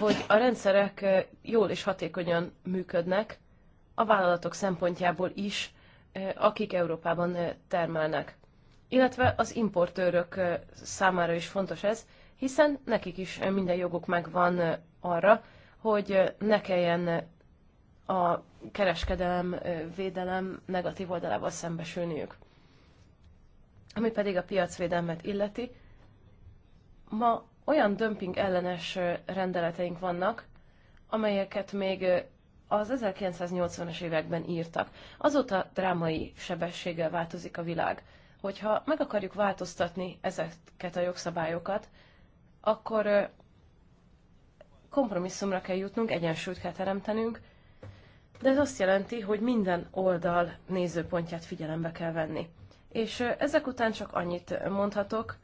hogy a rendszerek jól és hatékonyan működnek, a vállalatok szempontjából is, akik Európában termelnek. Illetve az importőrök számára is fontos ez, hiszen nekik is minden joguk megvan arra, hogy ne kelljen a kereskedelem, védelem negatív oldalával szembesülniük. Ami pedig a piacvédelmet illeti, ma olyan dömping ellenes rendeleteink vannak, amelyeket még az 1980-as években írtak. Azóta drámai sebességgel változik a világ. Hogyha meg akarjuk változtatni ezeket a jogszabályokat, akkor kompromisszumra kell jutnunk, egyensúlyt kell teremtenünk, de ez azt jelenti, hogy minden oldal nézőpontját figyelembe kell venni. És ezek után csak annyit mondhatok,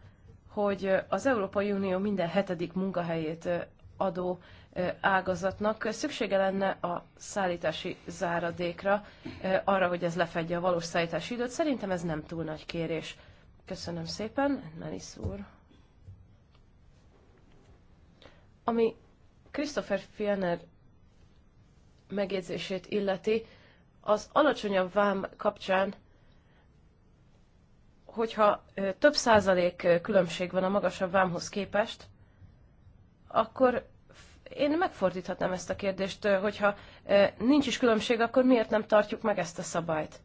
hogy az Európai Unió minden hetedik munkahelyét adó ágazatnak szüksége lenne a szállítási záradékra, arra, hogy ez lefedje a valós szállítási időt. Szerintem ez nem túl nagy kérés. Köszönöm szépen, Melis úr. Ami Christopher Fielner megjegyzését illeti, az alacsonyabb vám kapcsán, hogyha több százalék különbség van a magasabb vámhoz képest, akkor én megfordíthatnám ezt a kérdést, hogyha nincs is különbség, akkor miért nem tartjuk meg ezt a szabályt?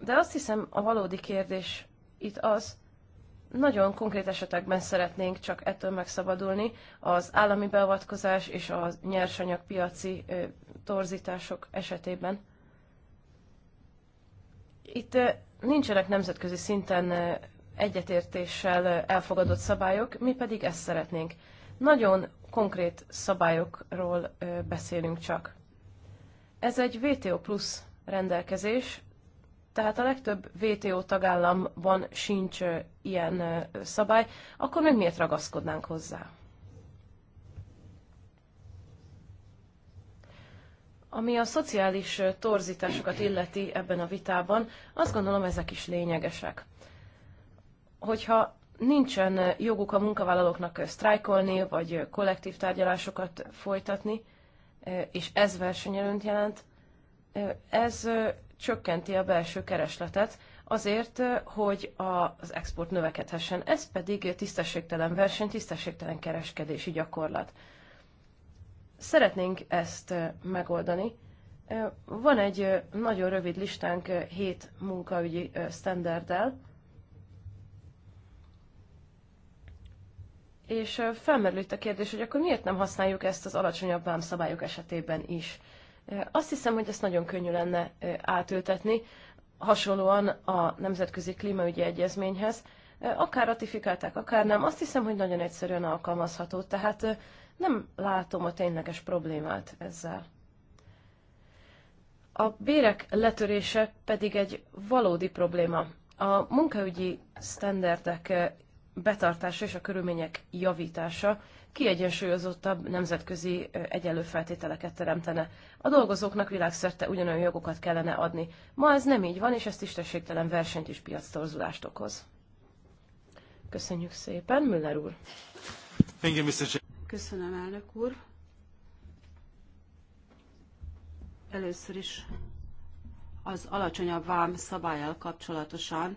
De azt hiszem, a valódi kérdés itt az, nagyon konkrét esetekben szeretnénk csak ettől megszabadulni, az állami beavatkozás és a nyersanyagpiaci torzítások esetében. Itt nincsenek nemzetközi szinten egyetértéssel elfogadott szabályok, mi pedig ezt szeretnénk. Nagyon konkrét szabályokról beszélünk csak. Ez egy WTO plusz rendelkezés, tehát a legtöbb WTO tagállamban sincs ilyen szabály, akkor még miért ragaszkodnánk hozzá? Ami a szociális torzításokat illeti ebben a vitában, azt gondolom ezek is lényegesek. Hogyha nincsen eh, joguk a munkavállalóknak eh, sztrájkolni, vagy eh, kollektív tárgyalásokat folytatni, és ez versenyelőnt jelent, ez csökkenti a belső keresletet azért, hogy az export növekedhessen. Ez pedig tisztességtelen verseny, tisztességtelen kereskedési gyakorlat. Szeretnénk ezt megoldani. Van egy nagyon rövid listánk hét munkaügyi standarddel, És felmerül itt a kérdés, hogy akkor miért nem használjuk ezt az alacsonyabb vámszabályok esetében is. Azt hiszem, hogy ezt nagyon könnyű lenne átültetni, hasonlóan a Nemzetközi Klímaügyi Egyezményhez. Akár ratifikálták, akár nem, azt hiszem, hogy nagyon egyszerűen alkalmazható, tehát nem látom a tényleges problémát ezzel. A bérek letörése pedig egy valódi probléma. A munkaügyi sztenderdek betartása és a körülmények javítása kiegyensúlyozottabb nemzetközi egyenlő feltételeket teremtene. A dolgozóknak világszerte ugyanolyan jogokat kellene adni. Ma ez nem így van, és ez tisztességtelen versenyt és piactorzulást okoz. Köszönjük szépen, Müller úr! Köszönöm, elnök úr! Először is az alacsonyabb vám szabályal kapcsolatosan.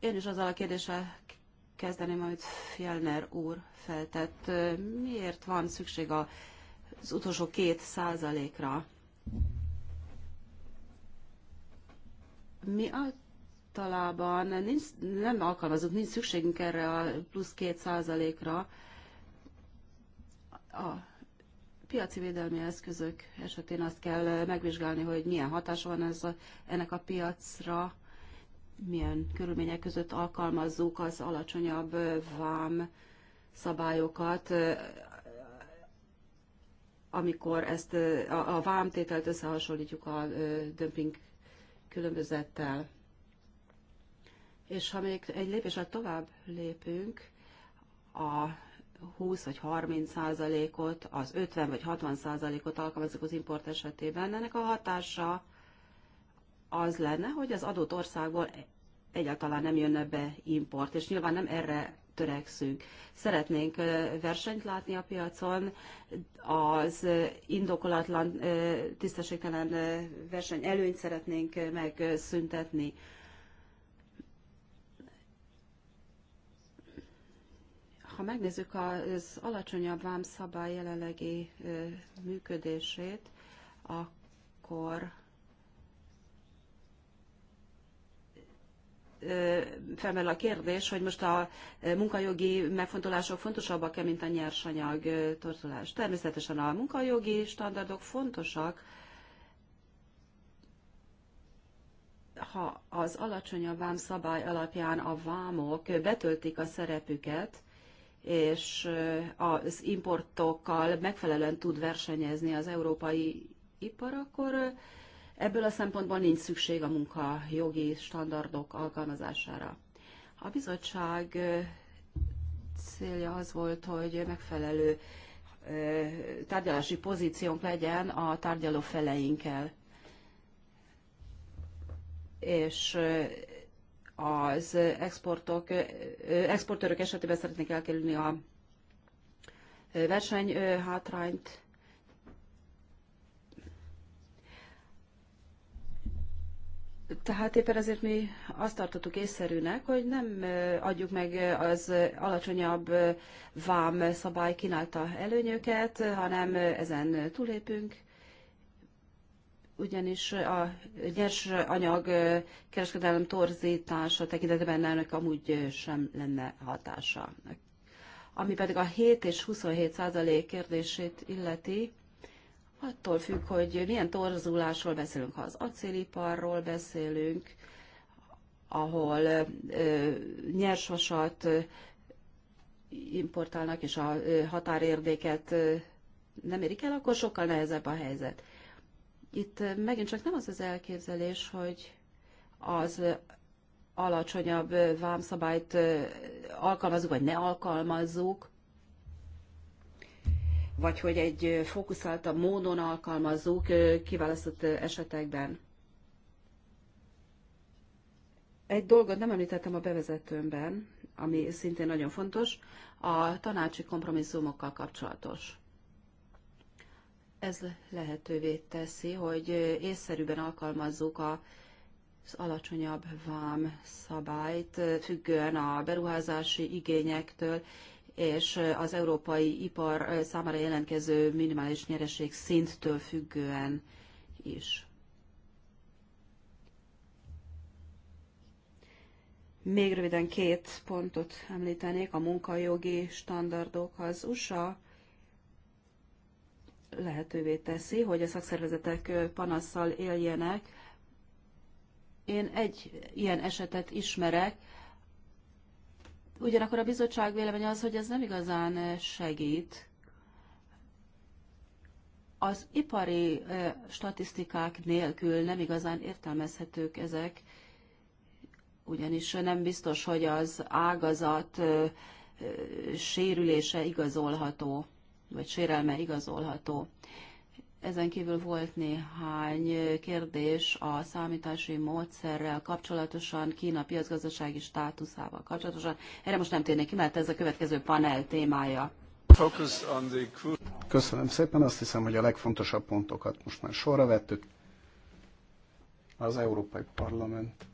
Én is azzal a kérdéssel kezdeném, amit Fjellner úr feltett. Miért van szükség az utolsó két százalékra? Mi általában nincs, nem alkalmazunk, nincs szükségünk erre a plusz két százalékra. A piaci védelmi eszközök esetén azt kell megvizsgálni, hogy milyen hatása van ez a, ennek a piacra, milyen körülmények között alkalmazzuk az alacsonyabb vám szabályokat, amikor ezt a, vám vámtételt összehasonlítjuk a dömping különbözettel. És ha még egy lépésre tovább lépünk, a 20 vagy 30 százalékot, az 50 vagy 60 százalékot alkalmazzuk az import esetében, ennek a hatása az lenne, hogy az adott országból e- egyáltalán nem jönne be import, és nyilván nem erre törekszünk. Szeretnénk versenyt látni a piacon, az indokolatlan, tisztességtelen verseny előnyt szeretnénk megszüntetni. Ha megnézzük az alacsonyabb vámszabály jelenlegi működését, akkor felmerül a kérdés, hogy most a munkajogi megfontolások fontosabbak-e, mint a nyersanyag torzulás. Természetesen a munkajogi standardok fontosak, ha az alacsonyabb vám szabály alapján a vámok betöltik a szerepüket, és az importokkal megfelelően tud versenyezni az európai ipar, akkor Ebből a szempontból nincs szükség a munka jogi standardok alkalmazására. A bizottság célja az volt, hogy megfelelő tárgyalási pozíciónk legyen a tárgyaló feleinkkel. És az exportok, exportőrök esetében szeretnék elkerülni a versenyhátrányt, Tehát éppen ezért mi azt tartottuk észszerűnek, hogy nem adjuk meg az alacsonyabb vám szabály kínálta előnyöket, hanem ezen túlépünk, ugyanis a nyers anyag kereskedelem torzítása tekintetében ennek amúgy sem lenne hatása. Ami pedig a 7 és 27 százalék kérdését illeti, attól függ, hogy milyen torzulásról beszélünk, ha az acéliparról beszélünk, ahol nyersvasat importálnak, és a határérdéket nem érik el, akkor sokkal nehezebb a helyzet. Itt megint csak nem az az elképzelés, hogy az alacsonyabb vámszabályt alkalmazunk, vagy ne alkalmazzuk, vagy hogy egy fókuszáltabb módon alkalmazzuk kiválasztott esetekben. Egy dolgot nem említettem a bevezetőmben, ami szintén nagyon fontos, a tanácsi kompromisszumokkal kapcsolatos. Ez lehetővé teszi, hogy észszerűben alkalmazzuk a az alacsonyabb vám szabályt függően a beruházási igényektől és az európai ipar számára jelentkező minimális nyereség szinttől függően is. Még röviden két pontot említenék, a munkajogi standardok az USA lehetővé teszi, hogy a szakszervezetek panasszal éljenek. Én egy ilyen esetet ismerek, Ugyanakkor a bizottság véleménye az, hogy ez nem igazán eh, segít. Az ipari eh, statisztikák nélkül nem igazán értelmezhetők ezek, ugyanis nem biztos, hogy az ágazat eh, sérülése igazolható, vagy sérelme igazolható. Ezen kívül volt néhány kérdés a számítási módszerrel kapcsolatosan, Kína piacgazdasági státuszával kapcsolatosan. Erre most nem térnék ki, mert ez a következő panel témája. Köszönöm szépen, azt hiszem, hogy a legfontosabb pontokat most már sorra vettük. Az Európai Parlament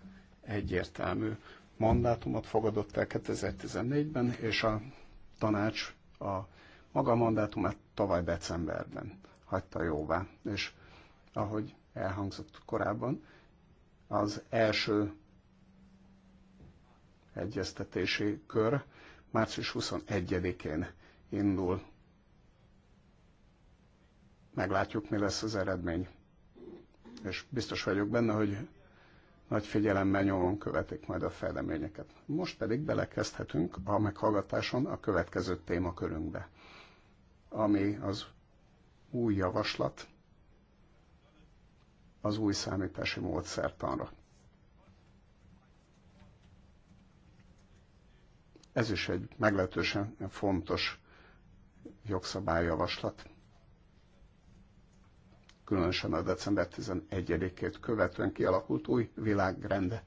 egyértelmű mandátumot fogadott el 2014-ben, és a tanács a maga mandátumát tavaly decemberben hagyta jóvá. És ahogy elhangzott korábban, az első egyeztetési kör március 21-én indul. Meglátjuk, mi lesz az eredmény. És biztos vagyok benne, hogy nagy figyelemmel nyomon követik majd a fejleményeket. Most pedig belekezdhetünk a meghallgatáson a következő témakörünkbe, ami az új javaslat az új számítási módszertanra. Ez is egy meglehetősen fontos jogszabályjavaslat. Különösen a december 11-ét követően kialakult új világrende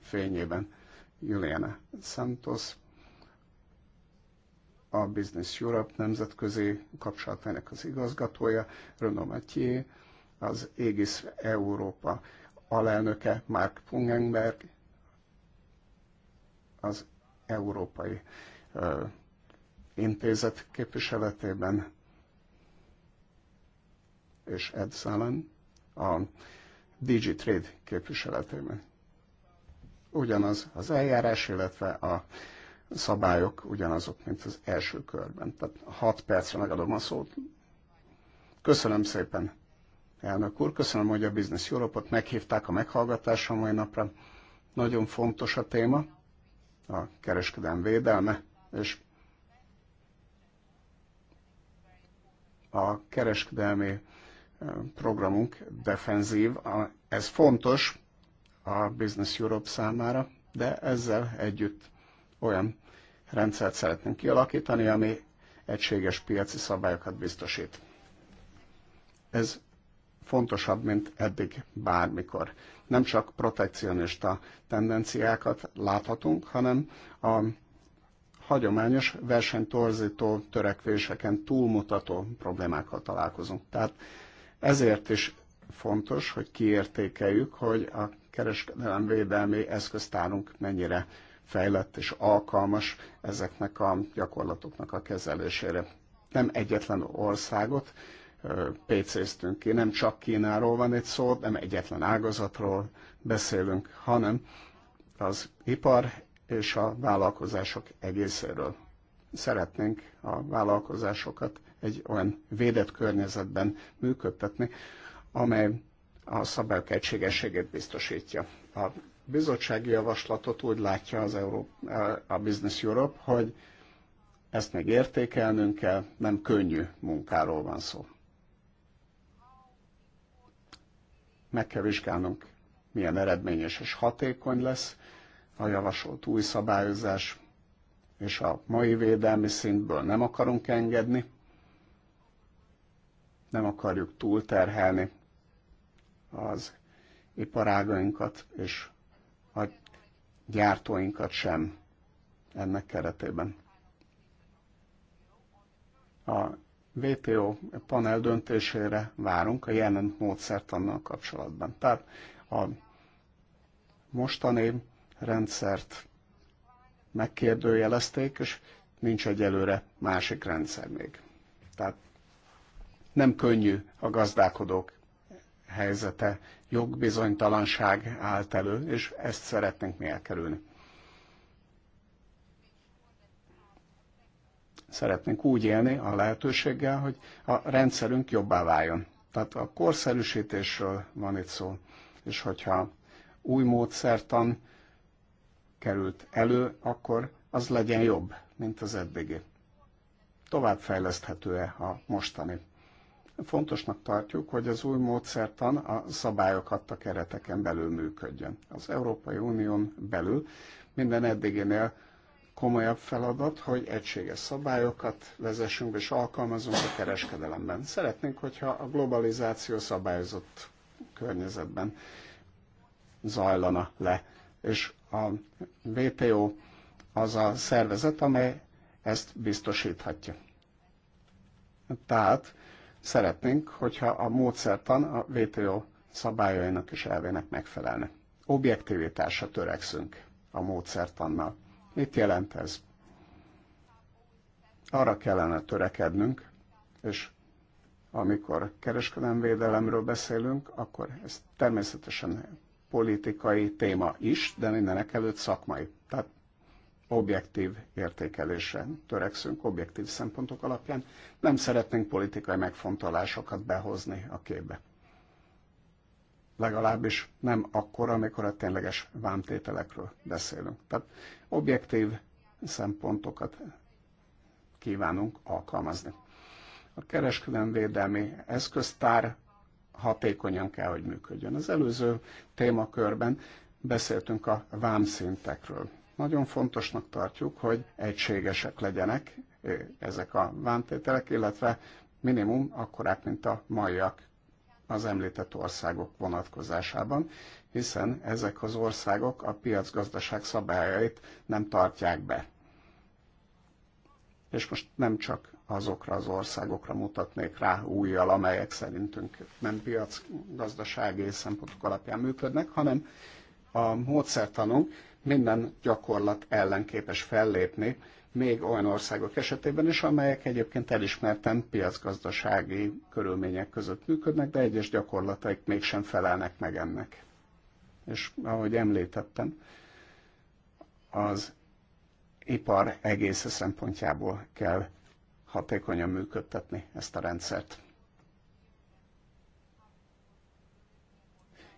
fényében. Juliana Santos a Business Europe nemzetközi kapcsolatának az igazgatója, Renaud Mathieu, az Égis Európa alelnöke Mark Pungenberg, az Európai ö, Intézet képviseletében, és Ed Salen, a Digitrade képviseletében. Ugyanaz az eljárás, illetve a szabályok ugyanazok, mint az első körben. Tehát 6 percre megadom a szót. Köszönöm szépen, elnök úr. Köszönöm, hogy a Business Europe-ot meghívták a meghallgatásra mai napra. Nagyon fontos a téma, a kereskedelm védelme, és a kereskedelmi eh, programunk defenzív. Ez fontos a Business Europe számára, de ezzel együtt olyan rendszert szeretnénk kialakítani, ami egységes piaci szabályokat biztosít. Ez fontosabb, mint eddig bármikor. Nem csak protekcionista tendenciákat láthatunk, hanem a hagyományos versenytorzító törekvéseken túlmutató problémákkal találkozunk. Tehát ezért is fontos, hogy kiértékeljük, hogy a kereskedelem védelmi eszköztárunk mennyire fejlett és alkalmas ezeknek a gyakorlatoknak a kezelésére. Nem egyetlen országot PC-ztünk ki, nem csak Kínáról van egy szó, nem egyetlen ágazatról beszélünk, hanem az ipar és a vállalkozások egészéről. Szeretnénk a vállalkozásokat egy olyan védett környezetben működtetni, amely a szabályok egységességét biztosítja. A bizottsági javaslatot úgy látja az Euró, a Business Europe, hogy ezt még értékelnünk kell, nem könnyű munkáról van szó. Meg kell vizsgálnunk, milyen eredményes és hatékony lesz a javasolt új szabályozás, és a mai védelmi szintből nem akarunk engedni, nem akarjuk túlterhelni az iparágainkat, és a gyártóinkat sem ennek keretében. A WTO panel döntésére várunk a jelen annak kapcsolatban. Tehát a mostani rendszert megkérdőjelezték, és nincs egyelőre másik rendszer még. Tehát nem könnyű a gazdálkodók helyzete jogbizonytalanság állt elő, és ezt szeretnénk mi elkerülni. Szeretnénk úgy élni a lehetőséggel, hogy a rendszerünk jobbá váljon. Tehát a korszerűsítésről van itt szó, és hogyha új módszertan került elő, akkor az legyen jobb, mint az eddigi. Továbbfejleszthető-e a mostani? Fontosnak tartjuk, hogy az új módszertan a szabályok adta kereteken belül működjön. Az Európai Unión belül minden eddiginél komolyabb feladat, hogy egységes szabályokat vezessünk és alkalmazunk a kereskedelemben. Szeretnénk, hogyha a globalizáció szabályozott környezetben zajlana le. És a WTO az a szervezet, amely ezt biztosíthatja. Tehát Szeretnénk, hogyha a módszertan a WTO szabályainak és elvének megfelelne. Objektivitásra törekszünk a módszertannal. Mit jelent ez? Arra kellene törekednünk, és amikor kereskedelemvédelemről beszélünk, akkor ez természetesen politikai téma is, de mindenek előtt szakmai. Tehát objektív értékelésre törekszünk, objektív szempontok alapján. Nem szeretnénk politikai megfontolásokat behozni a képbe. Legalábbis nem akkor, amikor a tényleges vámtételekről beszélünk. Tehát objektív szempontokat kívánunk alkalmazni. A kereskedelemvédelmi eszköztár hatékonyan kell, hogy működjön. Az előző témakörben beszéltünk a vámszintekről nagyon fontosnak tartjuk, hogy egységesek legyenek ezek a vántételek, illetve minimum akkorák, mint a maiak az említett országok vonatkozásában, hiszen ezek az országok a piacgazdaság szabályait nem tartják be. És most nem csak azokra az országokra mutatnék rá újjal, amelyek szerintünk nem piacgazdasági szempontok alapján működnek, hanem a módszertanunk minden gyakorlat ellen képes fellépni, még olyan országok esetében is, amelyek egyébként elismerten piacgazdasági körülmények között működnek, de egyes gyakorlataik mégsem felelnek meg ennek. És ahogy említettem, az ipar egész szempontjából kell hatékonyan működtetni ezt a rendszert.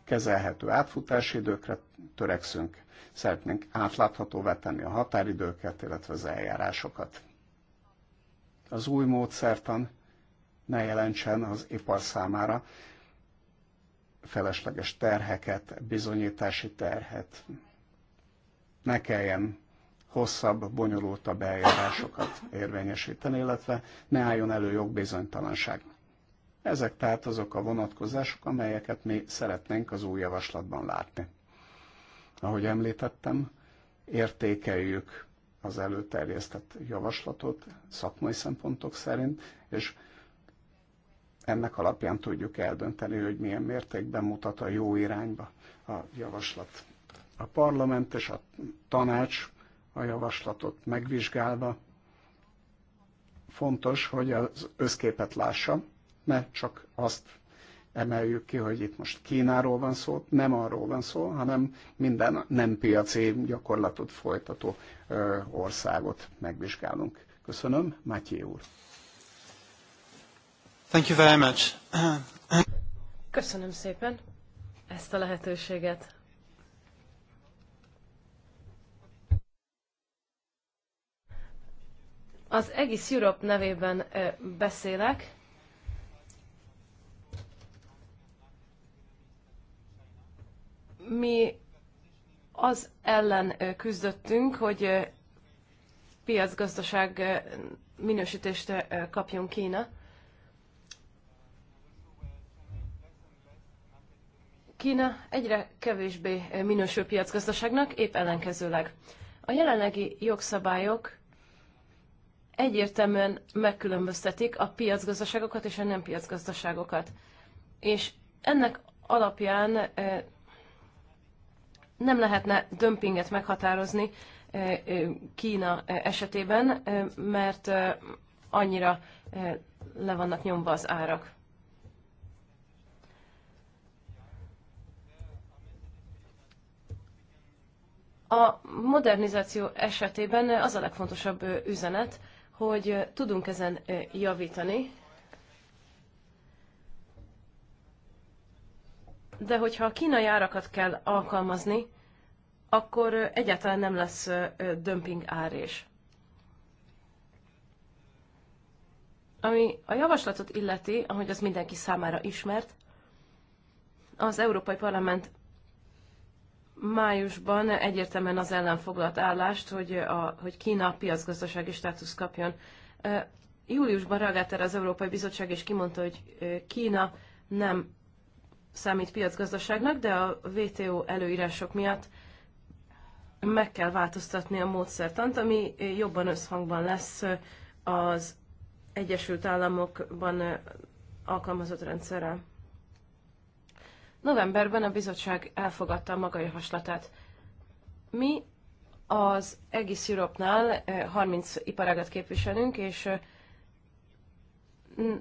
Kezelhető átfutási időkre törekszünk, Szeretnénk átláthatóvá tenni a határidőket, illetve az eljárásokat. Az új módszertan ne jelentsen az ipar számára felesleges terheket, bizonyítási terhet. Ne kelljen hosszabb, bonyolultabb eljárásokat érvényesíteni, illetve ne álljon elő jogbizonytalanság. Ezek tehát azok a vonatkozások, amelyeket mi szeretnénk az új javaslatban látni. Ahogy említettem, értékeljük az előterjesztett javaslatot szakmai szempontok szerint, és ennek alapján tudjuk eldönteni, hogy milyen mértékben mutat a jó irányba a javaslat. A parlament és a tanács a javaslatot megvizsgálva fontos, hogy az összképet lássa, ne csak azt emeljük ki, hogy itt most Kínáról van szó, nem arról van szó, hanem minden nem piaci gyakorlatot folytató ö, országot megvizsgálunk. Köszönöm, Mátyé úr. Thank you very much. Köszönöm szépen ezt a lehetőséget. Az egész Europe nevében beszélek, mi az ellen küzdöttünk, hogy piacgazdaság minősítést kapjon Kína. Kína egyre kevésbé minősül piacgazdaságnak, épp ellenkezőleg. A jelenlegi jogszabályok egyértelműen megkülönböztetik a piacgazdaságokat és a nem piacgazdaságokat. És ennek alapján nem lehetne dömpinget meghatározni eh, eh, Kína eh, esetében, mert annyira le vannak nyomva az árak. A modernizáció esetében az a legfontosabb üzenet, hogy tudunk ezen javítani, de hogyha a kínai árakat kell alkalmazni, akkor egyáltalán nem lesz dömping árés. Ami a javaslatot illeti, ahogy az mindenki számára ismert, az Európai Parlament májusban egyértelműen az ellen foglalt állást, hogy, a, hogy Kína a piacgazdasági státusz kapjon. Júliusban reagált erre az Európai Bizottság, és kimondta, hogy Kína nem számít piacgazdaságnak, de a WTO előírások miatt meg kell változtatni a módszertant, ami jobban összhangban lesz az Egyesült Államokban alkalmazott rendszerrel. Novemberben a bizottság elfogadta a maga javaslatát. Mi az egész Europe-nál 30 iparágat képviselünk, és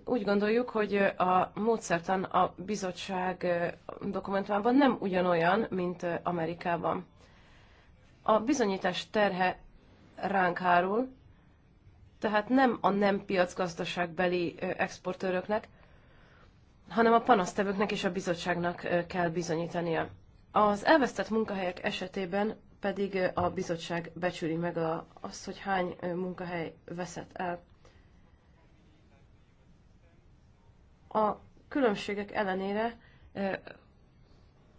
úgy gondoljuk, hogy a módszertan a bizottság dokumentumában nem ugyanolyan, mint Amerikában a bizonyítás terhe ránk hárul, tehát nem a nem piacgazdaságbeli exportőröknek, hanem a panasztevőknek és a bizottságnak kell bizonyítania. Az elvesztett munkahelyek esetében pedig a bizottság becsüli meg a, azt, hogy hány munkahely veszett el. A különbségek ellenére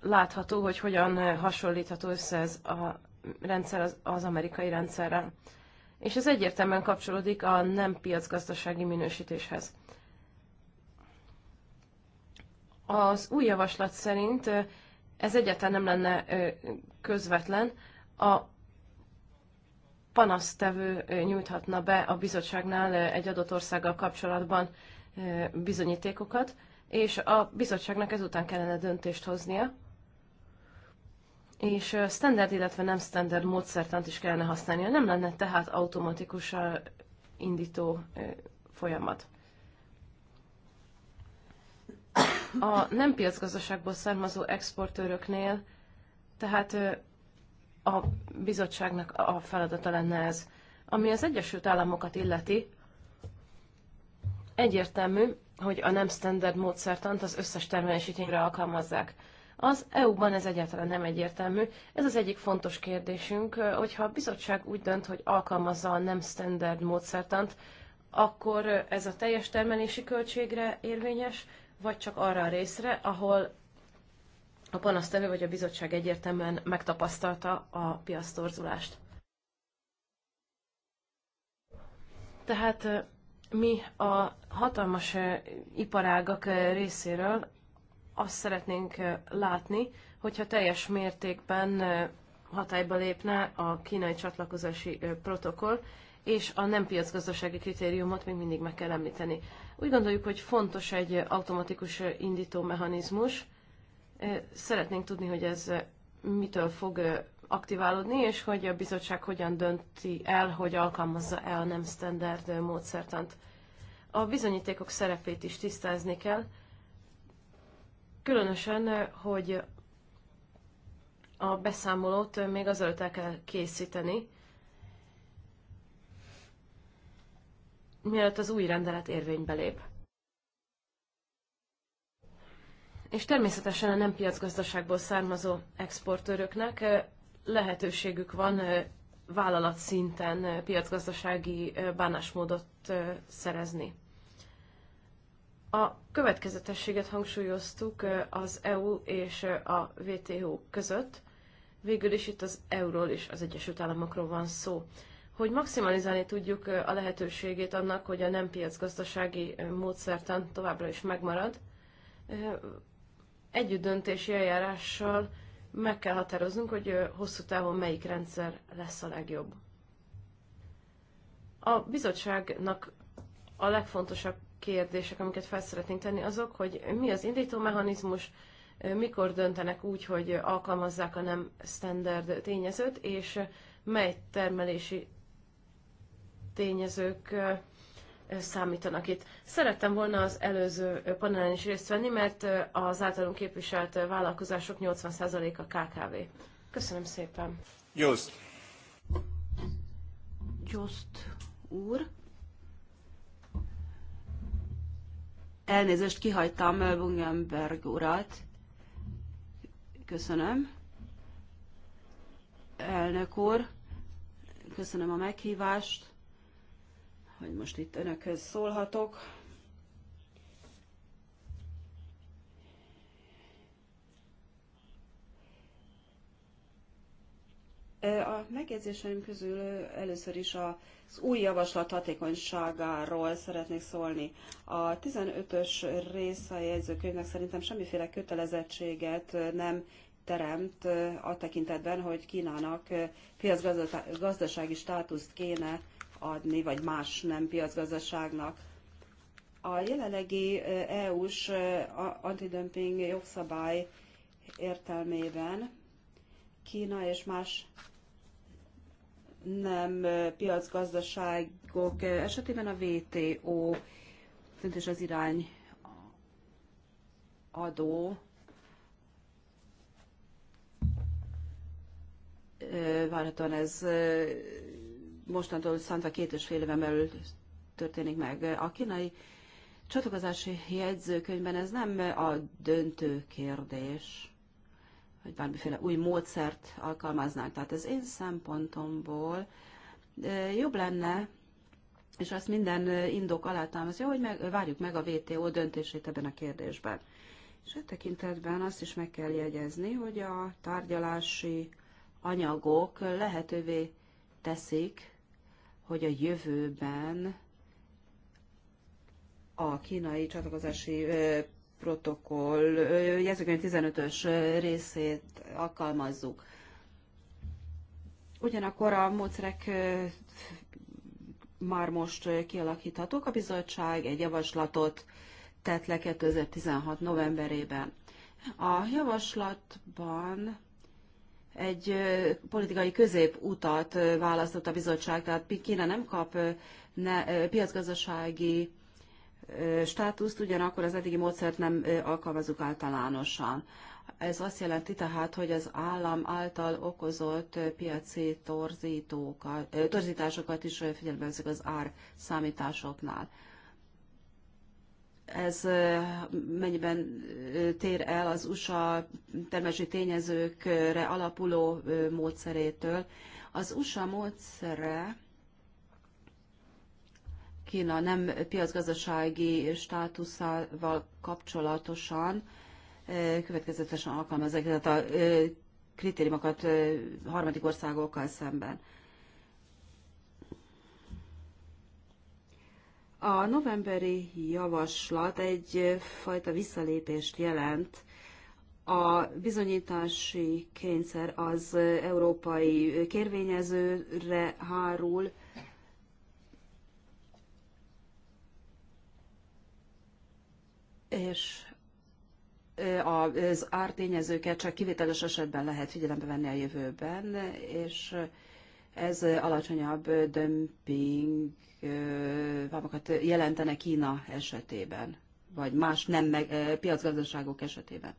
látható, hogy hogyan hasonlítható össze ez a rendszer az, az amerikai rendszerrel. És ez egyértelműen kapcsolódik a nem piacgazdasági minősítéshez. Az új javaslat szerint ez egyáltalán nem lenne közvetlen, a panasztevő nyújthatna be a bizottságnál egy adott országgal kapcsolatban bizonyítékokat, és a bizottságnak ezután kellene döntést hoznia, és standard, illetve nem standard módszertant is kellene használnia. Nem lenne tehát automatikus a indító folyamat. A nem piacgazdaságból származó exportőröknél tehát a bizottságnak a feladata lenne ez. Ami az Egyesült Államokat illeti, egyértelmű, hogy a nem standard módszertant az összes tényre alkalmazzák. Az EU-ban ez egyáltalán nem egyértelmű. Ez az egyik fontos kérdésünk, hogyha a bizottság úgy dönt, hogy alkalmazza a nem standard módszertant, akkor ez a teljes termelési költségre érvényes, vagy csak arra a részre, ahol a panasztevő vagy a bizottság egyértelműen megtapasztalta a piac Tehát mi a hatalmas iparágak részéről azt szeretnénk látni, hogyha teljes mértékben hatályba lépne a kínai csatlakozási protokoll, és a nem piacgazdasági kritériumot még mindig meg kell említeni. Úgy gondoljuk, hogy fontos egy automatikus indító mechanizmus. Szeretnénk tudni, hogy ez mitől fog aktiválódni, és hogy a bizottság hogyan dönti el, hogy alkalmazza-e a nem standard módszertant. A bizonyítékok szerepét is tisztázni kell, Különösen, eh, hogy a beszámolót eh, még azelőtt el kell készíteni, mielőtt az új rendelet érvénybe lép. És természetesen a nem piacgazdaságból származó exportőröknek eh, lehetőségük van vállalat szinten piacgazdasági bánásmódot szerezni. A következetességet hangsúlyoztuk az EU és a WTO között. Végül is itt az EU-ról és az Egyesült Államokról van szó. Hogy maximalizálni tudjuk a lehetőségét annak, hogy a nem piacgazdasági módszertan továbbra is megmarad, együtt döntési eljárással meg kell határoznunk, hogy hosszú távon melyik rendszer lesz a legjobb. A bizottságnak a legfontosabb kérdések, amiket fel szeretnénk tenni, azok, hogy mi az indító mechanizmus, mikor döntenek úgy, hogy alkalmazzák a nem standard tényezőt, és mely termelési tényezők számítanak itt. Szerettem volna az előző panelen is részt venni, mert az általunk képviselt vállalkozások 80%-a KKV. Köszönöm szépen. Just. Just úr. Elnézést, kihagytam Bungenberg urat. Köszönöm. Elnök úr, köszönöm a meghívást, hogy most itt önökhöz szólhatok. A megjegyzéseim közül először is az új javaslat hatékonyságáról szeretnék szólni. A 15-ös rész a jegyzőkönyvnek szerintem semmiféle kötelezettséget nem teremt a tekintetben, hogy Kínának piacgazdasági státuszt kéne adni, vagy más nem piacgazdaságnak. A jelenlegi EU-s antidömping jogszabály értelmében Kína és más nem piacgazdaságok esetében a VTO, fontos az irány adó, várhatóan ez mostantól szántva két és fél éven belül történik meg. A kínai csatlakozási jegyzőkönyvben ez nem a döntő kérdés hogy bármiféle új módszert alkalmaznánk. Tehát ez én szempontomból jobb lenne, és azt minden indok alátámasztja, hogy meg, várjuk meg a WTO döntését ebben a kérdésben. És e tekintetben azt is meg kell jegyezni, hogy a tárgyalási anyagok lehetővé teszik, hogy a jövőben a kínai csatlakozási protokoll jegyzőkönyv 15-ös részét alkalmazzuk. Ugyanakkor a módszerek már most kialakíthatók. A bizottság egy javaslatot tett le 2016. novemberében. A javaslatban egy politikai középutat választott a bizottság, tehát Kína nem kap ne, piacgazdasági státuszt, ugyanakkor az eddigi módszert nem alkalmazunk általánosan. Ez azt jelenti tehát, hogy az állam által okozott piaci torzítókat, torzításokat is figyelembe veszik az ár számításoknál. Ez mennyiben tér el az USA termelési tényezőkre alapuló módszerétől. Az USA módszere Kína nem piacgazdasági státuszával kapcsolatosan eh, következetesen alkalmaz ezeket a eh, kritériumokat eh, harmadik országokkal szemben. A novemberi javaslat egyfajta visszalépést jelent. A bizonyítási kényszer az európai kérvényezőre hárul, és az ártényezőket csak kivételes esetben lehet figyelembe venni a jövőben, és ez alacsonyabb dömping vámokat jelentene Kína esetében, vagy más nem meg, piacgazdaságok esetében.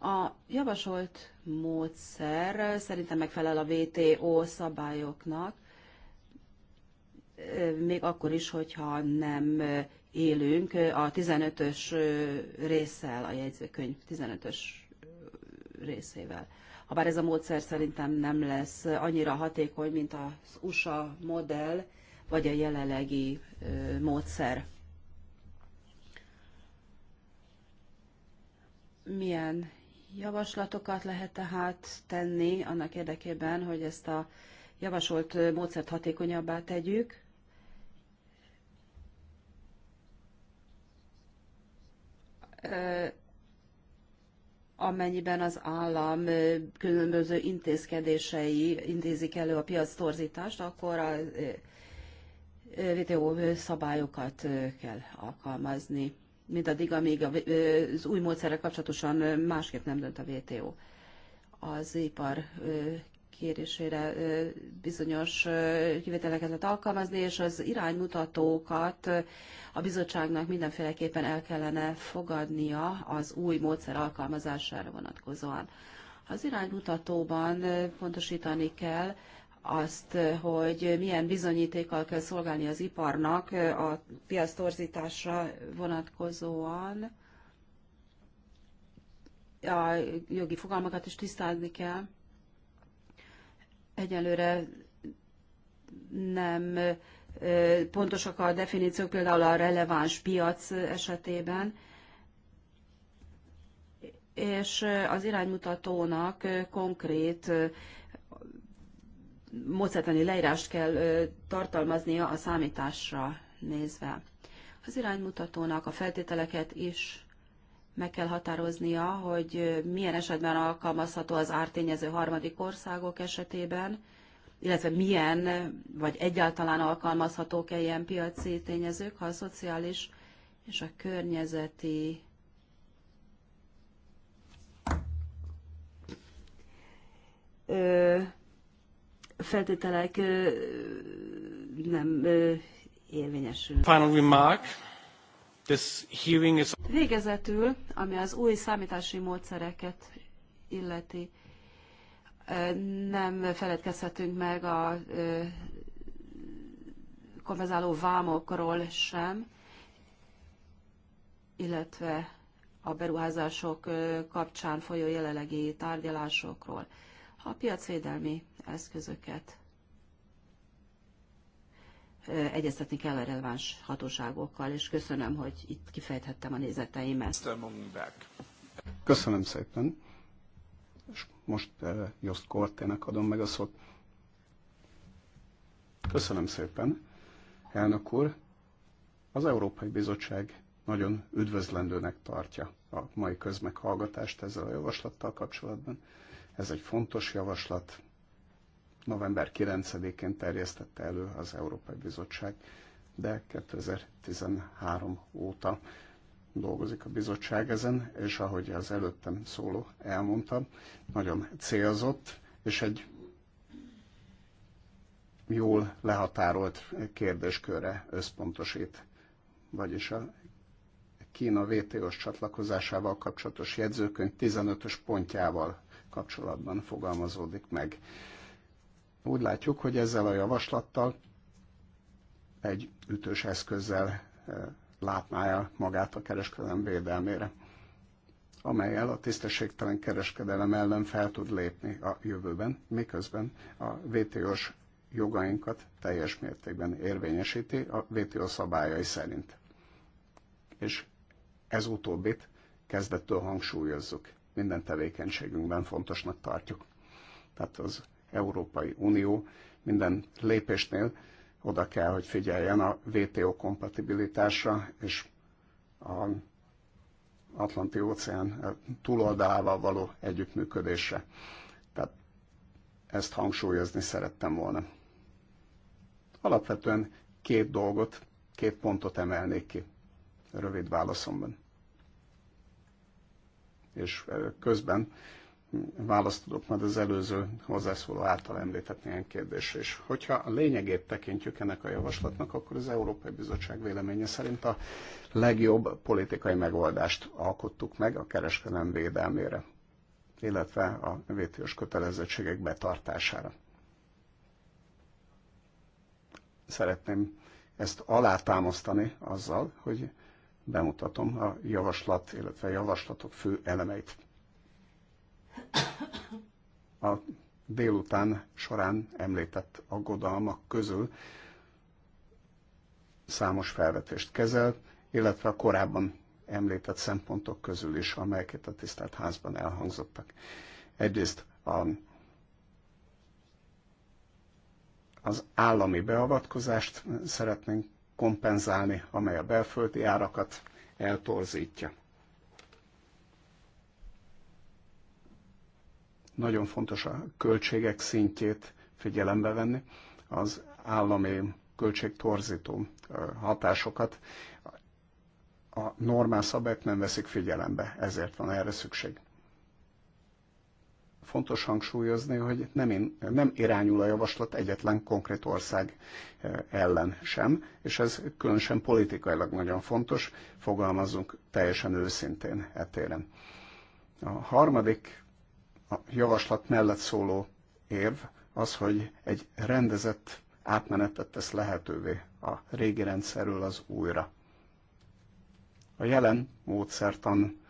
A javasolt módszer szerintem megfelel a WTO szabályoknak, még akkor is, hogyha nem élünk a 15-ös részsel, a jegyzőkönyv 15-ös részével. Habár ez a módszer szerintem nem lesz annyira hatékony, mint az USA modell, vagy a jelenlegi módszer. Milyen javaslatokat lehet tehát tenni annak érdekében, hogy ezt a javasolt módszert hatékonyabbá tegyük, amennyiben az állam különböző intézkedései intézik elő a piac torzítást, akkor a videó szabályokat kell alkalmazni. Mindaddig, amíg az új módszerek kapcsolatosan másképp nem dönt a VTO. Az ipar kérésére bizonyos kivételeket lehet alkalmazni, és az iránymutatókat a bizottságnak mindenféleképpen el kellene fogadnia az új módszer alkalmazására vonatkozóan. Az iránymutatóban pontosítani kell azt, hogy milyen bizonyítékkal kell szolgálni az iparnak a piac torzításra vonatkozóan. A jogi fogalmakat is tisztázni kell egyelőre nem pontosak a definíciók, például a releváns piac esetében, és az iránymutatónak konkrét módszertani leírást kell tartalmaznia a számításra nézve. Az iránymutatónak a feltételeket is meg kell határoznia, hogy milyen esetben alkalmazható az ártényező harmadik országok esetében, illetve milyen, vagy egyáltalán alkalmazhatók-e ilyen piaci tényezők, ha a szociális és a környezeti feltételek nem érvényesül. Final remark. This hearing is... Végezetül, ami az új számítási módszereket illeti, nem feledkezhetünk meg a kompenzáló vámokról sem, illetve a beruházások kapcsán folyó jelenlegi tárgyalásokról, a piacvédelmi eszközöket egyeztetni kell a releváns hatóságokkal, és köszönöm, hogy itt kifejthettem a nézeteimet. Köszönöm szépen. És most uh, Jost Kortének adom meg a szót. Köszönöm szépen. Elnök úr, az Európai Bizottság nagyon üdvözlendőnek tartja a mai közmeghallgatást ezzel a javaslattal kapcsolatban. Ez egy fontos javaslat, november 9-én terjesztette elő az Európai Bizottság, de 2013 óta dolgozik a bizottság ezen, és ahogy az előttem szóló elmondta, nagyon célzott, és egy jól lehatárolt kérdéskörre összpontosít, vagyis a Kína VTO-s csatlakozásával kapcsolatos jegyzőkönyv 15-ös pontjával kapcsolatban fogalmazódik meg úgy látjuk, hogy ezzel a javaslattal egy ütős eszközzel eh, látnája magát a kereskedelem védelmére, amelyel a tisztességtelen kereskedelem ellen fel tud lépni a jövőben, miközben a vto s jogainkat teljes mértékben érvényesíti a VTO szabályai szerint. És ez utóbbit kezdettől hangsúlyozzuk, minden tevékenységünkben fontosnak tartjuk. Tehát az Európai Unió minden lépésnél oda kell, hogy figyeljen a WTO kompatibilitásra és a Atlanti óceán túloldalával való együttműködésre. Tehát ezt hangsúlyozni szerettem volna. Alapvetően két dolgot, két pontot emelnék ki rövid válaszomban. És közben választ tudok majd az előző hozzászóló által említett néhány kérdésre is. Hogyha a lényegét tekintjük ennek a javaslatnak, akkor az Európai Bizottság véleménye szerint a legjobb politikai megoldást alkottuk meg a kereskedelem védelmére, illetve a wto kötelezettségek betartására. Szeretném ezt alátámasztani azzal, hogy bemutatom a javaslat, illetve a javaslatok fő elemeit a délután során említett aggodalmak közül számos felvetést kezel, illetve a korábban említett szempontok közül is, amelyek itt a tisztelt házban elhangzottak. Egyrészt a, az állami beavatkozást szeretnénk kompenzálni, amely a belföldi árakat eltorzítja. Nagyon fontos a költségek szintjét figyelembe venni, az állami költségtorzító hatásokat a normál szabályok nem veszik figyelembe, ezért van erre szükség. Fontos hangsúlyozni, hogy nem, in, nem irányul a javaslat egyetlen konkrét ország ellen sem, és ez különösen politikailag nagyon fontos, fogalmazunk teljesen őszintén etéren. A harmadik a javaslat mellett szóló érv az, hogy egy rendezett átmenetet tesz lehetővé a régi rendszerről az újra. A jelen módszertan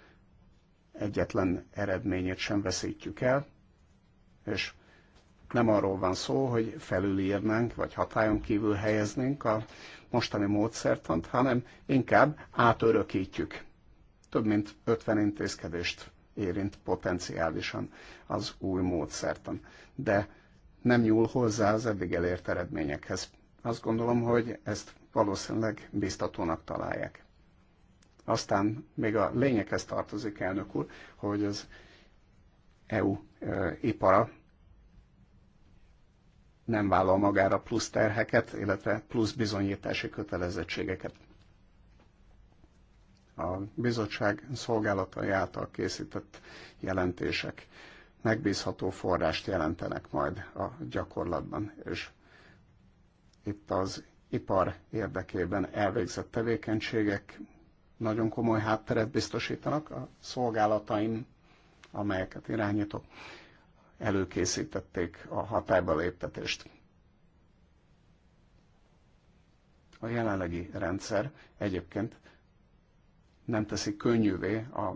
egyetlen eredményét sem veszítjük el, és nem arról van szó, hogy felülírnánk, vagy hatályon kívül helyeznénk a mostani módszertant, hanem inkább átörökítjük. Több mint 50 intézkedést érint potenciálisan az új módszertan. De nem nyúl hozzá az eddig elért eredményekhez. Azt gondolom, hogy ezt valószínűleg biztatónak találják. Aztán még a lényeghez tartozik, elnök úr, hogy az EU e, ipara nem vállal magára plusz terheket, illetve plusz bizonyítási kötelezettségeket a bizottság szolgálatai által készített jelentések megbízható forrást jelentenek majd a gyakorlatban, és itt az ipar érdekében elvégzett tevékenységek nagyon komoly hátteret biztosítanak a szolgálataim, amelyeket irányítok, előkészítették a hatályba léptetést. A jelenlegi rendszer egyébként nem teszi könnyűvé a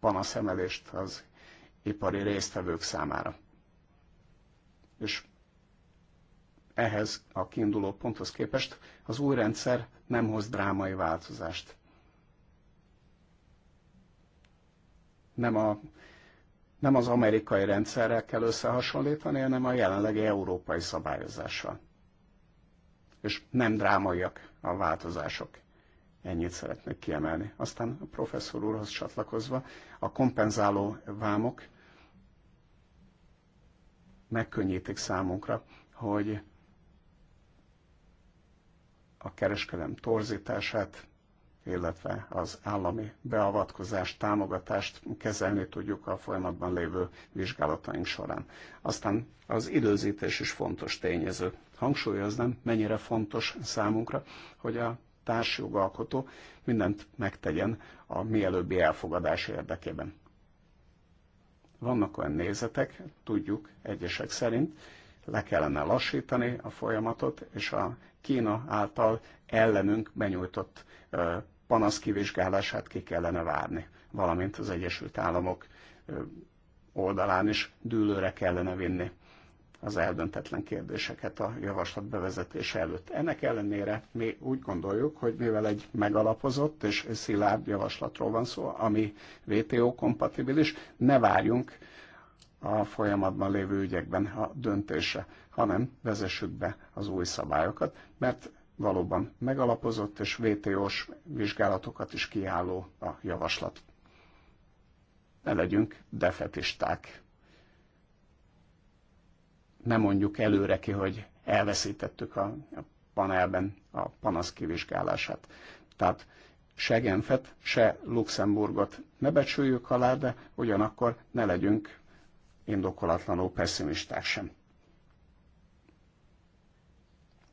panaszemelést az ipari résztvevők számára. És ehhez a kiinduló ponthoz képest az új rendszer nem hoz drámai változást. Nem, a, nem az amerikai rendszerrel kell összehasonlítani, hanem a jelenlegi európai szabályozással. És nem drámaiak a változások. Ennyit szeretnék kiemelni. Aztán a professzor úrhoz csatlakozva a kompenzáló vámok megkönnyítik számunkra, hogy a kereskedelem torzítását, illetve az állami beavatkozást, támogatást kezelni tudjuk a folyamatban lévő vizsgálataink során. Aztán az időzítés is fontos tényező. Hangsúlyoznám, mennyire fontos számunkra, hogy a társjogalkotó mindent megtegyen a mielőbbi elfogadás érdekében. Vannak olyan nézetek, tudjuk egyesek szerint, le kellene lassítani a folyamatot, és a Kína által ellenünk benyújtott panasz kivizsgálását ki kellene várni, valamint az Egyesült Államok oldalán is dűlőre kellene vinni az eldöntetlen kérdéseket a javaslat bevezetése előtt. Ennek ellenére mi úgy gondoljuk, hogy mivel egy megalapozott és szilárd javaslatról van szó, ami VTO kompatibilis, ne várjunk a folyamatban lévő ügyekben a döntése, hanem vezessük be az új szabályokat, mert valóban megalapozott és vto s vizsgálatokat is kiálló a javaslat. Ne legyünk defetisták nem mondjuk előre ki, hogy elveszítettük a panelben a panasz kivizsgálását. Tehát se Genfet, se Luxemburgot ne becsüljük alá, de ugyanakkor ne legyünk indokolatlanul pessimisták sem.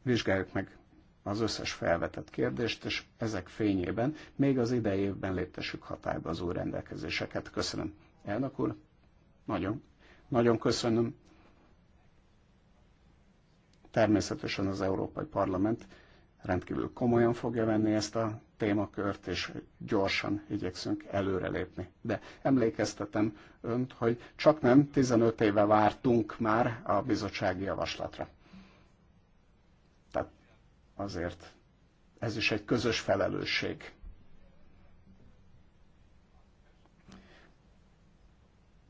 Vizsgáljuk meg az összes felvetett kérdést, és ezek fényében még az idei évben léptessük hatályba az új rendelkezéseket. Köszönöm. Elnök úr, nagyon, nagyon köszönöm Természetesen az Európai Parlament rendkívül komolyan fogja venni ezt a témakört, és gyorsan igyekszünk előrelépni. De emlékeztetem önt, hogy csak nem 15 éve vártunk már a bizottsági javaslatra. Tehát azért ez is egy közös felelősség.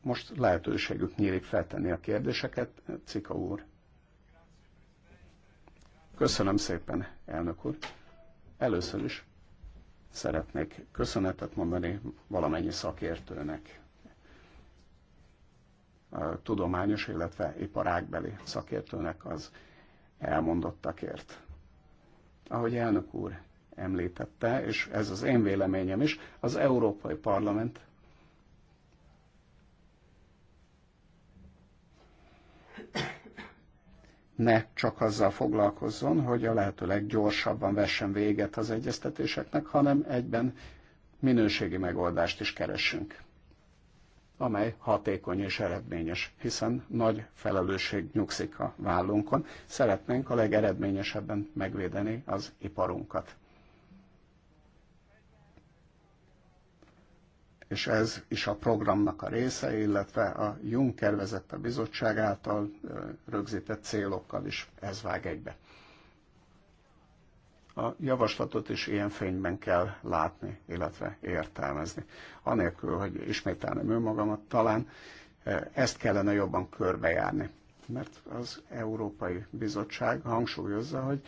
Most lehetőségük nyílik feltenni a kérdéseket, Cika úr. Köszönöm szépen, elnök úr. Először is szeretnék köszönetet mondani valamennyi szakértőnek, a tudományos, illetve iparágbeli szakértőnek az elmondottakért. Ahogy elnök úr említette, és ez az én véleményem is, az Európai Parlament ne csak azzal foglalkozzon, hogy a lehető leggyorsabban vessen véget az egyeztetéseknek, hanem egyben minőségi megoldást is keresünk, amely hatékony és eredményes, hiszen nagy felelősség nyugszik a vállunkon. Szeretnénk a legeredményesebben megvédeni az iparunkat. és ez is a programnak a része, illetve a Juncker vezette bizottság által rögzített célokkal is ez vág egybe. A javaslatot is ilyen fényben kell látni, illetve értelmezni. Anélkül, hogy ismételnem önmagamat, talán ezt kellene jobban körbejárni. Mert az Európai Bizottság hangsúlyozza, hogy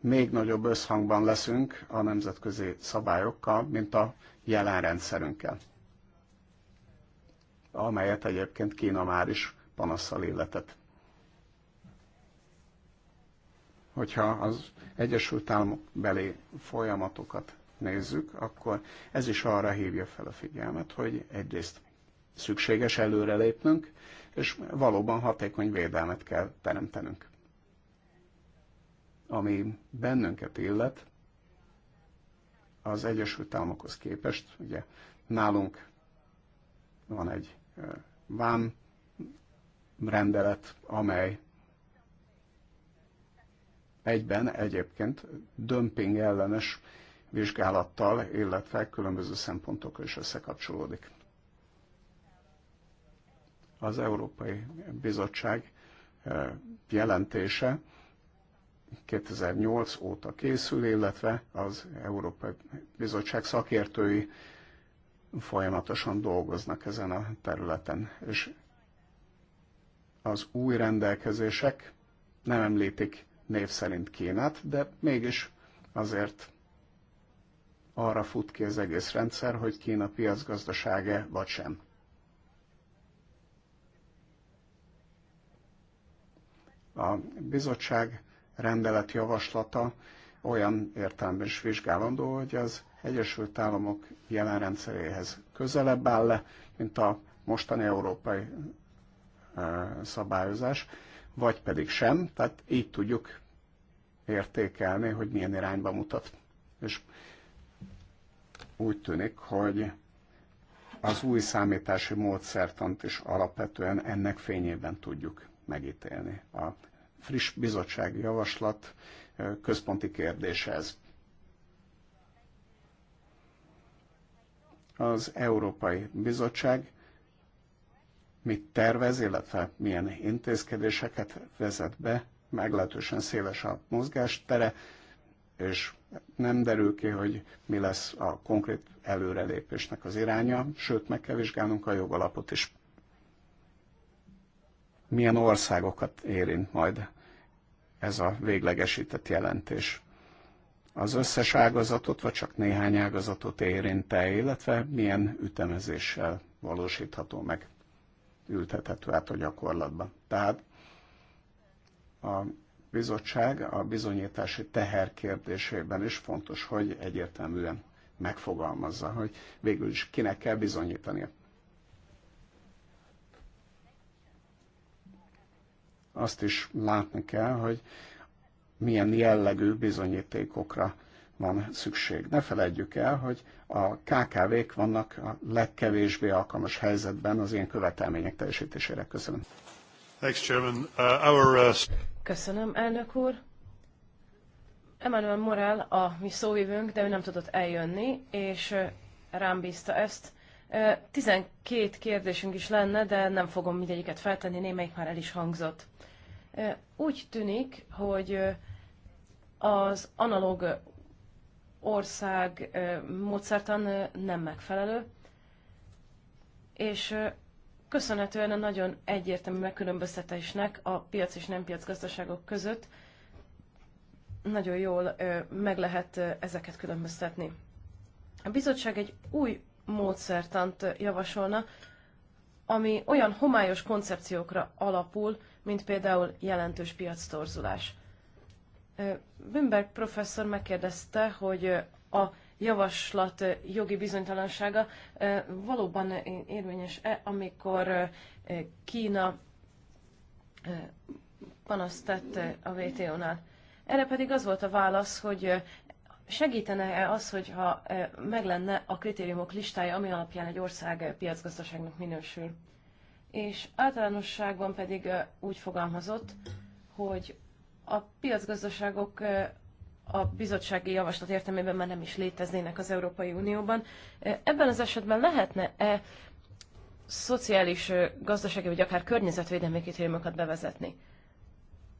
még nagyobb összhangban leszünk a nemzetközi szabályokkal, mint a jelen rendszerünkkel amelyet egyébként Kína már is panaszsal illetett. Hogyha az Egyesült Államok belé folyamatokat nézzük, akkor ez is arra hívja fel a figyelmet, hogy egyrészt szükséges előrelépnünk, és valóban hatékony védelmet kell teremtenünk. Ami bennünket illet, az Egyesült Államokhoz képest, ugye nálunk van egy vám rendelet, amely egyben egyébként dömping ellenes vizsgálattal, illetve különböző szempontokkal is összekapcsolódik. Az Európai Bizottság e, jelentése 2008 óta készül, illetve az Európai Bizottság szakértői folyamatosan dolgoznak ezen a területen, és az új rendelkezések nem említik név szerint Kínát, de mégis azért arra fut ki az egész rendszer, hogy Kína piacgazdasága vagy sem. A bizottság rendelet javaslata olyan értelemben is vizsgálandó, hogy az Egyesült Államok jelen rendszeréhez közelebb áll le, mint a mostani európai szabályozás, vagy pedig sem, tehát így tudjuk értékelni, hogy milyen irányba mutat. És úgy tűnik, hogy az új számítási módszertant is alapvetően ennek fényében tudjuk megítélni. A friss bizottsági javaslat központi kérdése ez. az Európai Bizottság mit tervez, illetve milyen intézkedéseket vezet be, meglehetősen széles a mozgástere, és nem derül ki, hogy mi lesz a konkrét előrelépésnek az iránya, sőt, meg kell vizsgálnunk a jogalapot is. Milyen országokat érint majd ez a véglegesített jelentés? az összes ágazatot, vagy csak néhány ágazatot érinte, illetve milyen ütemezéssel valósítható meg, ültethető át a gyakorlatban. Tehát a bizottság a bizonyítási teher kérdésében is fontos, hogy egyértelműen megfogalmazza, hogy végül is kinek kell bizonyítania. Azt is látni kell, hogy milyen jellegű bizonyítékokra van szükség. Ne felejtjük el, hogy a KKV-k vannak a legkevésbé alkalmas helyzetben az ilyen követelmények teljesítésére. Köszönöm. Thanks, Chairman. Uh, our, uh... Köszönöm, elnök úr. Emmanuel Morel a mi szóvivőnk, de ő nem tudott eljönni, és uh, rám bízta ezt. 12 uh, kérdésünk is lenne, de nem fogom mindegyiket feltenni, némelyik már el is hangzott. Úgy tűnik, hogy az analóg ország módszertan nem megfelelő, és köszönhetően a nagyon egyértelmű megkülönböztetésnek a piac és nem piac gazdaságok között nagyon jól meg lehet ezeket különböztetni. A bizottság egy új módszertant javasolna, ami olyan homályos koncepciókra alapul, mint például jelentős piac torzulás. Bümberg professzor megkérdezte, hogy a javaslat jogi bizonytalansága valóban érvényes-e, amikor Kína panaszt tett a WTO-nál. Erre pedig az volt a válasz, hogy segítene-e az, hogyha meglenne a kritériumok listája, ami alapján egy ország piacgazdaságnak minősül és általánosságban pedig úgy fogalmazott, hogy a piacgazdaságok a bizottsági javaslat értelmében már nem is léteznének az Európai Unióban. Ebben az esetben lehetne-e szociális, gazdasági vagy akár környezetvédelmi kritériumokat bevezetni?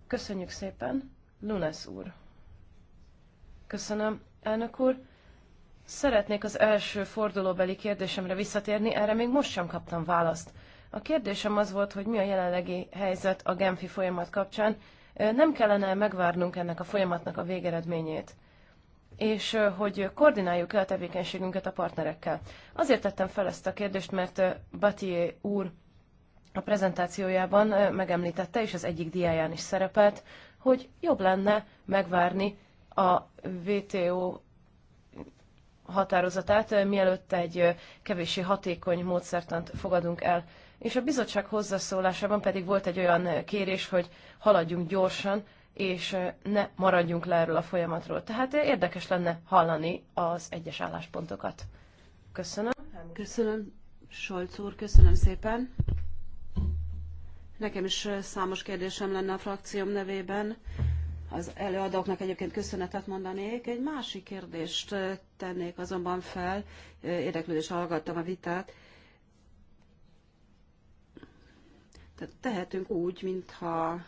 Köszönjük szépen, Lunes úr. Köszönöm, elnök úr. Szeretnék az első fordulóbeli kérdésemre visszatérni, erre még most sem kaptam választ. A kérdésem az volt, hogy mi a jelenlegi helyzet a Genfi folyamat kapcsán. Nem kellene megvárnunk ennek a folyamatnak a végeredményét és hogy koordináljuk el a tevékenységünket a partnerekkel. Azért tettem fel ezt a kérdést, mert Batié úr a prezentációjában megemlítette, és az egyik diáján is szerepelt, hogy jobb lenne megvárni a WTO határozatát, mielőtt egy kevéssé hatékony módszertant fogadunk el és a bizottság hozzászólásában pedig volt egy olyan kérés, hogy haladjunk gyorsan, és ne maradjunk le erről a folyamatról. Tehát érdekes lenne hallani az egyes álláspontokat. Köszönöm. Köszönöm, Solc úr, köszönöm szépen. Nekem is számos kérdésem lenne a frakcióm nevében. Az előadóknak egyébként köszönetet mondanék. Egy másik kérdést tennék azonban fel. Érdeklődés hallgattam a vitát. Tehát tehetünk úgy, mintha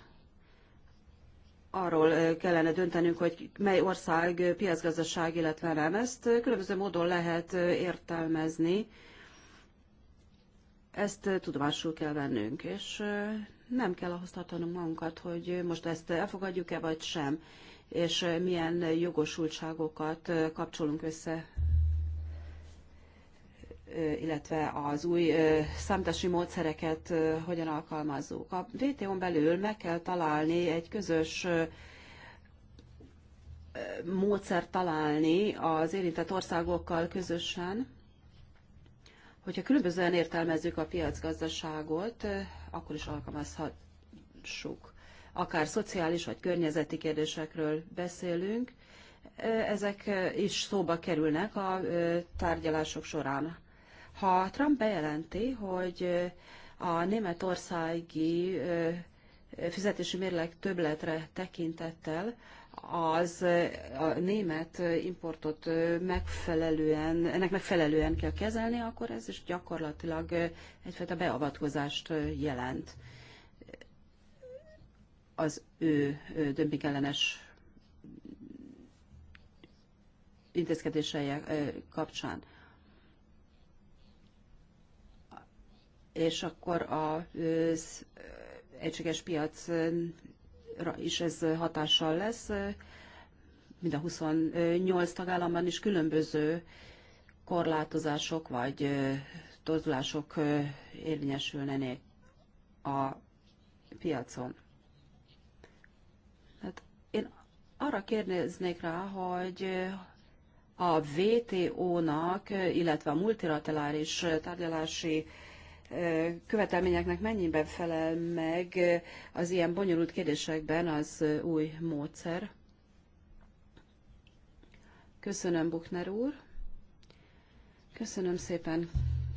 arról kellene döntenünk, hogy mely ország piacgazdaság, illetve nem. Ezt különböző módon lehet értelmezni. Ezt tudomásul kell vennünk, és nem kell ahhoz tartanunk magunkat, hogy most ezt elfogadjuk-e vagy sem, és milyen jogosultságokat kapcsolunk össze illetve az új számítási módszereket hogyan alkalmazzuk. A VTO-n belül meg kell találni egy közös módszer találni az érintett országokkal közösen. Hogyha különbözően értelmezzük a piacgazdaságot, akkor is alkalmazhassuk. Akár szociális vagy környezeti kérdésekről beszélünk, ezek is szóba kerülnek a tárgyalások során. Ha Trump bejelenti, hogy a németországi fizetési mérleg többletre tekintettel az a német importot megfelelően, ennek megfelelően kell kezelni, akkor ez is gyakorlatilag egyfajta beavatkozást jelent az ő ellenes intézkedései kapcsán. és akkor az egységes piacra is ez hatással lesz. Mind a 28 tagállamban is különböző korlátozások vagy torzulások érvényesülnének a piacon. Hát én arra kérdeznék rá, hogy a VTO-nak, illetve a multilaterális tárgyalási követelményeknek mennyiben felel meg az ilyen bonyolult kérdésekben az új módszer? Köszönöm, Buchner úr. Köszönöm szépen.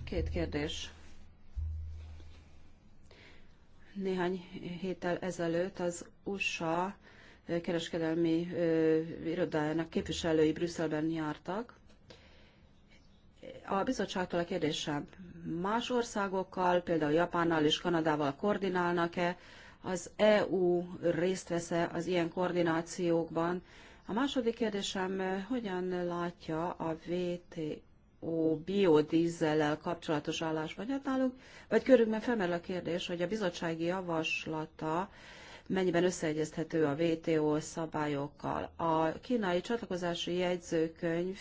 Két kérdés. Néhány héttel ezelőtt az USA kereskedelmi irodájának képviselői Brüsszelben jártak, a bizottságtól a kérdésem, más országokkal, például Japánnal és Kanadával koordinálnak-e, az EU részt vesz-e az ilyen koordinációkban? A második kérdésem, hogyan látja a VTO biodízzellel kapcsolatos álláspontját nálunk, vagy körülbelül felmerül a kérdés, hogy a bizottsági javaslata mennyiben összeegyezhető a VTO szabályokkal. A kínai csatlakozási jegyzőkönyv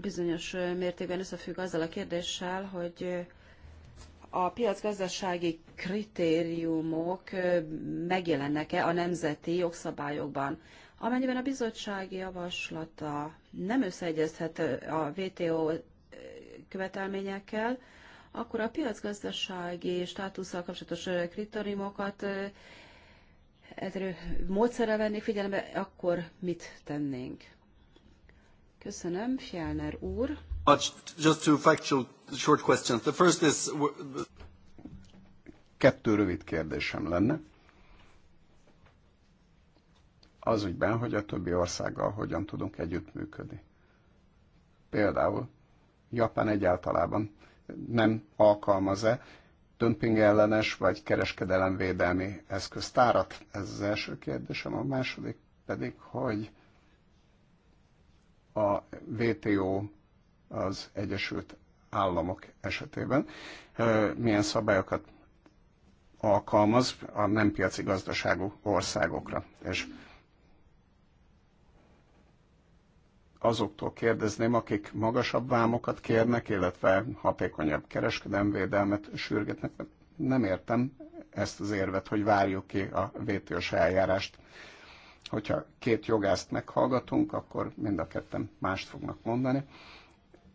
bizonyos mértékben összefügg azzal a kérdéssel, hogy a piacgazdasági kritériumok megjelennek-e a nemzeti jogszabályokban. Amennyiben a bizottsági javaslata nem összeegyezhet a WTO követelményekkel, akkor a piacgazdasági státusszal kapcsolatos kritériumokat módszerrel vennék figyelembe, akkor mit tennénk? Köszönöm, Fjellner úr. Just two factual short questions. The first is... Kettő rövid kérdésem lenne. Az ügyben, hogy a többi országgal hogyan tudunk együttműködni. Például Japán egyáltalában nem alkalmaz-e dömping ellenes vagy kereskedelemvédelmi eszköztárat? Ez az első kérdésem. A második pedig, hogy a WTO az Egyesült Államok esetében milyen szabályokat alkalmaz a nem piaci gazdaságú országokra. És azoktól kérdezném, akik magasabb vámokat kérnek, illetve hatékonyabb kereskedelmvédelmet sürgetnek. Nem értem ezt az érvet, hogy várjuk ki a WTO-s eljárást. Hogyha két jogást meghallgatunk, akkor mind a ketten mást fognak mondani.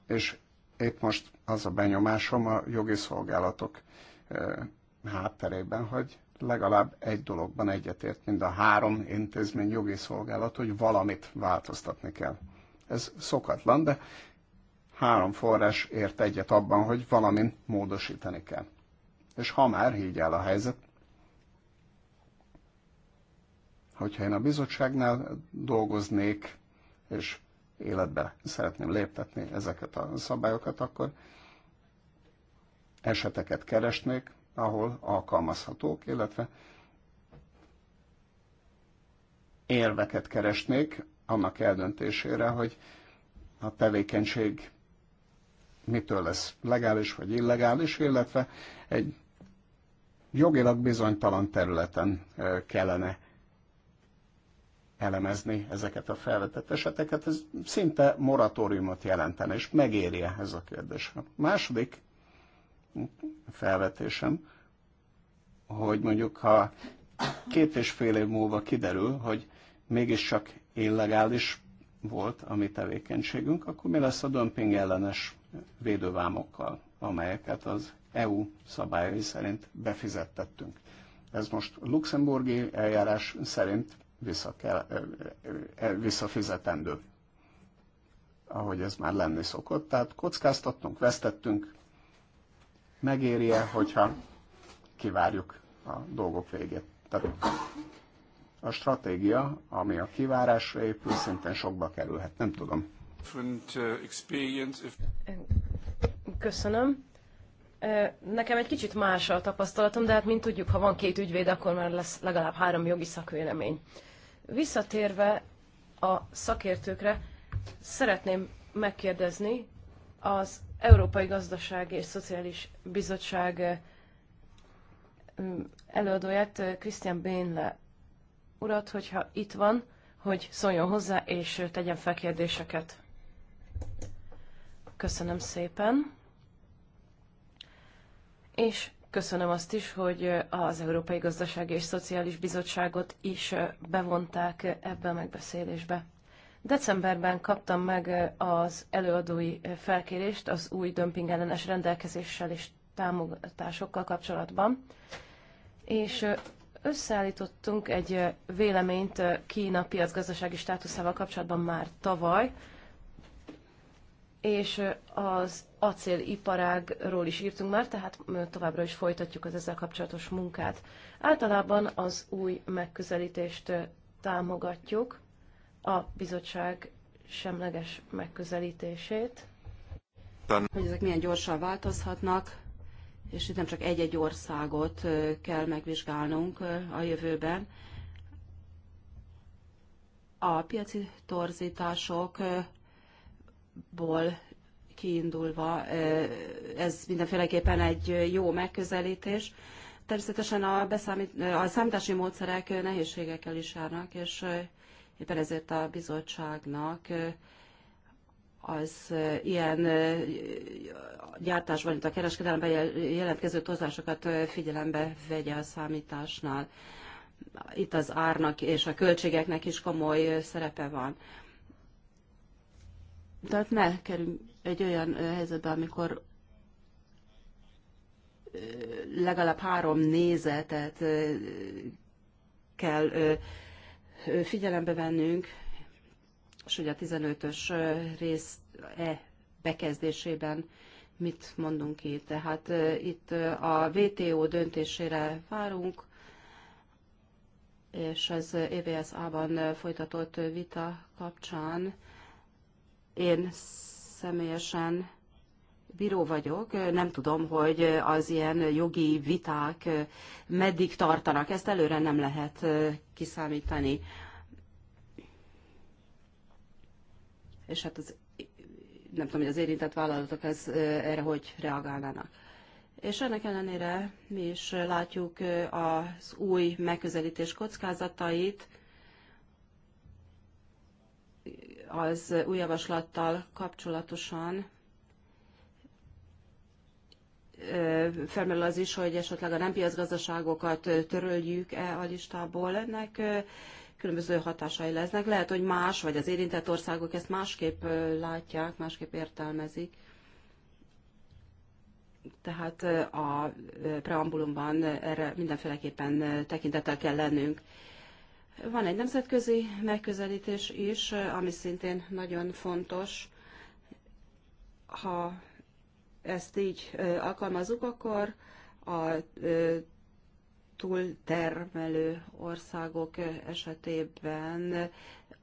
És itt most az a benyomásom a jogi szolgálatok hátterében, hogy legalább egy dologban egyetért mind a három intézmény jogi szolgálat, hogy valamit változtatni kell. Ez szokatlan, de három forrás ért egyet abban, hogy valamin módosítani kell. És ha már így áll a helyzet, Hogyha én a bizottságnál dolgoznék, és életbe szeretném léptetni ezeket a szabályokat, akkor eseteket keresnék, ahol alkalmazhatók, illetve érveket keresnék annak eldöntésére, hogy a tevékenység mitől lesz legális vagy illegális, illetve egy jogilag bizonytalan területen kellene elemezni ezeket a felvetett eseteket, ez szinte moratóriumot jelentene, és megéri ez a kérdés. A második felvetésem, hogy mondjuk ha két és fél év múlva kiderül, hogy mégiscsak illegális volt a mi tevékenységünk, akkor mi lesz a dömping ellenes védővámokkal, amelyeket az EU szabályai szerint befizettettünk. Ez most luxemburgi eljárás szerint vissza kell, visszafizetendő, ahogy ez már lenni szokott. Tehát kockáztattunk, vesztettünk, megéri-e, hogyha kivárjuk a dolgok végét. Tehát a stratégia, ami a kivárásra épül, szintén sokba kerülhet, nem tudom. Uh, Köszönöm. Nekem egy kicsit más a tapasztalatom, de hát mint tudjuk, ha van két ügyvéd, akkor már lesz legalább három jogi szakvélemény. Visszatérve a szakértőkre, szeretném megkérdezni az Európai gazdaság és Szociális Bizottság előadóját, Christian Bénle urat, hogyha itt van, hogy szóljon hozzá és tegyen fel kérdéseket. Köszönöm szépen. És Köszönöm azt is, hogy az Európai Gazdasági és Szociális Bizottságot is bevonták ebbe a megbeszélésbe. Decemberben kaptam meg az előadói felkérést az új dömpingellenes rendelkezéssel és támogatásokkal kapcsolatban, és összeállítottunk egy véleményt Kína piacgazdasági státuszával kapcsolatban már tavaly, és az acéliparágról is írtunk már, tehát továbbra is folytatjuk az ezzel kapcsolatos munkát. Általában az új megközelítést támogatjuk, a bizottság semleges megközelítését. Hogy ezek milyen gyorsan változhatnak, és itt nem csak egy-egy országot kell megvizsgálnunk a jövőben. A piaci torzítások ból kiindulva ez mindenféleképpen egy jó megközelítés. Természetesen a, beszámít, a számítási módszerek nehézségekkel is járnak, és éppen ezért a bizottságnak az ilyen gyártásban, mint a kereskedelemben jelentkező tozásokat figyelembe vegye a számításnál. Itt az árnak és a költségeknek is komoly szerepe van tehát ne kerüljünk egy olyan helyzetbe, amikor legalább három nézetet kell figyelembe vennünk, és hogy a 15-ös rész e bekezdésében mit mondunk ki. Tehát itt a WTO döntésére várunk, és az EVSA-ban folytatott vita kapcsán én személyesen bíró vagyok, nem tudom, hogy az ilyen jogi viták meddig tartanak, ezt előre nem lehet kiszámítani. És hát az, nem tudom, hogy az érintett vállalatok ez, erre hogy reagálnának. És ennek ellenére mi is látjuk az új megközelítés kockázatait, az új javaslattal kapcsolatosan felmerül az is, hogy esetleg a nem piacgazdaságokat töröljük-e a listából. Ennek különböző hatásai lesznek. Lehet, hogy más, vagy az érintett országok ezt másképp látják, másképp értelmezik. Tehát a preambulumban erre mindenféleképpen tekintettel kell lennünk. Van egy nemzetközi megközelítés is, ami szintén nagyon fontos. Ha ezt így alkalmazunk, akkor a túltermelő országok esetében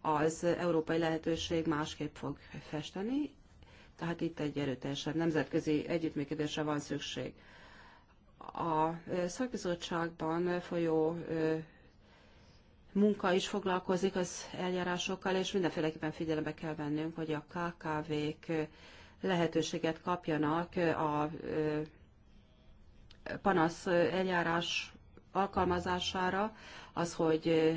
az európai lehetőség másképp fog festeni, tehát itt egy erőteljesebb nemzetközi együttműködésre van szükség. A szakbizottságban folyó munka is foglalkozik az eljárásokkal, és mindenféleképpen figyelembe kell vennünk, hogy a KKV-k lehetőséget kapjanak a panasz eljárás alkalmazására, az, hogy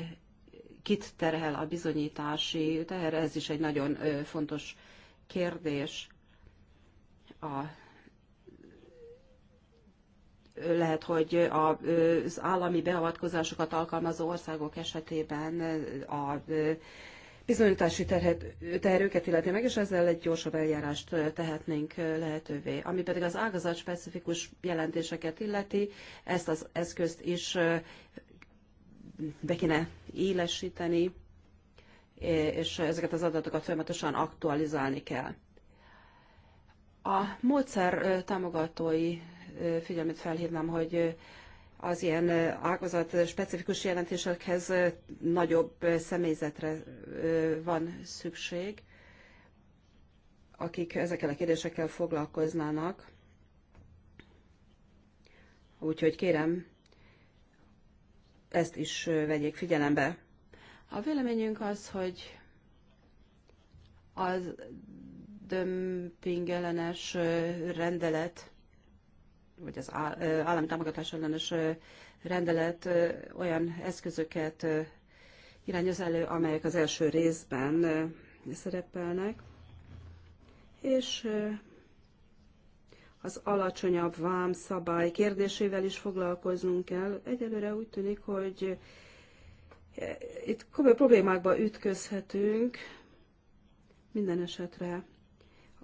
kit terhel a bizonyítási teher, ez is egy nagyon fontos kérdés a lehet, hogy az állami beavatkozásokat alkalmazó országok esetében a bizonyítási terhet, terhőket illeti meg, és ezzel egy gyorsabb eljárást tehetnénk lehetővé. Ami pedig az ágazat specifikus jelentéseket illeti, ezt az eszközt is be kéne élesíteni, és ezeket az adatokat folyamatosan aktualizálni kell. A módszer támogatói figyelmet felhívnám, hogy az ilyen ágazat specifikus jelentésekhez nagyobb személyzetre van szükség, akik ezekkel a kérdésekkel foglalkoznának. Úgyhogy kérem, ezt is vegyék figyelembe. A véleményünk az, hogy az dömpingellenes rendelet vagy az állami támogatás ellenes rendelet olyan eszközöket irányoz elő, amelyek az első részben szerepelnek, és az alacsonyabb vám szabály kérdésével is foglalkoznunk kell. Egyelőre úgy tűnik, hogy itt komoly problémákba ütközhetünk minden esetre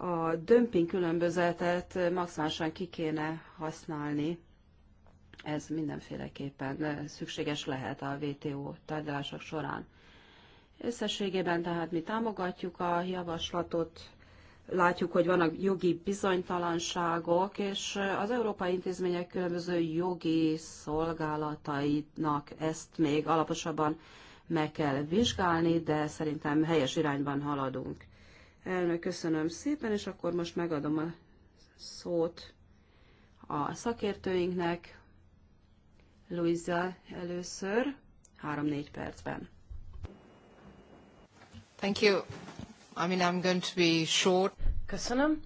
a dömping különbözetet maximálisan ki kéne használni. Ez mindenféleképpen szükséges lehet a WTO tárgyalások során. Összességében tehát mi támogatjuk a javaslatot, látjuk, hogy vannak jogi bizonytalanságok, és az európai intézmények különböző jogi szolgálatainak ezt még alaposabban meg kell vizsgálni, de szerintem helyes irányban haladunk. Elnök, köszönöm szépen, és akkor most megadom a szót a szakértőinknek. Luisa először, 3-4 percben. Thank you. I mean, I'm going to be short. Köszönöm.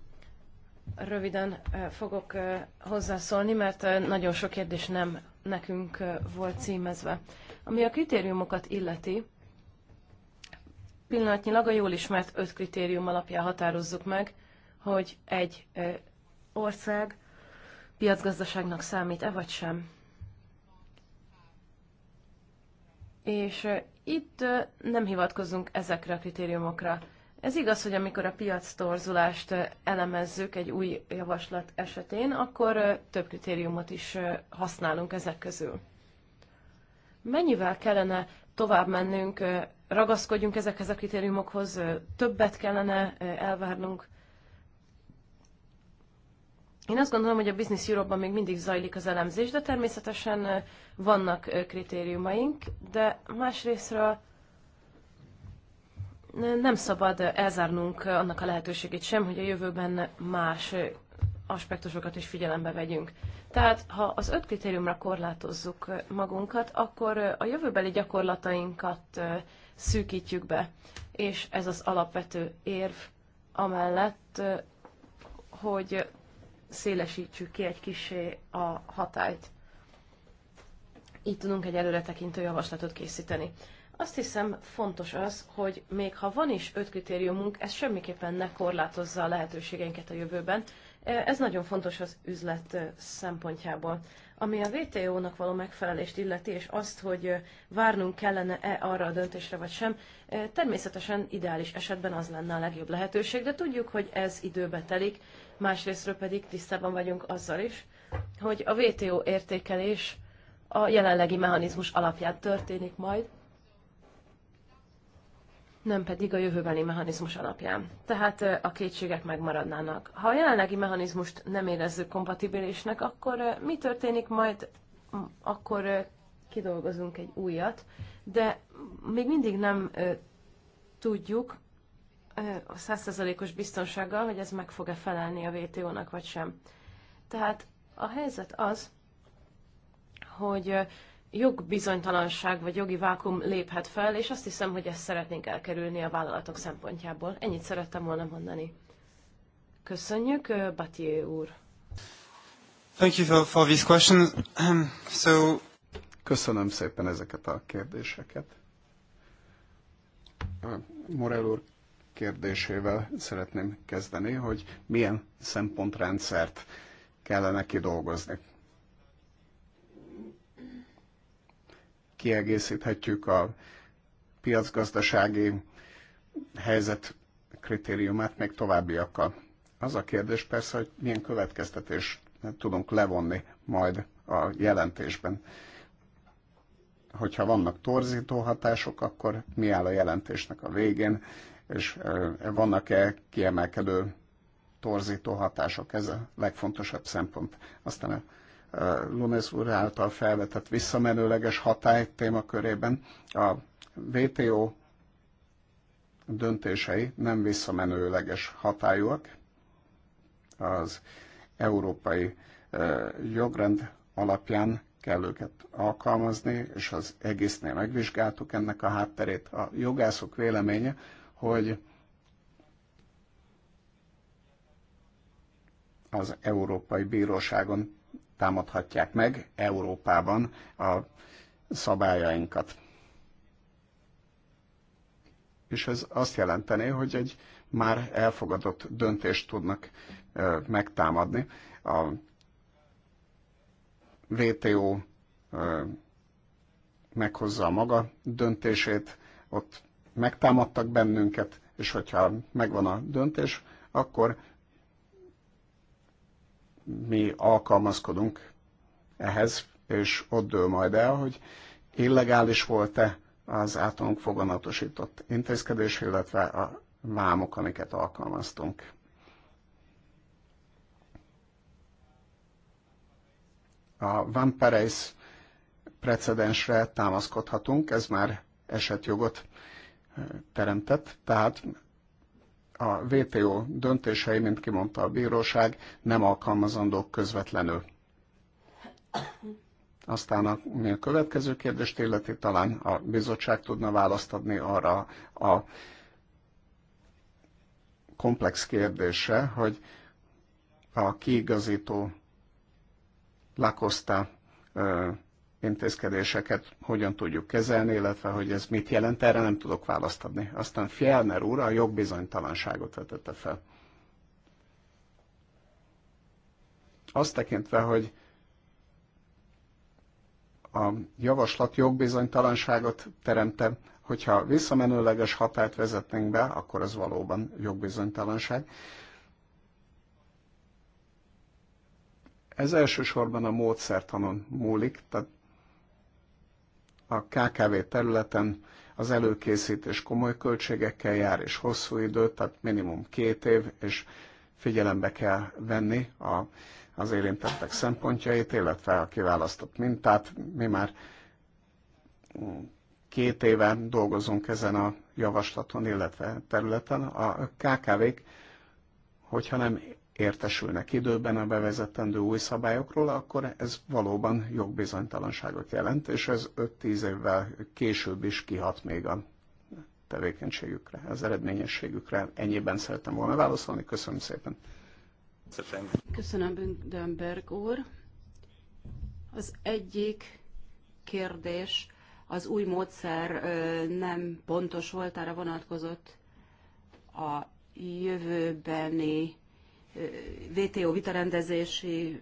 Röviden fogok hozzászólni, mert nagyon sok kérdés nem nekünk volt címezve. Ami a kritériumokat illeti, pillanatnyilag a jól ismert öt kritérium alapján határozzuk meg, hogy egy ország piacgazdaságnak számít-e vagy sem. És itt nem hivatkozunk ezekre a kritériumokra. Ez igaz, hogy amikor a piac torzulást elemezzük egy új javaslat esetén, akkor több kritériumot is használunk ezek közül. Mennyivel kellene tovább mennünk, ragaszkodjunk ezekhez a kritériumokhoz, többet kellene elvárnunk. Én azt gondolom, hogy a Business Europe-ban még mindig zajlik az elemzés, de természetesen vannak kritériumaink, de másrésztről nem szabad elzárnunk annak a lehetőségét sem, hogy a jövőben más aspektusokat is figyelembe vegyünk. Tehát, ha az öt kritériumra korlátozzuk magunkat, akkor a jövőbeli gyakorlatainkat szűkítjük be. És ez az alapvető érv amellett, hogy szélesítsük ki egy kisé a hatályt. Így tudunk egy előretekintő javaslatot készíteni. Azt hiszem fontos az, hogy még ha van is öt kritériumunk, ez semmiképpen ne korlátozza a lehetőségeinket a jövőben, ez nagyon fontos az üzlet szempontjából. Ami a WTO-nak való megfelelést illeti, és azt, hogy várnunk kellene-e arra a döntésre vagy sem, természetesen ideális esetben az lenne a legjobb lehetőség, de tudjuk, hogy ez időbe telik, másrésztről pedig tisztában vagyunk azzal is, hogy a WTO értékelés a jelenlegi mechanizmus alapján történik majd, nem pedig a jövőbeni mechanizmus alapján. Tehát a kétségek megmaradnának. Ha a jelenlegi mechanizmust nem érezzük kompatibilisnek, akkor mi történik majd, akkor kidolgozunk egy újat, de még mindig nem tudjuk a százszerzalékos biztonsággal, hogy ez meg fog-e felelni a WTO-nak, vagy sem. Tehát a helyzet az, hogy jogbizonytalanság vagy jogi vákum léphet fel, és azt hiszem, hogy ezt szeretnénk elkerülni a vállalatok szempontjából. Ennyit szerettem volna mondani. Köszönjük, Batié úr. Thank you for, for these questions. so... Köszönöm szépen ezeket a kérdéseket. Morel úr kérdésével szeretném kezdeni, hogy milyen szempontrendszert kellene kidolgozni kiegészíthetjük a piacgazdasági helyzet kritériumát még továbbiakkal. Az a kérdés persze, hogy milyen következtetés tudunk levonni majd a jelentésben. Hogyha vannak torzító hatások, akkor mi áll a jelentésnek a végén, és vannak-e kiemelkedő torzító hatások, ez a legfontosabb szempont. Aztán a Lunes úr által felvetett visszamenőleges hatály témakörében a WTO döntései nem visszamenőleges hatályúak. Az európai jogrend alapján kell őket alkalmazni, és az egésznél megvizsgáltuk ennek a hátterét. A jogászok véleménye, hogy az Európai Bíróságon támadhatják meg Európában a szabályainkat. És ez azt jelenteni, hogy egy már elfogadott döntést tudnak megtámadni. A VTO meghozza a maga döntését, ott megtámadtak bennünket, és hogyha megvan a döntés, akkor mi alkalmazkodunk ehhez, és ott dől majd el, hogy illegális volt-e az általunk foganatosított intézkedés, illetve a vámok, amiket alkalmaztunk. A Van precedensre támaszkodhatunk, ez már esetjogot teremtett, tehát a WTO döntései, mint kimondta a bíróság, nem alkalmazandók közvetlenül. Aztán a, mi a következő kérdést illeti, talán a bizottság tudna választ adni arra a komplex kérdése, hogy a kiigazító lakosta intézkedéseket hogyan tudjuk kezelni, illetve hogy ez mit jelent, erre nem tudok választ adni. Aztán Fjellner úr a jogbizonytalanságot vetette fel. Azt tekintve, hogy a javaslat jogbizonytalanságot teremte, hogyha visszamenőleges hatályt vezetnénk be, akkor az valóban jogbizonytalanság. Ez elsősorban a módszertanon múlik, tehát a KKV területen az előkészítés komoly költségekkel jár, és hosszú idő, tehát minimum két év, és figyelembe kell venni a, az érintettek szempontjait, illetve a kiválasztott mintát. Mi már két éve dolgozunk ezen a javaslaton, illetve területen. A KKV-k, hogyha nem értesülnek időben a bevezetendő új szabályokról, akkor ez valóban jogbizonytalanságot jelent, és ez 5-10 évvel később is kihat még a tevékenységükre, az eredményességükre. Ennyiben szerettem volna válaszolni. Köszönöm szépen. Köszönöm, Dönberg úr. Az egyik kérdés az új módszer nem pontos volt arra vonatkozott a jövőbeni VTO vitarendezési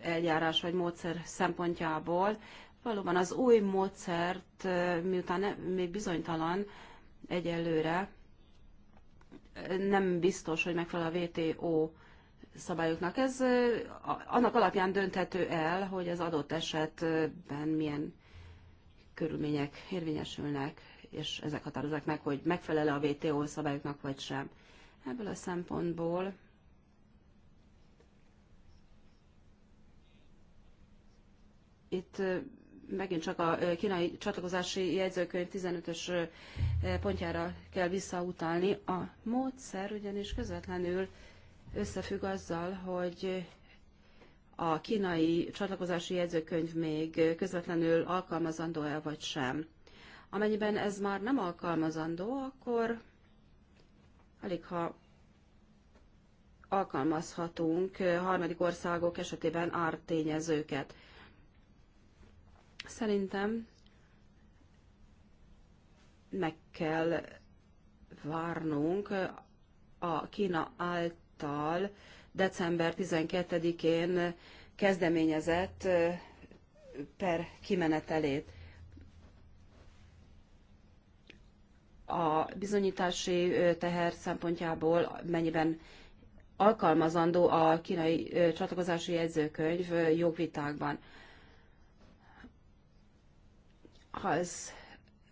eljárás vagy módszer szempontjából valóban az új módszert, miután még bizonytalan egyelőre, nem biztos, hogy megfelel a VTO szabályoknak. Ez annak alapján dönthető el, hogy az adott esetben milyen körülmények érvényesülnek, és ezek határozzák meg, hogy megfelel-e a VTO szabályoknak vagy sem. Ebből a szempontból itt megint csak a kínai csatlakozási jegyzőkönyv 15-ös pontjára kell visszautalni. A módszer ugyanis közvetlenül összefügg azzal, hogy a kínai csatlakozási jegyzőkönyv még közvetlenül alkalmazandó-e vagy sem. Amennyiben ez már nem alkalmazandó, akkor alig ha alkalmazhatunk harmadik országok esetében ártényezőket. Szerintem meg kell várnunk a Kína által december 12-én kezdeményezett per kimenetelét. a bizonyítási teher szempontjából mennyiben alkalmazandó a kínai csatlakozási jegyzőkönyv jogvitákban. az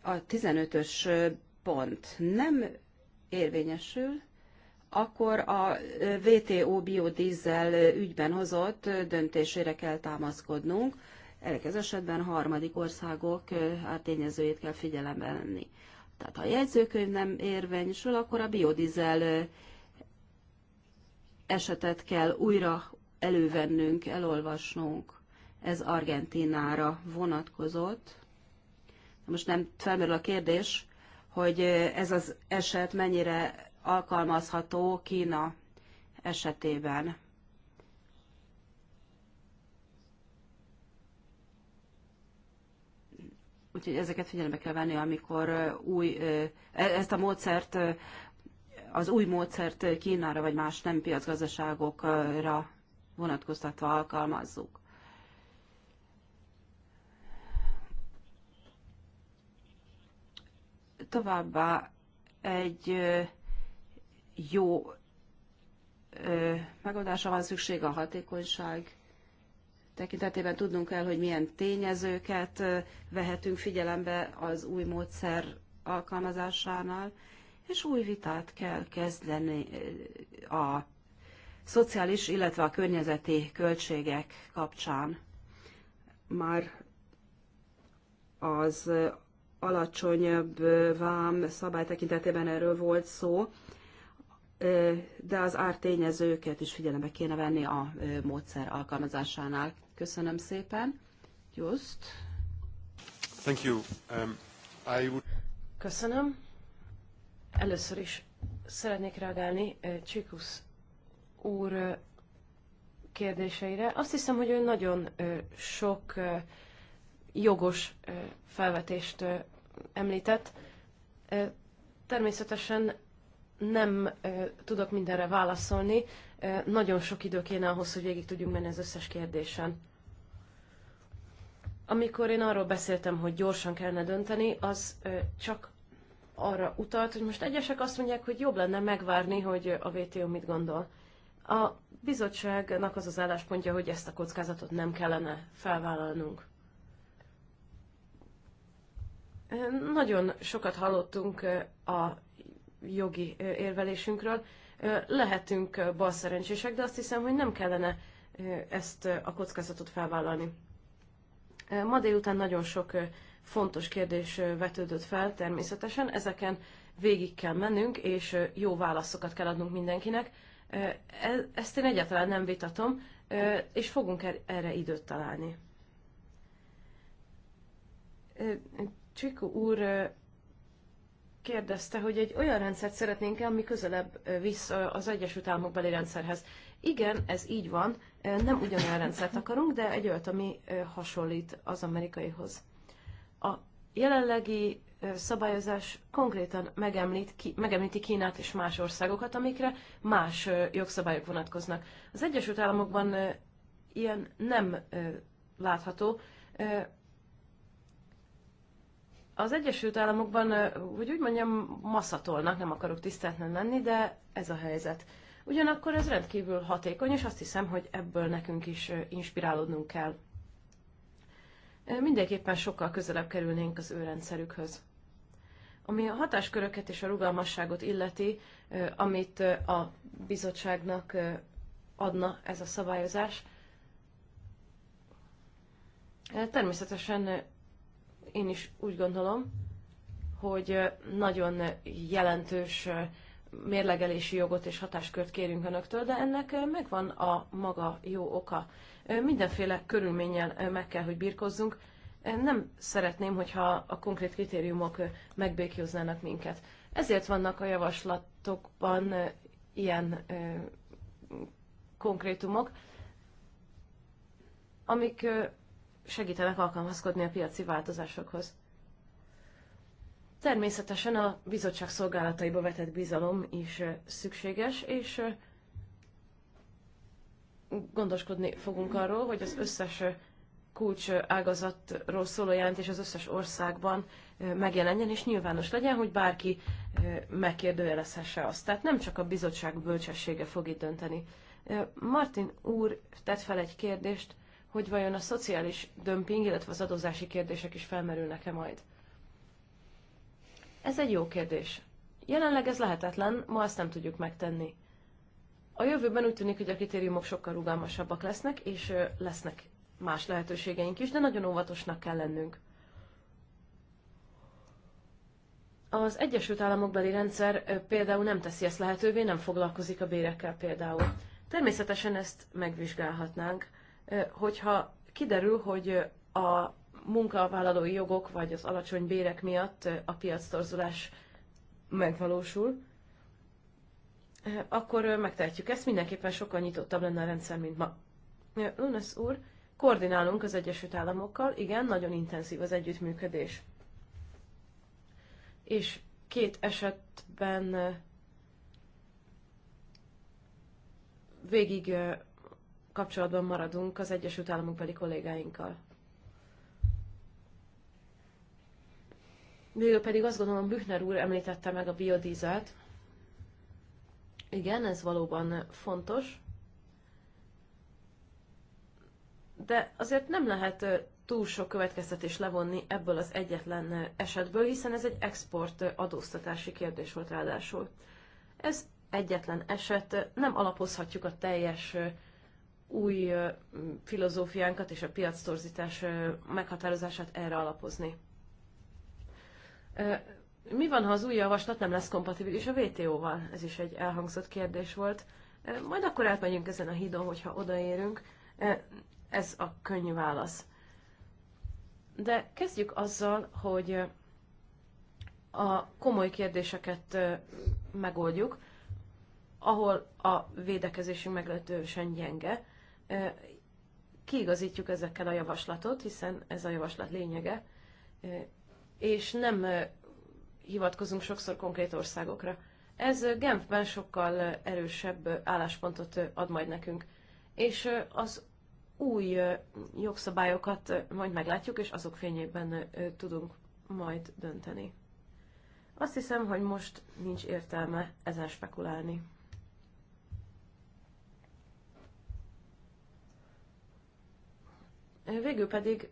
a 15-ös pont nem érvényesül, akkor a WTO biodízzel ügyben hozott döntésére kell támaszkodnunk. az esetben harmadik országok hát tényezőjét kell figyelembe venni. Tehát ha a jegyzőkönyv nem érvényesül, akkor a biodizel esetet kell újra elővennünk, elolvasnunk. Ez Argentinára vonatkozott. Most nem felmerül a kérdés, hogy ez az eset mennyire alkalmazható Kína esetében. Úgyhogy ezeket figyelembe kell venni, amikor új, e-, ezt a módszert, az új módszert Kínára vagy más nem piacgazdaságokra vonatkoztatva alkalmazzuk. Továbbá egy jó megoldásra van szükség a hatékonyság tekintetében tudnunk kell, hogy milyen tényezőket vehetünk figyelembe az új módszer alkalmazásánál, és új vitát kell kezdeni a szociális, illetve a környezeti költségek kapcsán. Már az alacsonyabb vám szabály tekintetében erről volt szó, de az ártényezőket is figyelembe kéne venni a módszer alkalmazásánál. Köszönöm szépen. Just. Thank you. Um, I would... Köszönöm. Először is szeretnék reagálni Csikusz úr kérdéseire. Azt hiszem, hogy ő nagyon sok jogos felvetést említett. Természetesen nem tudok mindenre válaszolni. Nagyon sok idő kéne ahhoz, hogy végig tudjunk menni az összes kérdésen. Amikor én arról beszéltem, hogy gyorsan kellene dönteni, az csak arra utalt, hogy most egyesek azt mondják, hogy jobb lenne megvárni, hogy a WTO mit gondol. A bizottságnak az az álláspontja, hogy ezt a kockázatot nem kellene felvállalnunk. Nagyon sokat hallottunk a jogi érvelésünkről. Lehetünk balszerencsések, de azt hiszem, hogy nem kellene ezt a kockázatot felvállalni. Ma délután nagyon sok fontos kérdés vetődött fel természetesen, ezeken végig kell mennünk, és jó válaszokat kell adnunk mindenkinek. E, ezt én egyáltalán nem vitatom, és fogunk er-, erre időt találni. Csikó úr kérdezte, hogy egy olyan rendszert szeretnénk-e, ami közelebb visz az Egyesült Államok beli rendszerhez. Igen, ez így van. Nem ugyanolyan rendszert akarunk, de egy olyat, ami hasonlít az amerikaihoz. A jelenlegi szabályozás konkrétan megemlít, ki, megemlíti Kínát és más országokat, amikre más jogszabályok vonatkoznak. Az Egyesült Államokban ilyen nem látható. Az Egyesült Államokban, hogy úgy mondjam, maszatolnak, nem akarok tisztetlen lenni, de ez a helyzet. Ugyanakkor ez rendkívül hatékony, és azt hiszem, hogy ebből nekünk is inspirálódnunk kell. Mindenképpen sokkal közelebb kerülnénk az ő rendszerükhöz. Ami a hatásköröket és a rugalmasságot illeti, amit a bizottságnak adna ez a szabályozás, természetesen én is úgy gondolom, hogy nagyon jelentős mérlegelési jogot és hatáskört kérünk önöktől, de ennek megvan a maga jó oka. Mindenféle körülménnyel meg kell, hogy birkozzunk. Nem szeretném, hogyha a konkrét kritériumok megbékjóznának minket. Ezért vannak a javaslatokban ilyen konkrétumok, amik segítenek alkalmazkodni a piaci változásokhoz. Természetesen a bizottság szolgálataiba vetett bizalom is szükséges, és gondoskodni fogunk arról, hogy az összes kulcs ágazatról szóló jelentés az összes országban megjelenjen és nyilvános legyen, hogy bárki megkérdőjelezhesse azt. Tehát nem csak a bizottság bölcsessége fog itt dönteni. Martin úr tett fel egy kérdést hogy vajon a szociális dömping, illetve az adózási kérdések is felmerülnek-e majd. Ez egy jó kérdés. Jelenleg ez lehetetlen, ma ezt nem tudjuk megtenni. A jövőben úgy tűnik, hogy a kritériumok sokkal rugalmasabbak lesznek, és lesznek más lehetőségeink is, de nagyon óvatosnak kell lennünk. Az Egyesült Államokbeli rendszer például nem teszi ezt lehetővé, nem foglalkozik a bérekkel például. Természetesen ezt megvizsgálhatnánk hogyha kiderül, hogy a munkavállalói jogok vagy az alacsony bérek miatt a piac torzulás megvalósul, akkor megtehetjük ezt. Mindenképpen sokkal nyitottabb lenne a rendszer, mint ma. Lunes úr, koordinálunk az Egyesült Államokkal, igen, nagyon intenzív az együttműködés. És két esetben végig kapcsolatban maradunk az Egyesült Államok pedig kollégáinkkal. Végül pedig azt gondolom, Büchner úr említette meg a biodízelt. Igen, ez valóban fontos. De azért nem lehet túl sok következtetés levonni ebből az egyetlen esetből, hiszen ez egy export adóztatási kérdés volt ráadásul. Ez egyetlen eset, nem alapozhatjuk a teljes új filozófiánkat és a piactorzítás meghatározását erre alapozni. Mi van, ha az új javaslat nem lesz kompatibilis a WTO-val? Ez is egy elhangzott kérdés volt. Majd akkor átmegyünk ezen a hídon, hogyha odaérünk. Ez a könnyű válasz. De kezdjük azzal, hogy a komoly kérdéseket megoldjuk, ahol a védekezésünk meglehetősen gyenge, kiigazítjuk ezekkel a javaslatot, hiszen ez a javaslat lényege, és nem hivatkozunk sokszor konkrét országokra. Ez Genfben sokkal erősebb álláspontot ad majd nekünk. És az új jogszabályokat majd meglátjuk, és azok fényében tudunk majd dönteni. Azt hiszem, hogy most nincs értelme ezen spekulálni. Végül pedig,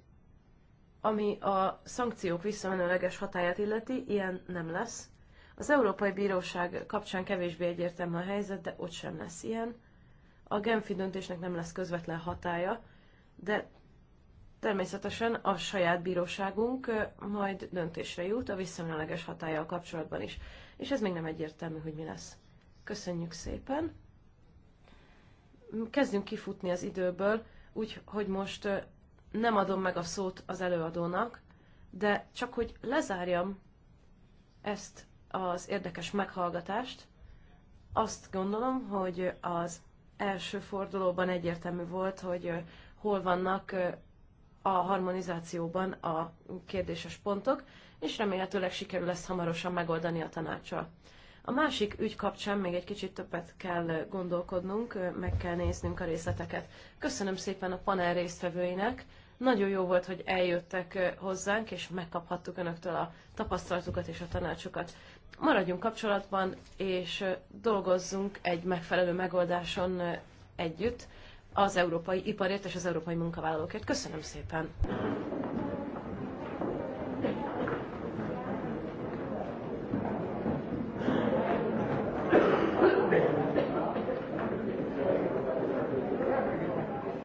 ami a szankciók visszamenőleges hatáját illeti, ilyen nem lesz. Az Európai Bíróság kapcsán kevésbé egyértelmű a helyzet, de ott sem lesz ilyen. A Genfi döntésnek nem lesz közvetlen hatája, de természetesen a saját bíróságunk majd döntésre jut a visszamenőleges hatája kapcsolatban is. És ez még nem egyértelmű, hogy mi lesz. Köszönjük szépen! kezdjünk kifutni az időből, úgyhogy most nem adom meg a szót az előadónak, de csak hogy lezárjam ezt az érdekes meghallgatást, azt gondolom, hogy az első fordulóban egyértelmű volt, hogy hol vannak a harmonizációban a kérdéses pontok, és remélhetőleg sikerül ezt hamarosan megoldani a tanácsa. A másik ügy kapcsán még egy kicsit többet kell gondolkodnunk, meg kell néznünk a részleteket. Köszönöm szépen a panel résztvevőinek, nagyon jó volt, hogy eljöttek hozzánk, és megkaphattuk önöktől a tapasztalatukat és a tanácsokat. Maradjunk kapcsolatban, és dolgozzunk egy megfelelő megoldáson együtt az európai iparért és az európai munkavállalókért. Köszönöm szépen!